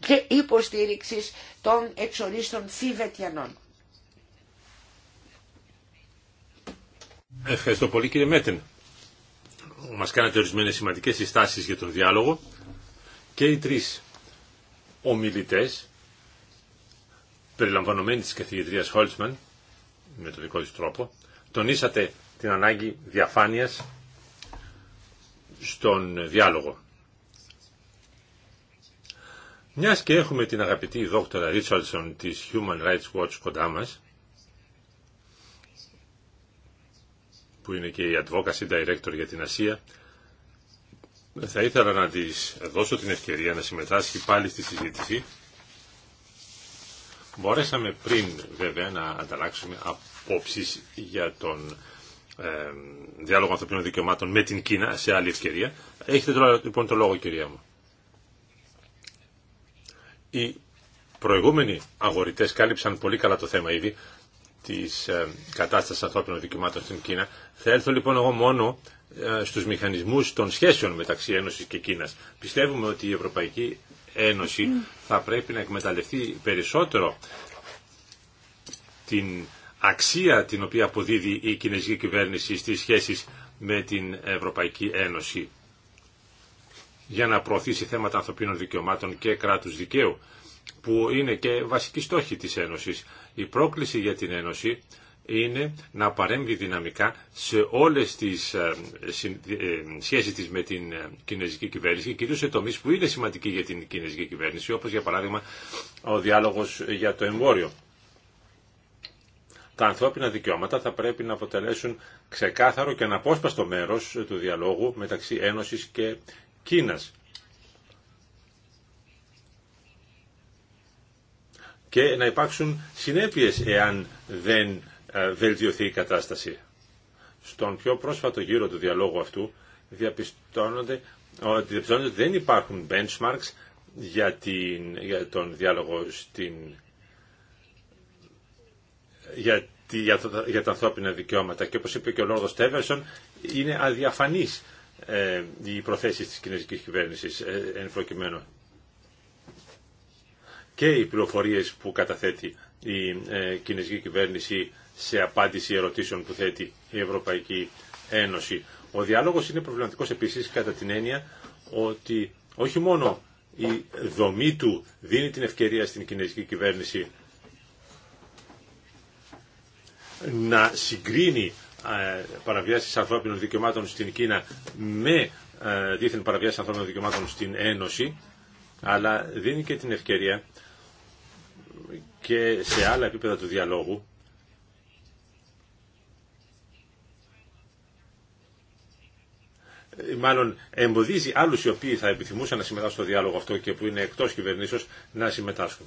και υποστήριξης των εξορίστων Θιβετιανών. Ευχαριστώ πολύ κύριε Μέτεν. Μας κάνατε ορισμένες σημαντικές συστάσεις για τον διάλογο και οι τρεις ομιλητές περιλαμβανομένη της καθηγητρίας Χόλτσμαν, με τον δικό της τρόπο, τονίσατε την ανάγκη διαφάνειας στον διάλογο. Μιας και έχουμε την αγαπητή δόκτωρα Ρίτσαλσον της Human Rights Watch κοντά μας, που είναι και η Advocacy Director για την Ασία, θα ήθελα να της δώσω την ευκαιρία να συμμετάσχει πάλι στη συζήτηση Μπορέσαμε πριν βέβαια να ανταλλάξουμε απόψει για τον ε, διάλογο ανθρωπίνων δικαιωμάτων με την Κίνα σε άλλη ευκαιρία. Έχετε τώρα λοιπόν το λόγο κυρία μου. Οι προηγούμενοι αγορητές κάλυψαν πολύ καλά το θέμα ήδη της ε, κατάστασης ανθρώπινων δικαιωμάτων στην Κίνα. Θα έρθω λοιπόν εγώ μόνο ε, στους μηχανισμούς των σχέσεων μεταξύ Ένωσης και Κίνας. Πιστεύουμε ότι η Ευρωπαϊκή Ένωση θα πρέπει να εκμεταλλευτεί περισσότερο την αξία την οποία αποδίδει η κινέζικη κυβέρνηση στις σχέσεις με την Ευρωπαϊκή Ένωση για να προωθήσει θέματα ανθρωπίνων δικαιωμάτων και κράτους δικαίου που είναι και βασική στόχη της Ένωσης. Η πρόκληση για την Ένωση είναι να παρέμβει δυναμικά σε όλες τις ε, ε, σχέσεις της με την ε, κινέζικη κυβέρνηση, κυρίως σε τομείς που είναι σημαντικοί για την κινέζικη κυβέρνηση, όπως για παράδειγμα ο διάλογος για το εμβόριο. Τα ανθρώπινα δικαιώματα θα πρέπει να αποτελέσουν ξεκάθαρο και αναπόσπαστο μέρος του διαλόγου μεταξύ Ένωσης και Κίνας. και να υπάρξουν συνέπειες εάν δεν ε, βελτιωθεί η κατάσταση. Στον πιο πρόσφατο γύρο του διαλόγου αυτού διαπιστώνονται ότι, δεν υπάρχουν benchmarks για, τον διάλογο για, τη, για, τα ανθρώπινα δικαιώματα και όπως είπε και ο Λόρδος Τέβερσον είναι αδιαφανής η ε, οι της κινέζικης κυβέρνησης ε, εν προκειμένου και οι πληροφορίες που καταθέτει η ε, κινέζικη κυβέρνηση σε απάντηση ερωτήσεων που θέτει η Ευρωπαϊκή Ένωση. Ο διάλογος είναι προβληματικός επίσης κατά την έννοια ότι όχι μόνο η δομή του δίνει την ευκαιρία στην κινέζικη κυβέρνηση να συγκρίνει ε, παραβιάσεις ανθρώπινων δικαιωμάτων στην Κίνα με ε, δίθεν παραβιάσεις ανθρώπινων δικαιωμάτων στην Ένωση, αλλά δίνει και την ευκαιρία και σε άλλα επίπεδα του διαλόγου Ε, μάλλον εμποδίζει άλλους οι οποίοι θα επιθυμούσαν να συμμετάσχουν στο διάλογο αυτό και που είναι εκτός κυβερνήσεως να συμμετάσχουν.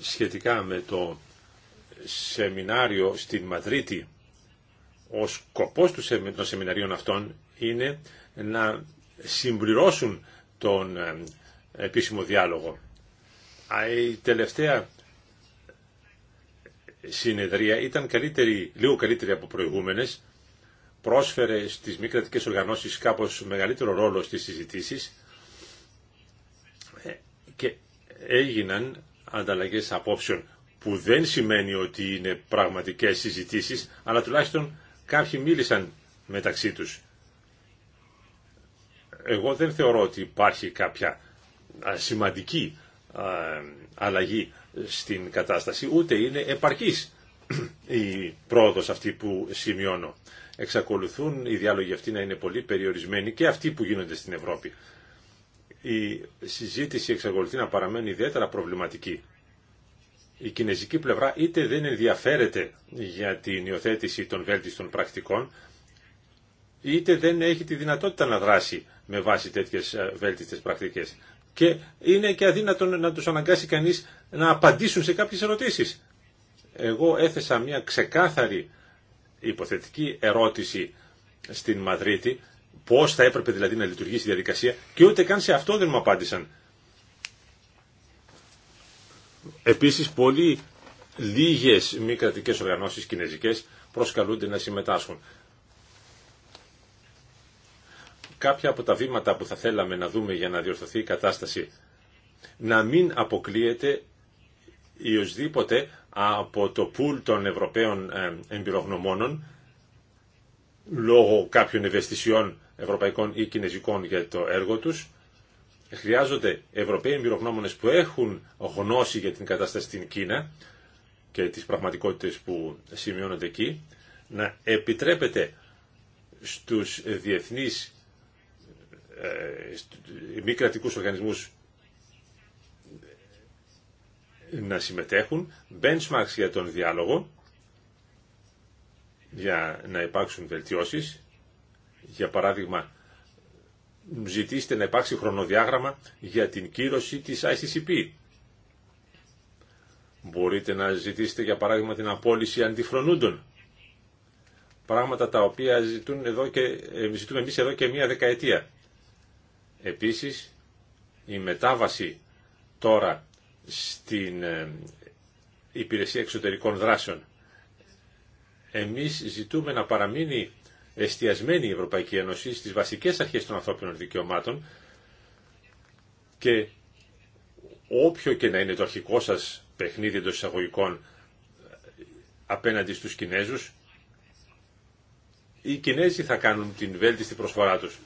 Σχετικά με το σεμινάριο στην Μαδρίτη, ο σκοπός των σεμιναρίων αυτών είναι να συμπληρώσουν τον ε, επίσημο διάλογο. Η τελευταία συνεδρία ήταν καλύτερη, λίγο καλύτερη από προηγούμενες, πρόσφερε στις μη κρατικές οργανώσεις κάπως μεγαλύτερο ρόλο στις συζητήσεις ε, και έγιναν ανταλλαγές απόψεων που δεν σημαίνει ότι είναι πραγματικές συζητήσεις, αλλά τουλάχιστον κάποιοι μίλησαν μεταξύ τους. Εγώ δεν θεωρώ ότι υπάρχει κάποια σημαντική αλλαγή στην κατάσταση, ούτε είναι επαρκής η πρόοδος αυτή που σημειώνω. Εξακολουθούν οι διάλογοι αυτοί να είναι πολύ περιορισμένοι και αυτοί που γίνονται στην Ευρώπη. Η συζήτηση εξακολουθεί να παραμένει ιδιαίτερα προβληματική. Η κινέζικη πλευρά είτε δεν ενδιαφέρεται για την υιοθέτηση των βέλτιστων πρακτικών, είτε δεν έχει τη δυνατότητα να δράσει με βάση τέτοιες ε, βέλτιστες πρακτικές. Και είναι και αδύνατο να τους αναγκάσει κανείς να απαντήσουν σε κάποιες ερωτήσεις. Εγώ έθεσα μια ξεκάθαρη υποθετική ερώτηση στην Μαδρίτη, πώς θα έπρεπε δηλαδή να λειτουργήσει η διαδικασία και ούτε καν σε αυτό δεν μου απάντησαν. Επίσης πολύ λίγες μη κρατικέ οργανώσεις κινέζικες προσκαλούνται να συμμετάσχουν. Κάποια από τα βήματα που θα θέλαμε να δούμε για να διορθωθεί η κατάσταση να μην αποκλείεται ή οσδήποτε από το πουλ των Ευρωπαίων ε, εμπειρογνωμόνων λόγω κάποιων ευαισθησιών ευρωπαϊκών ή κινέζικων για το έργο τους. Χρειάζονται Ευρωπαίοι εμπειρογνώμονες που έχουν γνώση για την κατάσταση στην Κίνα και τις πραγματικότητες που σημειώνονται εκεί, να επιτρέπεται στους διεθνείς ε, μη κρατικούς οργανισμούς να συμμετέχουν, benchmarks για τον διάλογο, για να υπάρξουν βελτιώσεις. Για παράδειγμα, ζητήστε να υπάρξει χρονοδιάγραμμα για την κύρωση της ICCP. Μπορείτε να ζητήσετε για παράδειγμα την απόλυση αντιφρονούντων. Πράγματα τα οποία ζητούν εδώ και, ε, ζητούμε εμείς εδώ και μία δεκαετία. Επίσης, η μετάβαση τώρα στην ε, Υπηρεσία Εξωτερικών Δράσεων. Εμείς ζητούμε να παραμείνει εστιασμένη η Ευρωπαϊκή Ένωση στις βασικές αρχές των ανθρώπινων δικαιωμάτων και όποιο και να είναι το αρχικό σας παιχνίδι εντό εισαγωγικών απέναντι στους Κινέζους, οι Κινέζοι θα κάνουν την βέλτιστη προσφορά τους.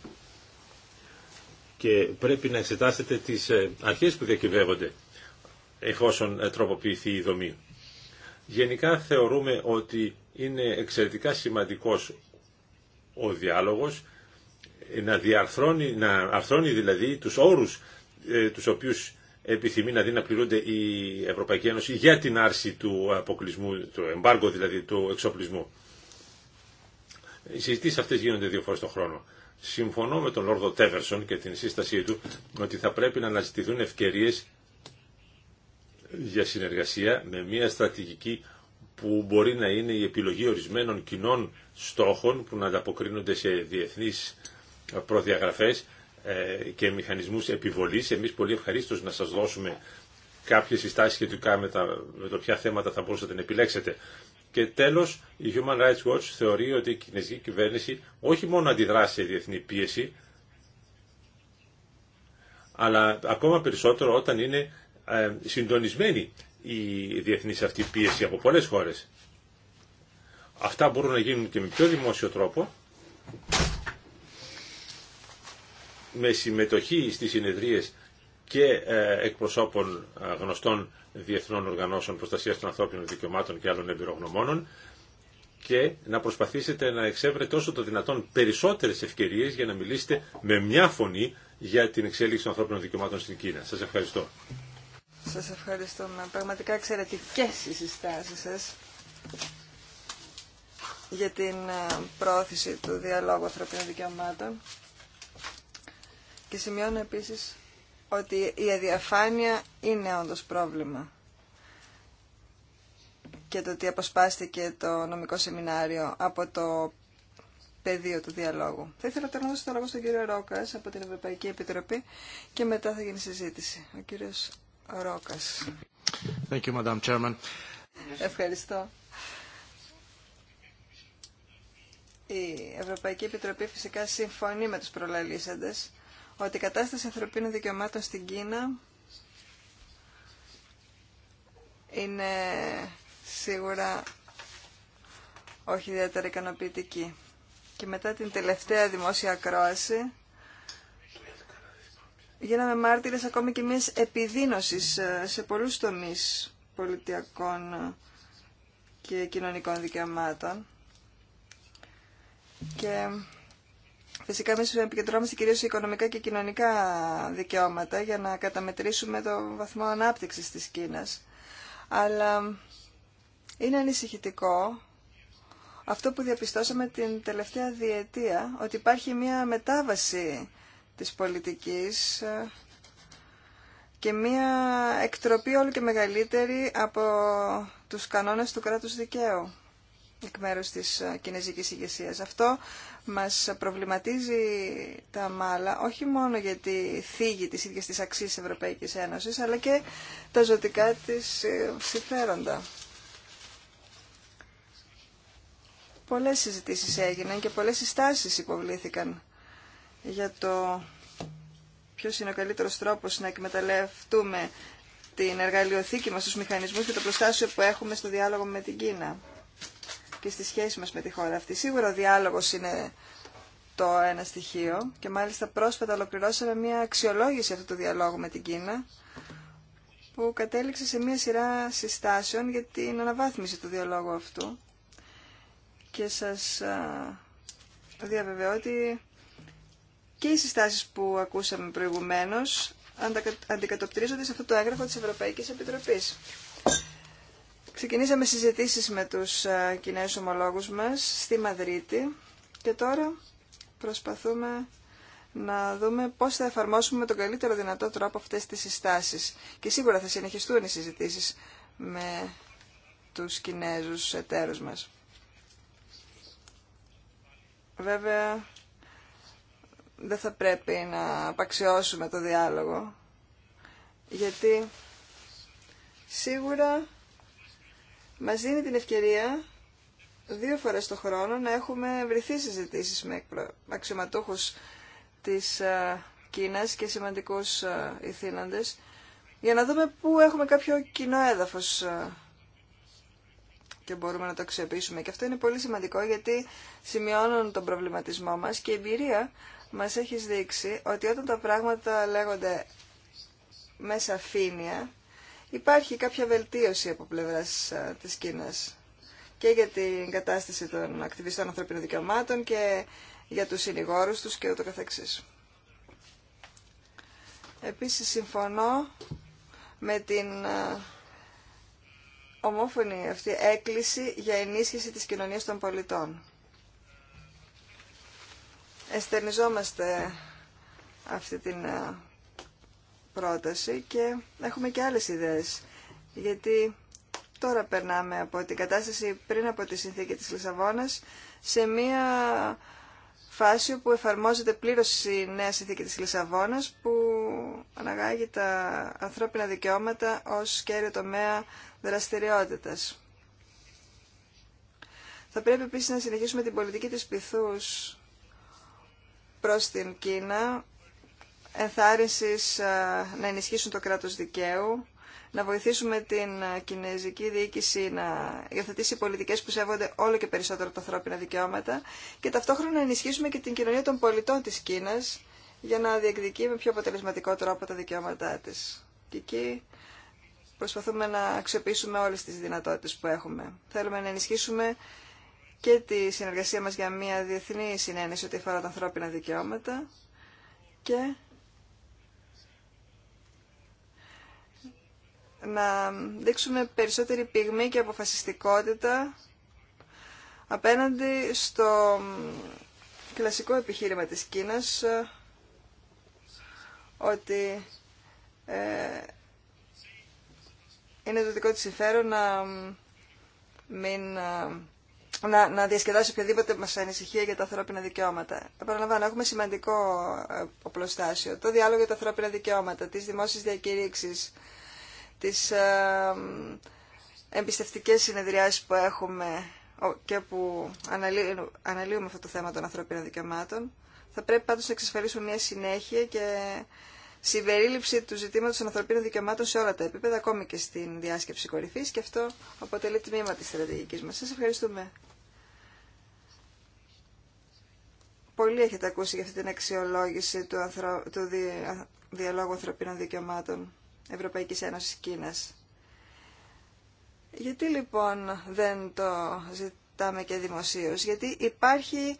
Και πρέπει να εξετάσετε τις ε, αρχές που διακυβεύονται εφόσον ε, τροποποιηθεί η δομή. Γενικά θεωρούμε ότι είναι εξαιρετικά σημαντικός ο διάλογος ε, να διαρθρώνει, να αρθρώνει δηλαδή τους όρους ε, τους οποίους επιθυμεί να δει να πληρούνται η Ευρωπαϊκή Ένωση για την άρση του αποκλεισμού, του εμπάργου δηλαδή του εξοπλισμού. Οι συζητήσει αυτές γίνονται δύο φορέ το χρόνο. Συμφωνώ με τον Λόρδο Τέβερσον και την σύστασή του ότι θα πρέπει να αναζητηθούν ευκαιρίε για συνεργασία με μια στρατηγική που μπορεί να είναι η επιλογή ορισμένων κοινών στόχων που να ανταποκρίνονται σε διεθνείς προδιαγραφές ε, και μηχανισμούς επιβολής. Εμείς πολύ ευχαρίστως να σας δώσουμε κάποιες συστάσεις σχετικά με, τα, με το ποια θέματα θα μπορούσατε να επιλέξετε. Και τέλος, η Human Rights Watch θεωρεί ότι η κινέζικη κυβέρνηση όχι μόνο αντιδράσει σε διεθνή πίεση, αλλά ακόμα περισσότερο όταν είναι ε, συντονισμένη η διεθνής αυτή πίεση από πολλές χώρες. Αυτά μπορούν να γίνουν και με πιο δημόσιο τρόπο, με συμμετοχή στις συνεδρίες και ε, εκπροσώπων ε, γνωστών διεθνών οργανώσεων προστασίας των ανθρώπινων δικαιωμάτων και άλλων εμπειρογνωμόνων και να προσπαθήσετε να εξέβρετε όσο το δυνατόν περισσότερες ευκαιρίες για να μιλήσετε με μια φωνή για την εξέλιξη των ανθρώπινων δικαιωμάτων στην Κίνα. Σας ευχαριστώ. Σας ευχαριστούμε. Πραγματικά εξαιρετικές οι συστάσεις σας για την ε, πρόθεση του διαλόγου ανθρωπίνων δικαιωμάτων. Και σημειώνω επίσης ότι η αδιαφάνεια είναι όντως πρόβλημα και το ότι αποσπάστηκε το νομικό σεμινάριο από το πεδίο του διαλόγου. Θα ήθελα να δώσω το λόγο στον κύριο Ρόκας από την Ευρωπαϊκή Επιτροπή και μετά θα γίνει συζήτηση. Ο κύριος Ρόκας. Thank you, Madam Chairman. Ευχαριστώ. Η Ευρωπαϊκή Επιτροπή φυσικά συμφωνεί με τους προλαλήσαντες ότι η κατάσταση ανθρωπίνων δικαιωμάτων στην Κίνα είναι σίγουρα όχι ιδιαίτερα ικανοποιητική. Και μετά την τελευταία δημόσια ακρόαση γίναμε μάρτυρες ακόμη και μιας επιδίνωσης ε, σε πολλούς τομείς πολιτιακών ε, και κοινωνικών δικαιωμάτων. Και φυσικά εμείς επικεντρώμαστε κυρίως σε οικονομικά και κοινωνικά δικαιώματα για να καταμετρήσουμε το βαθμό ανάπτυξης της Κίνας. Αλλά είναι ανησυχητικό αυτό που διαπιστώσαμε την τελευταία διετία, ότι υπάρχει μια μετάβαση της πολιτικής ε, και μία εκτροπή όλο και μεγαλύτερη από τους κανόνες του κράτους δικαίου εκ μέρους της ε, κινέζικης ηγεσία. Αυτό μας προβληματίζει τα μάλα, όχι μόνο γιατί θίγει τις ίδιες τις αξίες της Ευρωπαϊκής Ένωσης, αλλά και τα ζωτικά της ε, συμφέροντα. Πολλές συζητήσεις έγιναν και πολλές συστάσεις υποβλήθηκαν για το ποιος είναι ο καλύτερος τρόπος να εκμεταλλευτούμε την εργαλειοθήκη μας, τους μηχανισμούς και το προστάσιο που έχουμε στο διάλογο με την Κίνα και στη σχέση μας με τη χώρα αυτή. Σίγουρα ο διάλογος είναι το ένα στοιχείο και μάλιστα πρόσφατα ολοκληρώσαμε μια αξιολόγηση αυτού του διαλόγου με την Κίνα που κατέληξε σε μια σειρά συστάσεων για την αναβάθμιση του διαλόγου αυτού και σας διαβεβαιώ ότι και οι συστάσεις που ακούσαμε προηγουμένως αντικατοπτρίζονται σε αυτό το έγγραφο της Ευρωπαϊκής Επιτροπής. Ξεκινήσαμε συζητήσεις με τους Κινέζους ομολόγους μας στη Μαδρίτη και τώρα προσπαθούμε να δούμε πώς θα εφαρμόσουμε με τον καλύτερο δυνατό τρόπο αυτές τις συστάσεις. Και σίγουρα θα συνεχιστούν οι συζητήσεις με τους Κινέζους εταίρους μας. Βέβαια, δεν θα πρέπει να απαξιώσουμε το διάλογο, γιατί σίγουρα μας δίνει την ευκαιρία δύο φορές το χρόνο να έχουμε βρεθεί συζητήσει με αξιωματούχους της ε, Κίνας και σημαντικούς ε, ηθήναντες για να δούμε πού έχουμε κάποιο κοινό έδαφος ε, και μπορούμε να το αξιοποιήσουμε. Και αυτό είναι πολύ σημαντικό γιατί σημειώνουν τον προβληματισμό μας και η εμπειρία μας έχεις δείξει ότι όταν τα πράγματα λέγονται με σαφήνεια, υπάρχει κάποια βελτίωση από πλευράς της Κίνας και για την κατάσταση των ακτιβιστών ανθρωπίνων δικαιωμάτων και για τους συνηγόρους τους και ούτω καθεξής. Επίσης συμφωνώ με την ομόφωνη αυτή έκκληση για ενίσχυση της κοινωνίας των πολιτών εστερνιζόμαστε αυτή την ε, πρόταση και έχουμε και άλλες ιδέες. Γιατί τώρα περνάμε από την κατάσταση πριν από τη συνθήκη της Λισαβόνας σε μία φάση όπου εφαρμόζεται πλήρως η νέα συνθήκη της Λισαβόνας που αναγάγει τα ανθρώπινα δικαιώματα ως κέριο τομέα δραστηριότητας. Θα πρέπει επίσης να συνεχίσουμε την πολιτική της πυθούς προς την Κίνα ενθάρρυνσης ε, να ενισχύσουν το κράτος δικαίου, να βοηθήσουμε την ε, κινέζικη διοίκηση να υιοθετήσει πολιτικές που σέβονται όλο και περισσότερο τα ανθρώπινα δικαιώματα και ταυτόχρονα να ενισχύσουμε και την κοινωνία των πολιτών της Κίνας για να διεκδικεί με πιο αποτελεσματικό τρόπο τα δικαιώματά της. Και εκεί προσπαθούμε να αξιοποιήσουμε όλες τις δυνατότητες που έχουμε. Θέλουμε να ενισχύσουμε και τη συνεργασία μας για μια διεθνή συνένεση ότι αφορά τα ανθρώπινα δικαιώματα και να δείξουμε περισσότερη πυγμή και αποφασιστικότητα απέναντι στο κλασικό επιχείρημα της Κίνας ότι ε, είναι το δικό της συμφέρον να μην ε, να, να διασκεδάσει οποιαδήποτε μας ανησυχία για τα ανθρώπινα δικαιώματα. Επαναλαμβάνω, έχουμε σημαντικό ε, οπλοστάσιο. Το διάλογο για τα ανθρώπινα δικαιώματα, τις δημόσιες διακηρύξεις, τις ε, εμπιστευτικέ συνεδριάσεις που έχουμε και που αναλύουμε αυτό το θέμα των ανθρωπίνων δικαιωμάτων. Θα πρέπει πάντως να εξασφαλίσουν μια συνέχεια και συμπερίληψη του ζητήματος των ανθρωπίνων δικαιωμάτων σε όλα τα επίπεδα, ακόμη και στην διάσκεψη κορυφής και αυτό αποτελεί τμήμα της στρατηγική μας. Σα ευχαριστούμε. Πολύ έχετε ακούσει για αυτή την αξιολόγηση του, του Διαλόγου Ανθρωπίνων Δικαιωμάτων Ευρωπαϊκής Ένωση Κίνα. Γιατί λοιπόν δεν το ζητάμε και δημοσίως, γιατί υπάρχει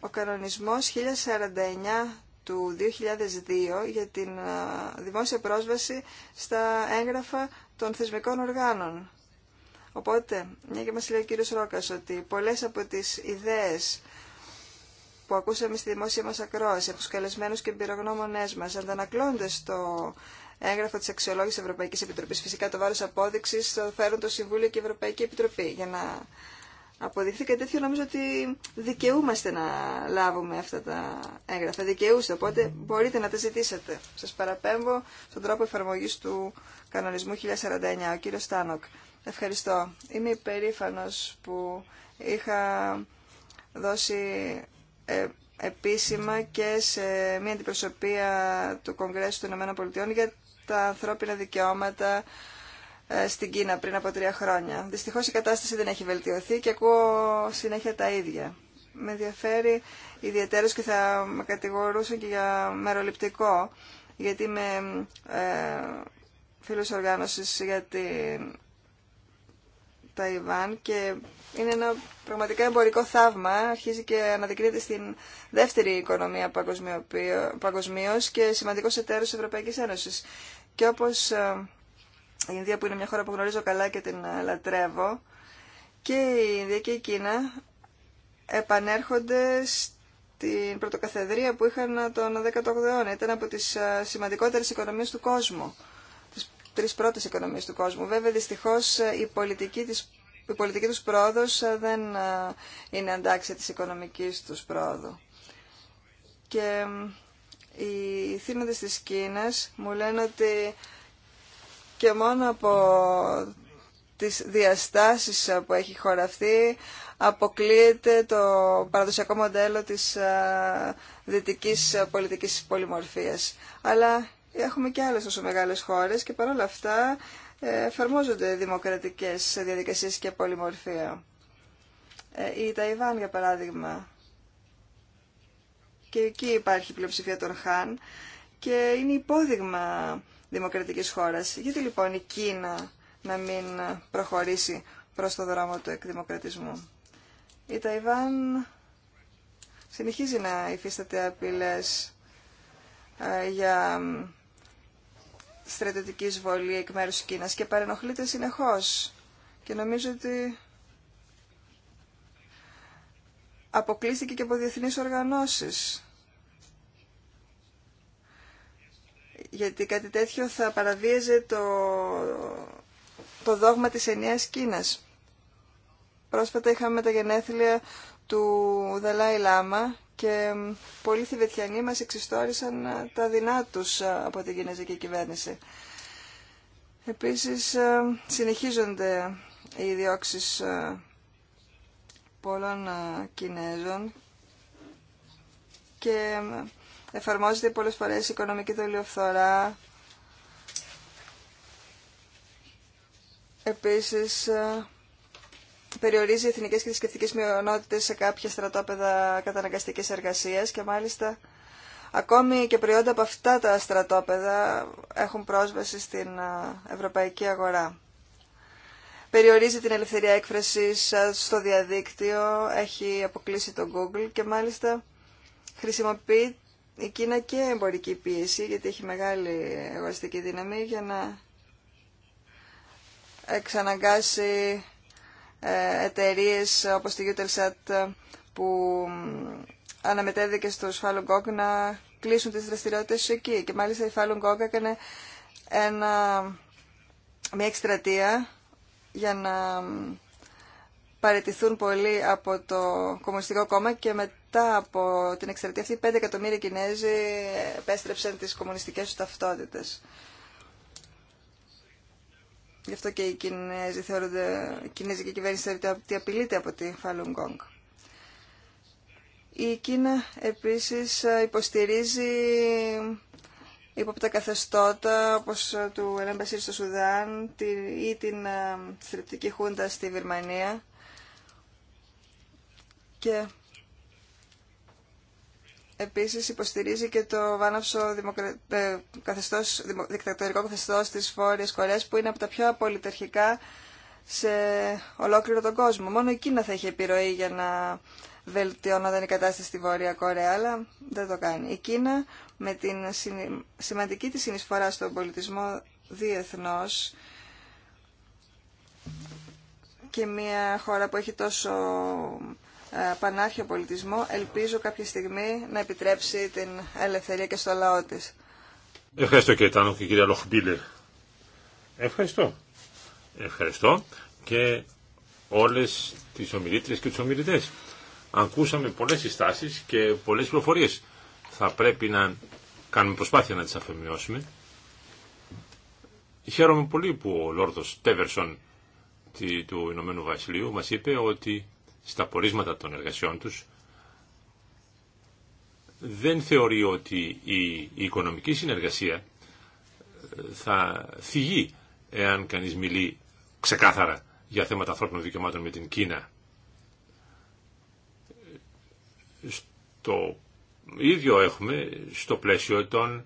ο κανονισμός 1049 του 2002 για την δημόσια πρόσβαση στα έγγραφα των θεσμικών οργάνων. Οπότε, μια και μας λέει ο κύριος Ρόκας ότι πολλές από τις ιδέες που ακούσαμε στη δημόσια μας ακρόαση από τους καλεσμένους και εμπειρογνώμονές μας αντανακλώνται στο έγγραφο της αξιολόγησης Ευρωπαϊκής Επιτροπής. Φυσικά το βάρος απόδειξης το φέρουν το Συμβούλιο και η Ευρωπαϊκή Επιτροπή για να αποδειχθεί και τέτοιο, νομίζω ότι δικαιούμαστε να λάβουμε αυτά τα έγγραφα. Δικαιούστε, οπότε μπορείτε να τα ζητήσετε. Σας παραπέμπω στον τρόπο εφαρμογής του κανονισμού 1049, ο κύριος Στάνοκ. Ευχαριστώ. Είμαι υπερήφανος που είχα δώσει ε, επίσημα και σε μια αντιπροσωπεία του Κογκρέσου των ΗΠΑ για τα ανθρώπινα δικαιώματα ε, στην Κίνα πριν από τρία χρόνια. Δυστυχώς η κατάσταση δεν έχει βελτιωθεί και ακούω συνέχεια τα ίδια. Με ενδιαφέρει ιδιαιτέρως και θα με κατηγορούσαν και για μεροληπτικό, γιατί είμαι ε, φίλος οργάνωσης για την Ταϊβάν και είναι ένα πραγματικά εμπορικό θαύμα. Αρχίζει και αναδεικνύεται στην δεύτερη οικονομία παγκοσμίω και σημαντικός εταίρος Ευρωπαϊκής Ένωσης. Και όπως ε, η Ινδία που είναι μια χώρα που γνωρίζω καλά και την ε, λατρεύω και η Ινδία και η Κίνα επανέρχονται στην πρωτοκαθεδρία που είχαν τον 18ο αιώνα. Ήταν από τις ε, σημαντικότερες οικονομίες του κόσμου, τις τρεις πρώτες οικονομίες του κόσμου. Βέβαια δυστυχώς ε, η πολιτική, της, η πολιτική τους πρόοδος δεν είναι αντάξια της οικονομικής τους πρόοδου. Και οι θύνοντες της Κίνας μου λένε ότι και μόνο από τις διαστάσεις που έχει χώρα αποκλείεται το παραδοσιακό μοντέλο της δυτικής πολιτικής πολυμορφίας. Αλλά έχουμε και άλλες τόσο μεγάλες χώρες και παρόλα αυτά ε, εφαρμόζονται δημοκρατικές διαδικασίες και πολυμορφία. Ε, η Ταϊβάν, για παράδειγμα, και εκεί υπάρχει πλειοψηφία των Χάν και είναι υπόδειγμα δημοκρατικής χώρας. Γιατί λοιπόν η Κίνα να μην προχωρήσει προς το δρόμο του εκδημοκρατισμού. Η Ταϊβάν συνεχίζει να υφίσταται απειλές ε, για στρατιωτική εισβολή εκ μέρους Κίνας και παρενοχλείται συνεχώς. Και νομίζω ότι αποκλείστηκε και από διεθνείς οργανώσεις. γιατί κάτι τέτοιο θα παραβίαζε το, το δόγμα της ενιαίας Κίνας. Πρόσφατα είχαμε τα γενέθλια του Δαλάη Λάμα και πολλοί θηβετιανοί μας εξιστόρισαν ε, τα δεινά τους ε, από την κινέζικη κυβέρνηση. Επίσης ε, συνεχίζονται οι διώξεις πολλών Κινέζων και εφαρμόζεται πολλές φορές η οικονομική δολιοφθορά. Επίσης, ε, περιορίζει εθνικές και θρησκευτικές μειονότητες σε κάποια στρατόπεδα καταναγκαστικής εργασίας και μάλιστα ακόμη και προϊόντα από αυτά τα στρατόπεδα έχουν πρόσβαση στην ε, ευρωπαϊκή αγορά. Περιορίζει την ελευθερία έκφρασης ε, στο διαδίκτυο, έχει αποκλείσει το Google και μάλιστα χρησιμοποιεί η Κίνα και εμπορική πίεση, γιατί έχει μεγάλη εγωστική δύναμη, για να εξαναγκάσει ε, εταιρείε όπως τη Utelsat ε, που αναμετέδεκε στους Falun Gong να κλείσουν τις δραστηριότητες εκεί. Και μάλιστα η Falun Gong έκανε ένα, μια εκστρατεία για να παραιτηθούν πολύ από το Κομμουνιστικό Κόμμα και με από την εξτρατεία αυτή 5 εκατομμύρια Κινέζοι επέστρεψαν τις κομμουνιστικές του ταυτότητες. Γι' αυτό και οι Κινέζοι θεωρούνται, η Κινέζικη κυβέρνηση θεωρείται ότι απειλείται από τη Falun Η Κίνα επίσης υποστηρίζει υπόπτα καθεστώτα όπως του Ελέμπασίρ στο Σουδάν ή την ε, στρατιωτική χούντα στη Βερμανία και Επίσης υποστηρίζει και το βάναυσο δημοκρα... Ε, καθεστώς, δικτατορικό καθεστώς της Βόρειας Κορέας που είναι από τα πιο απολυτερχικά σε ολόκληρο τον κόσμο. Μόνο η Κίνα θα έχει επιρροή για να βελτιώνονταν η κατάσταση στη Βόρεια Κορέα, αλλά δεν το κάνει. Η Κίνα με την σημαντική της συνεισφορά στον πολιτισμό διεθνώς και μια χώρα που έχει τόσο ε, πανάρχιο πολιτισμό, ελπίζω κάποια στιγμή να επιτρέψει την ελευθερία και στο λαό τη. Ευχαριστώ και Τάνο και κυρία Λοχμπίλε. Ευχαριστώ. Ευχαριστώ και όλες τις ομιλήτρες και τους ομιλητές. Ακούσαμε πολλές συστάσεις και πολλές πληροφορίες. Θα πρέπει να κάνουμε προσπάθεια να τις αφημιώσουμε. Χαίρομαι πολύ που ο Λόρδος Τέβερσον του Ηνωμένου Βασιλείου μας είπε ότι στα πορίσματα των εργασιών τους, δεν θεωρεί ότι η οικονομική συνεργασία ε, θα φυγεί εάν κανείς μιλεί ξεκάθαρα για θέματα ανθρώπινων δικαιωμάτων με την Κίνα. Στο ίδιο έχουμε στο πλαίσιο των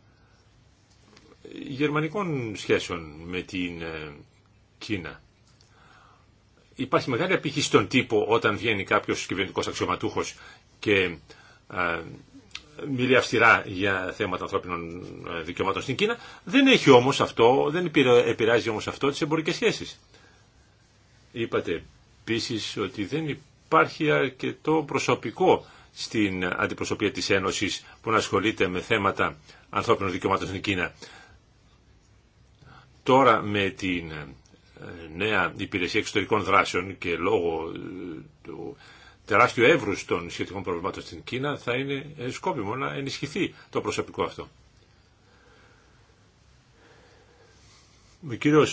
γερμανικών σχέσεων με την ε, Κίνα υπάρχει μεγάλη απήχηση στον τύπο όταν βγαίνει κάποιος κυβερνητικό αξιωματούχο και ε, μιλεί αυστηρά για θέματα ανθρώπινων ε, δικαιωμάτων στην Κίνα. Δεν έχει όμως αυτό, δεν επηρεάζει όμως αυτό τις εμπορικές σχέσεις. Είπατε επίση ότι δεν υπάρχει αρκετό προσωπικό στην αντιπροσωπεία της Ένωσης που να ασχολείται με θέματα ανθρώπινων δικαιωμάτων στην Κίνα. Τώρα με την νέα υπηρεσία εξωτερικών δράσεων και λόγω ε, του τεράστιου εύρου των σχετικών προβλημάτων στην Κίνα θα είναι ε, σκόπιμο να ενισχυθεί το προσωπικό αυτό. Ο κύριο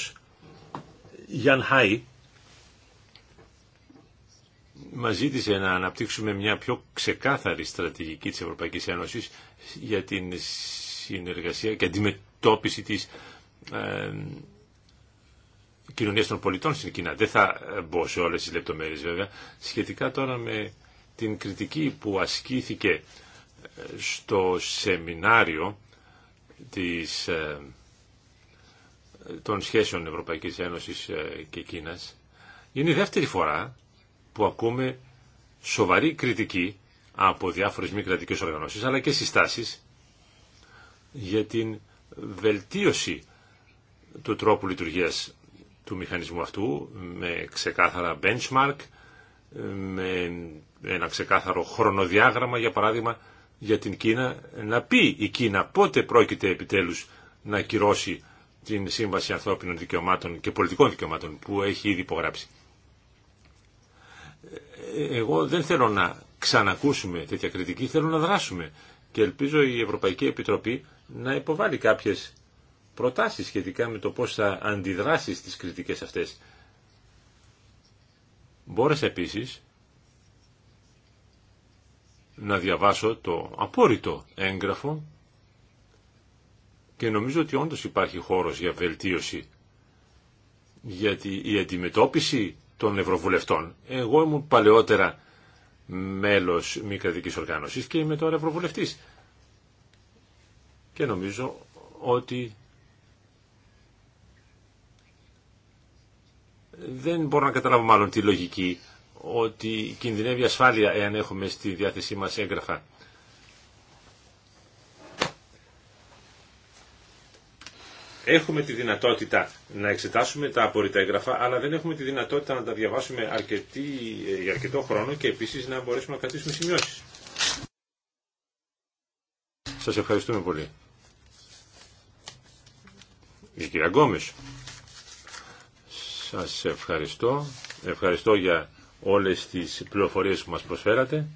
Γιάν Χάι μα ζήτησε να αναπτύξουμε μια πιο ξεκάθαρη στρατηγική τη Ευρωπαϊκή Ένωση για την συνεργασία και αντιμετώπιση της ε, Κοινωνία των πολιτών στην Κίνα. Δεν θα ε, μπω σε όλες τις λεπτομέρειες βέβαια. Σχετικά τώρα με την κριτική που ασκήθηκε ε, στο σεμινάριο της, ε, των σχέσεων Ευρωπαϊκής Ένωσης και Κίνας, είναι η δεύτερη φορά που ακούμε σοβαρή κριτική από διάφορες μη κρατικές οργανώσεις, αλλά και συστάσεις για την βελτίωση του τρόπου λειτουργίας του μηχανισμού αυτού με ξεκάθαρα benchmark, με ένα ξεκάθαρο χρονοδιάγραμμα για παράδειγμα για την Κίνα να πει η Κίνα πότε πρόκειται επιτέλους να κυρώσει την Σύμβαση Ανθρώπινων Δικαιωμάτων και Πολιτικών Δικαιωμάτων που έχει ήδη υπογράψει. Εγώ δεν θέλω να ξανακούσουμε τέτοια κριτική, θέλω να δράσουμε και ελπίζω η Ευρωπαϊκή Επιτροπή να υποβάλει κάποιες προτάσεις σχετικά με το πώς θα αντιδράσει στις κριτικές αυτές. Μπόρεσα επίσης να διαβάσω το απόρριτο έγγραφο και νομίζω ότι όντως υπάρχει χώρος για βελτίωση γιατί η αντιμετώπιση των ευρωβουλευτών εγώ ήμουν παλαιότερα μέλος μη κρατικής οργάνωσης και είμαι τώρα ευρωβουλευτής και νομίζω ότι δεν μπορώ να καταλάβω μάλλον τη λογική ότι κινδυνεύει ασφάλεια εάν έχουμε στη διάθεσή μας έγγραφα. Έχουμε τη δυνατότητα να εξετάσουμε τα απορρίτα έγγραφα, αλλά δεν έχουμε τη δυνατότητα να τα διαβάσουμε αρκετή, για ε, αρκετό χρόνο και επίσης να μπορέσουμε να κατήσουμε σημειώσεις. Σας ευχαριστούμε πολύ. Η κυρία Γκόμες. Σας ευχαριστώ. Ευχαριστώ για όλες τις πληροφορίες που μας προσφέρατε.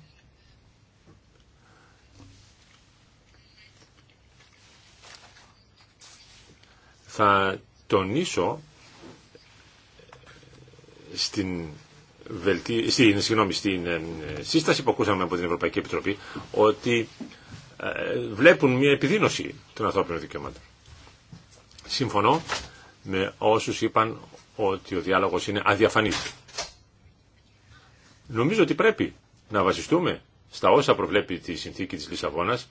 Θα τονίσω στην, βελτί... στην, συγγνώμη, στην ε, σύσταση που ακούσαμε από την Ευρωπαϊκή Επιτροπή ότι ε, βλέπουν μια επιδείνωση των ανθρώπινων δικαιωμάτων. Συμφωνώ με όσους είπαν ότι ο διάλογος είναι αδιαφανής. Νομίζω ότι πρέπει να βασιστούμε στα όσα προβλέπει τη συνθήκη της Λισαβόνας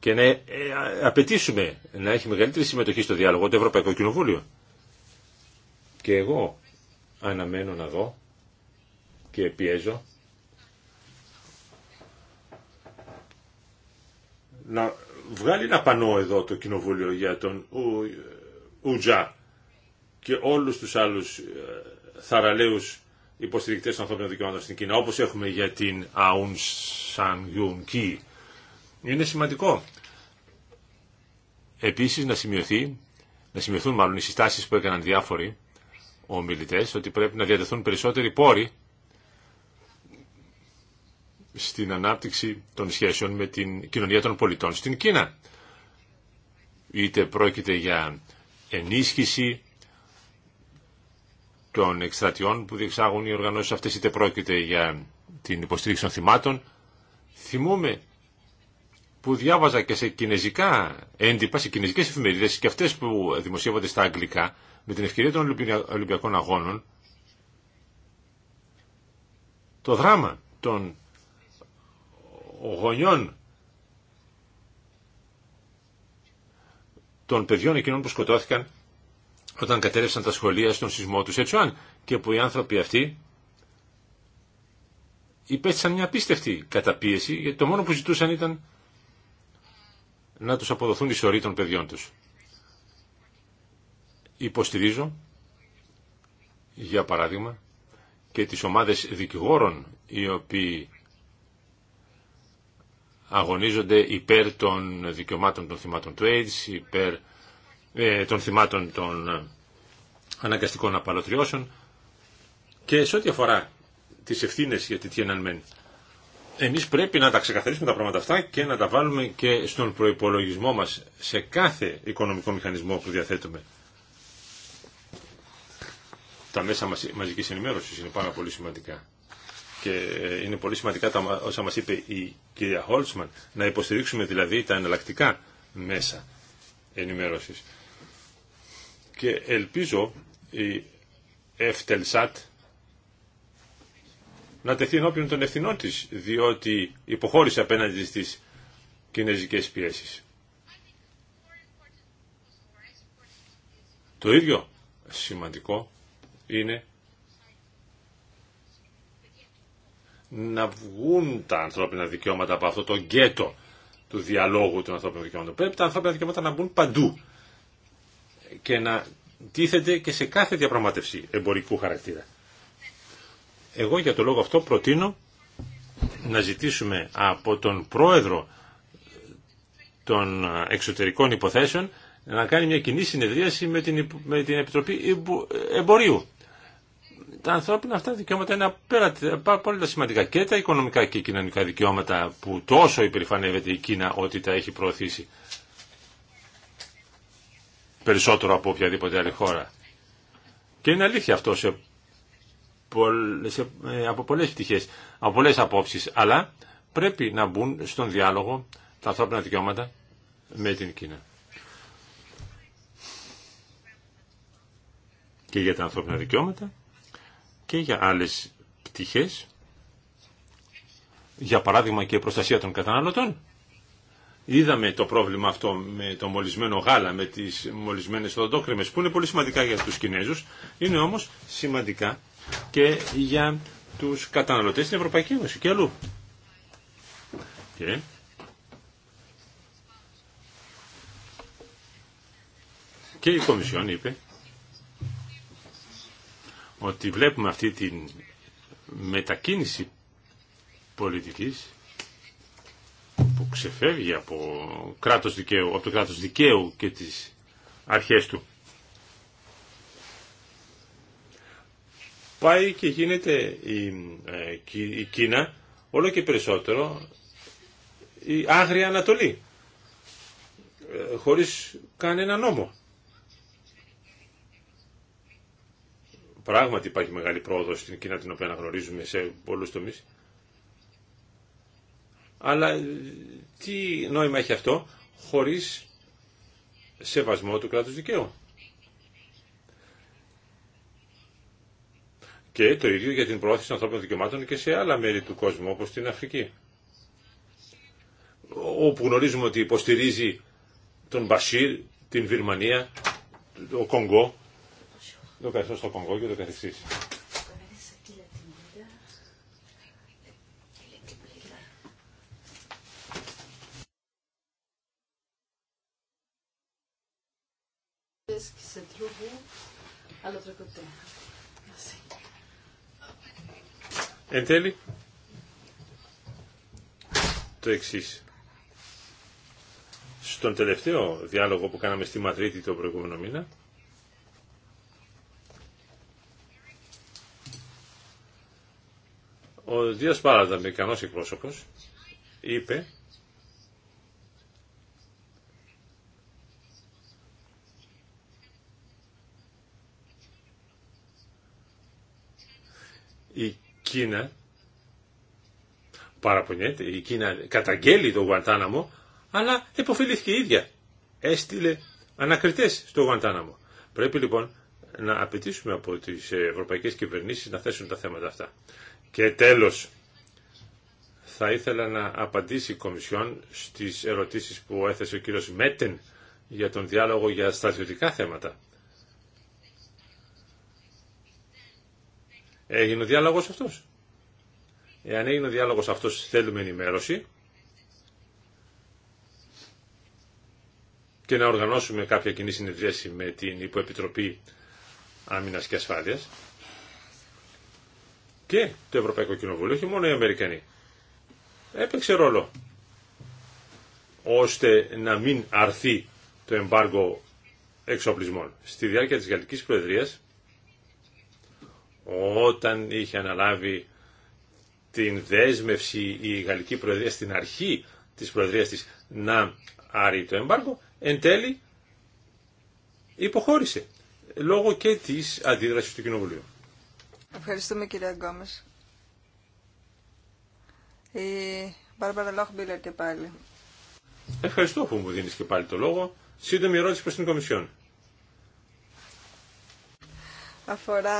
και να ε, απαιτήσουμε να έχει μεγαλύτερη συμμετοχή στο διάλογο το Ευρωπαϊκό Κοινοβούλιο. Και εγώ αναμένω να δω και πιέζω να βγάλει ένα πανό εδώ το Κοινοβούλιο για τον ε, Ουτζά και όλους τους άλλους ε, θαραλέους υποστηρικτές των ανθρώπινων δικαιωμάτων στην Κίνα, όπως έχουμε για την Aung San Suu Kyi. Είναι σημαντικό. Επίσης να σημειωθεί, να σημειωθούν μάλλον οι συστάσεις που έκαναν διάφοροι ομιλητές, ότι πρέπει να διατεθούν περισσότεροι πόροι στην ανάπτυξη των σχέσεων με την κοινωνία των πολιτών στην Κίνα. Είτε πρόκειται για ενίσχυση των εκστρατιών που διεξάγουν οι οργανώσεις αυτές είτε πρόκειται για την υποστήριξη των θυμάτων. Θυμούμε που διάβαζα και σε κινέζικα έντυπα, σε κινέζικες εφημερίδες και αυτές που δημοσιεύονται στα αγγλικά με την ευκαιρία των Ολυμπιακών Αγώνων το δράμα των γονιών των παιδιών εκείνων που σκοτώθηκαν όταν κατέρευσαν τα σχολεία στον σεισμό του Σετσουάν και που οι άνθρωποι αυτοί υπέστησαν μια απίστευτη καταπίεση γιατί το μόνο που ζητούσαν ήταν να τους αποδοθούν οι σωροί των παιδιών τους. Υποστηρίζω, για παράδειγμα, και τις ομάδες δικηγόρων οι οποίοι αγωνίζονται υπέρ των δικαιωμάτων των θυμάτων του AIDS, υπέρ ε, των θυμάτων των ε, αναγκαστικών απαλωτριώσεων και σε ό,τι αφορά τις ευθύνες για τη Tiananmen. Εμείς πρέπει να τα ξεκαθαρίσουμε τα πράγματα αυτά και να τα βάλουμε και στον προϋπολογισμό μας σε κάθε οικονομικό μηχανισμό που διαθέτουμε. Τα μέσα μαζικής ενημέρωσης είναι πάρα πολύ σημαντικά. Και ε, είναι πολύ σημαντικά όσα μας είπε η κυρία Χόλτσμαν, να υποστηρίξουμε δηλαδή τα εναλλακτικά μέσα ενημέρωσης και ελπίζω η ΕΦΤΕΛΣΑΤ να τεθεί ενώπιον των ευθυνών της, διότι υποχώρησε απέναντι στις κινέζικες πιέσεις. Το ίδιο σημαντικό είναι να βγουν τα ανθρώπινα δικαιώματα από αυτό το γκέτο του διαλόγου των ανθρώπινων δικαιωμάτων. Πρέπει τα ανθρώπινα δικαιώματα να μπουν παντού και να τίθεται και σε κάθε διαπραγμάτευση εμπορικού χαρακτήρα. Εγώ για το λόγο αυτό προτείνω να ζητήσουμε από τον πρόεδρο των εξωτερικών υποθέσεων να κάνει μια κοινή συνεδρίαση με την, με την Επιτροπή Εμπορίου. Τα ανθρώπινα αυτά δικαιώματα είναι πάρα πολύ σημαντικά και τα οικονομικά και κοινωνικά δικαιώματα που τόσο υπερηφανεύεται η Κίνα ότι τα έχει προωθήσει περισσότερο από οποιαδήποτε άλλη χώρα. Και είναι αλήθεια αυτό σε πολλές, ε, από πολλές πτυχές, από πολλές απόψεις, αλλά πρέπει να μπουν στον διάλογο τα ανθρώπινα δικαιώματα με την Κίνα. Και για τα ανθρώπινα δικαιώματα και για άλλες πτυχές, για παράδειγμα και η προστασία των καταναλωτών. Είδαμε το πρόβλημα αυτό με το μολυσμένο γάλα, με τις μολυσμένες οδοντόκρεμες που είναι πολύ σημαντικά για τους Κινέζους, είναι όμως σημαντικά και για τους καταναλωτές στην Ευρωπαϊκή Ένωση και αλλού. Και... και η Κομισιόν είπε ότι βλέπουμε αυτή τη μετακίνηση πολιτικής που ξεφεύγει από, κράτος δικαίου, από το κράτος δικαίου και τις αρχές του. Πάει και γίνεται η, ε, η Κίνα όλο και περισσότερο η Άγρια Ανατολή ε, χωρίς κανένα νόμο. Πράγματι υπάρχει μεγάλη πρόοδο στην Κίνα την οποία αναγνωρίζουμε σε πολλούς τομείς. Αλλά ε, τι νόημα έχει αυτό χωρίς σεβασμό του κράτους δικαίου. Και το ίδιο για την προώθηση των ανθρώπινων δικαιωμάτων και σε άλλα μέρη του κόσμου, όπως στην Αφρική. Όπου γνωρίζουμε ότι υποστηρίζει τον Μπασίρ, την Βυρμανία, το Κονγκό, το καθεστώ στο Κονγκό και το καθεξής. čas, se Εν τέλει, το εξή. Στον τελευταίο διάλογο που κάναμε στη Μαδρίτη το προηγούμενο μήνα, ο Δίος Πάραδα, Αμερικανός εκπρόσωπος, είπε η Κίνα παραπονιέται, η Κίνα καταγγέλει το Γουαντάναμο, αλλά υποφελήθηκε η ίδια. Έστειλε ανακριτές στο Γουαντάναμο. Πρέπει λοιπόν να απαιτήσουμε από τις ευρωπαϊκές κυβερνήσεις να θέσουν τα θέματα αυτά. Και τέλος, θα ήθελα να απαντήσει η Κομισιόν στις ερωτήσεις που έθεσε ο κύριος Μέτεν για τον διάλογο για στρατιωτικά θέματα. Έγινε ο διάλογος αυτός. Εάν έγινε ο διάλογος αυτός θέλουμε ενημέρωση και να οργανώσουμε κάποια κοινή συνεδρίαση με την Υποεπιτροπή Άμυνας και Ασφάλειας και το Ευρωπαϊκό Κοινοβούλιο, όχι μόνο οι Αμερικανοί. Έπαιξε ρόλο ώστε να μην αρθεί το εμπάργο εξοπλισμών. Στη διάρκεια της Γαλλικής Προεδρίας όταν είχε αναλάβει την δέσμευση η Γαλλική Προεδρία στην αρχή της Προεδρίας της να άρει το εμπάργκο, εν τέλει υποχώρησε λόγω και της αντίδρασης του Κοινοβουλίου. Ευχαριστούμε κύριε Γκόμες. Η Μπάρμπαρα Λόχμπιλερ και πάλι. Ευχαριστώ που μου δίνεις και πάλι το λόγο. Σύντομη ερώτηση προς την Κομισιόν. Αφορά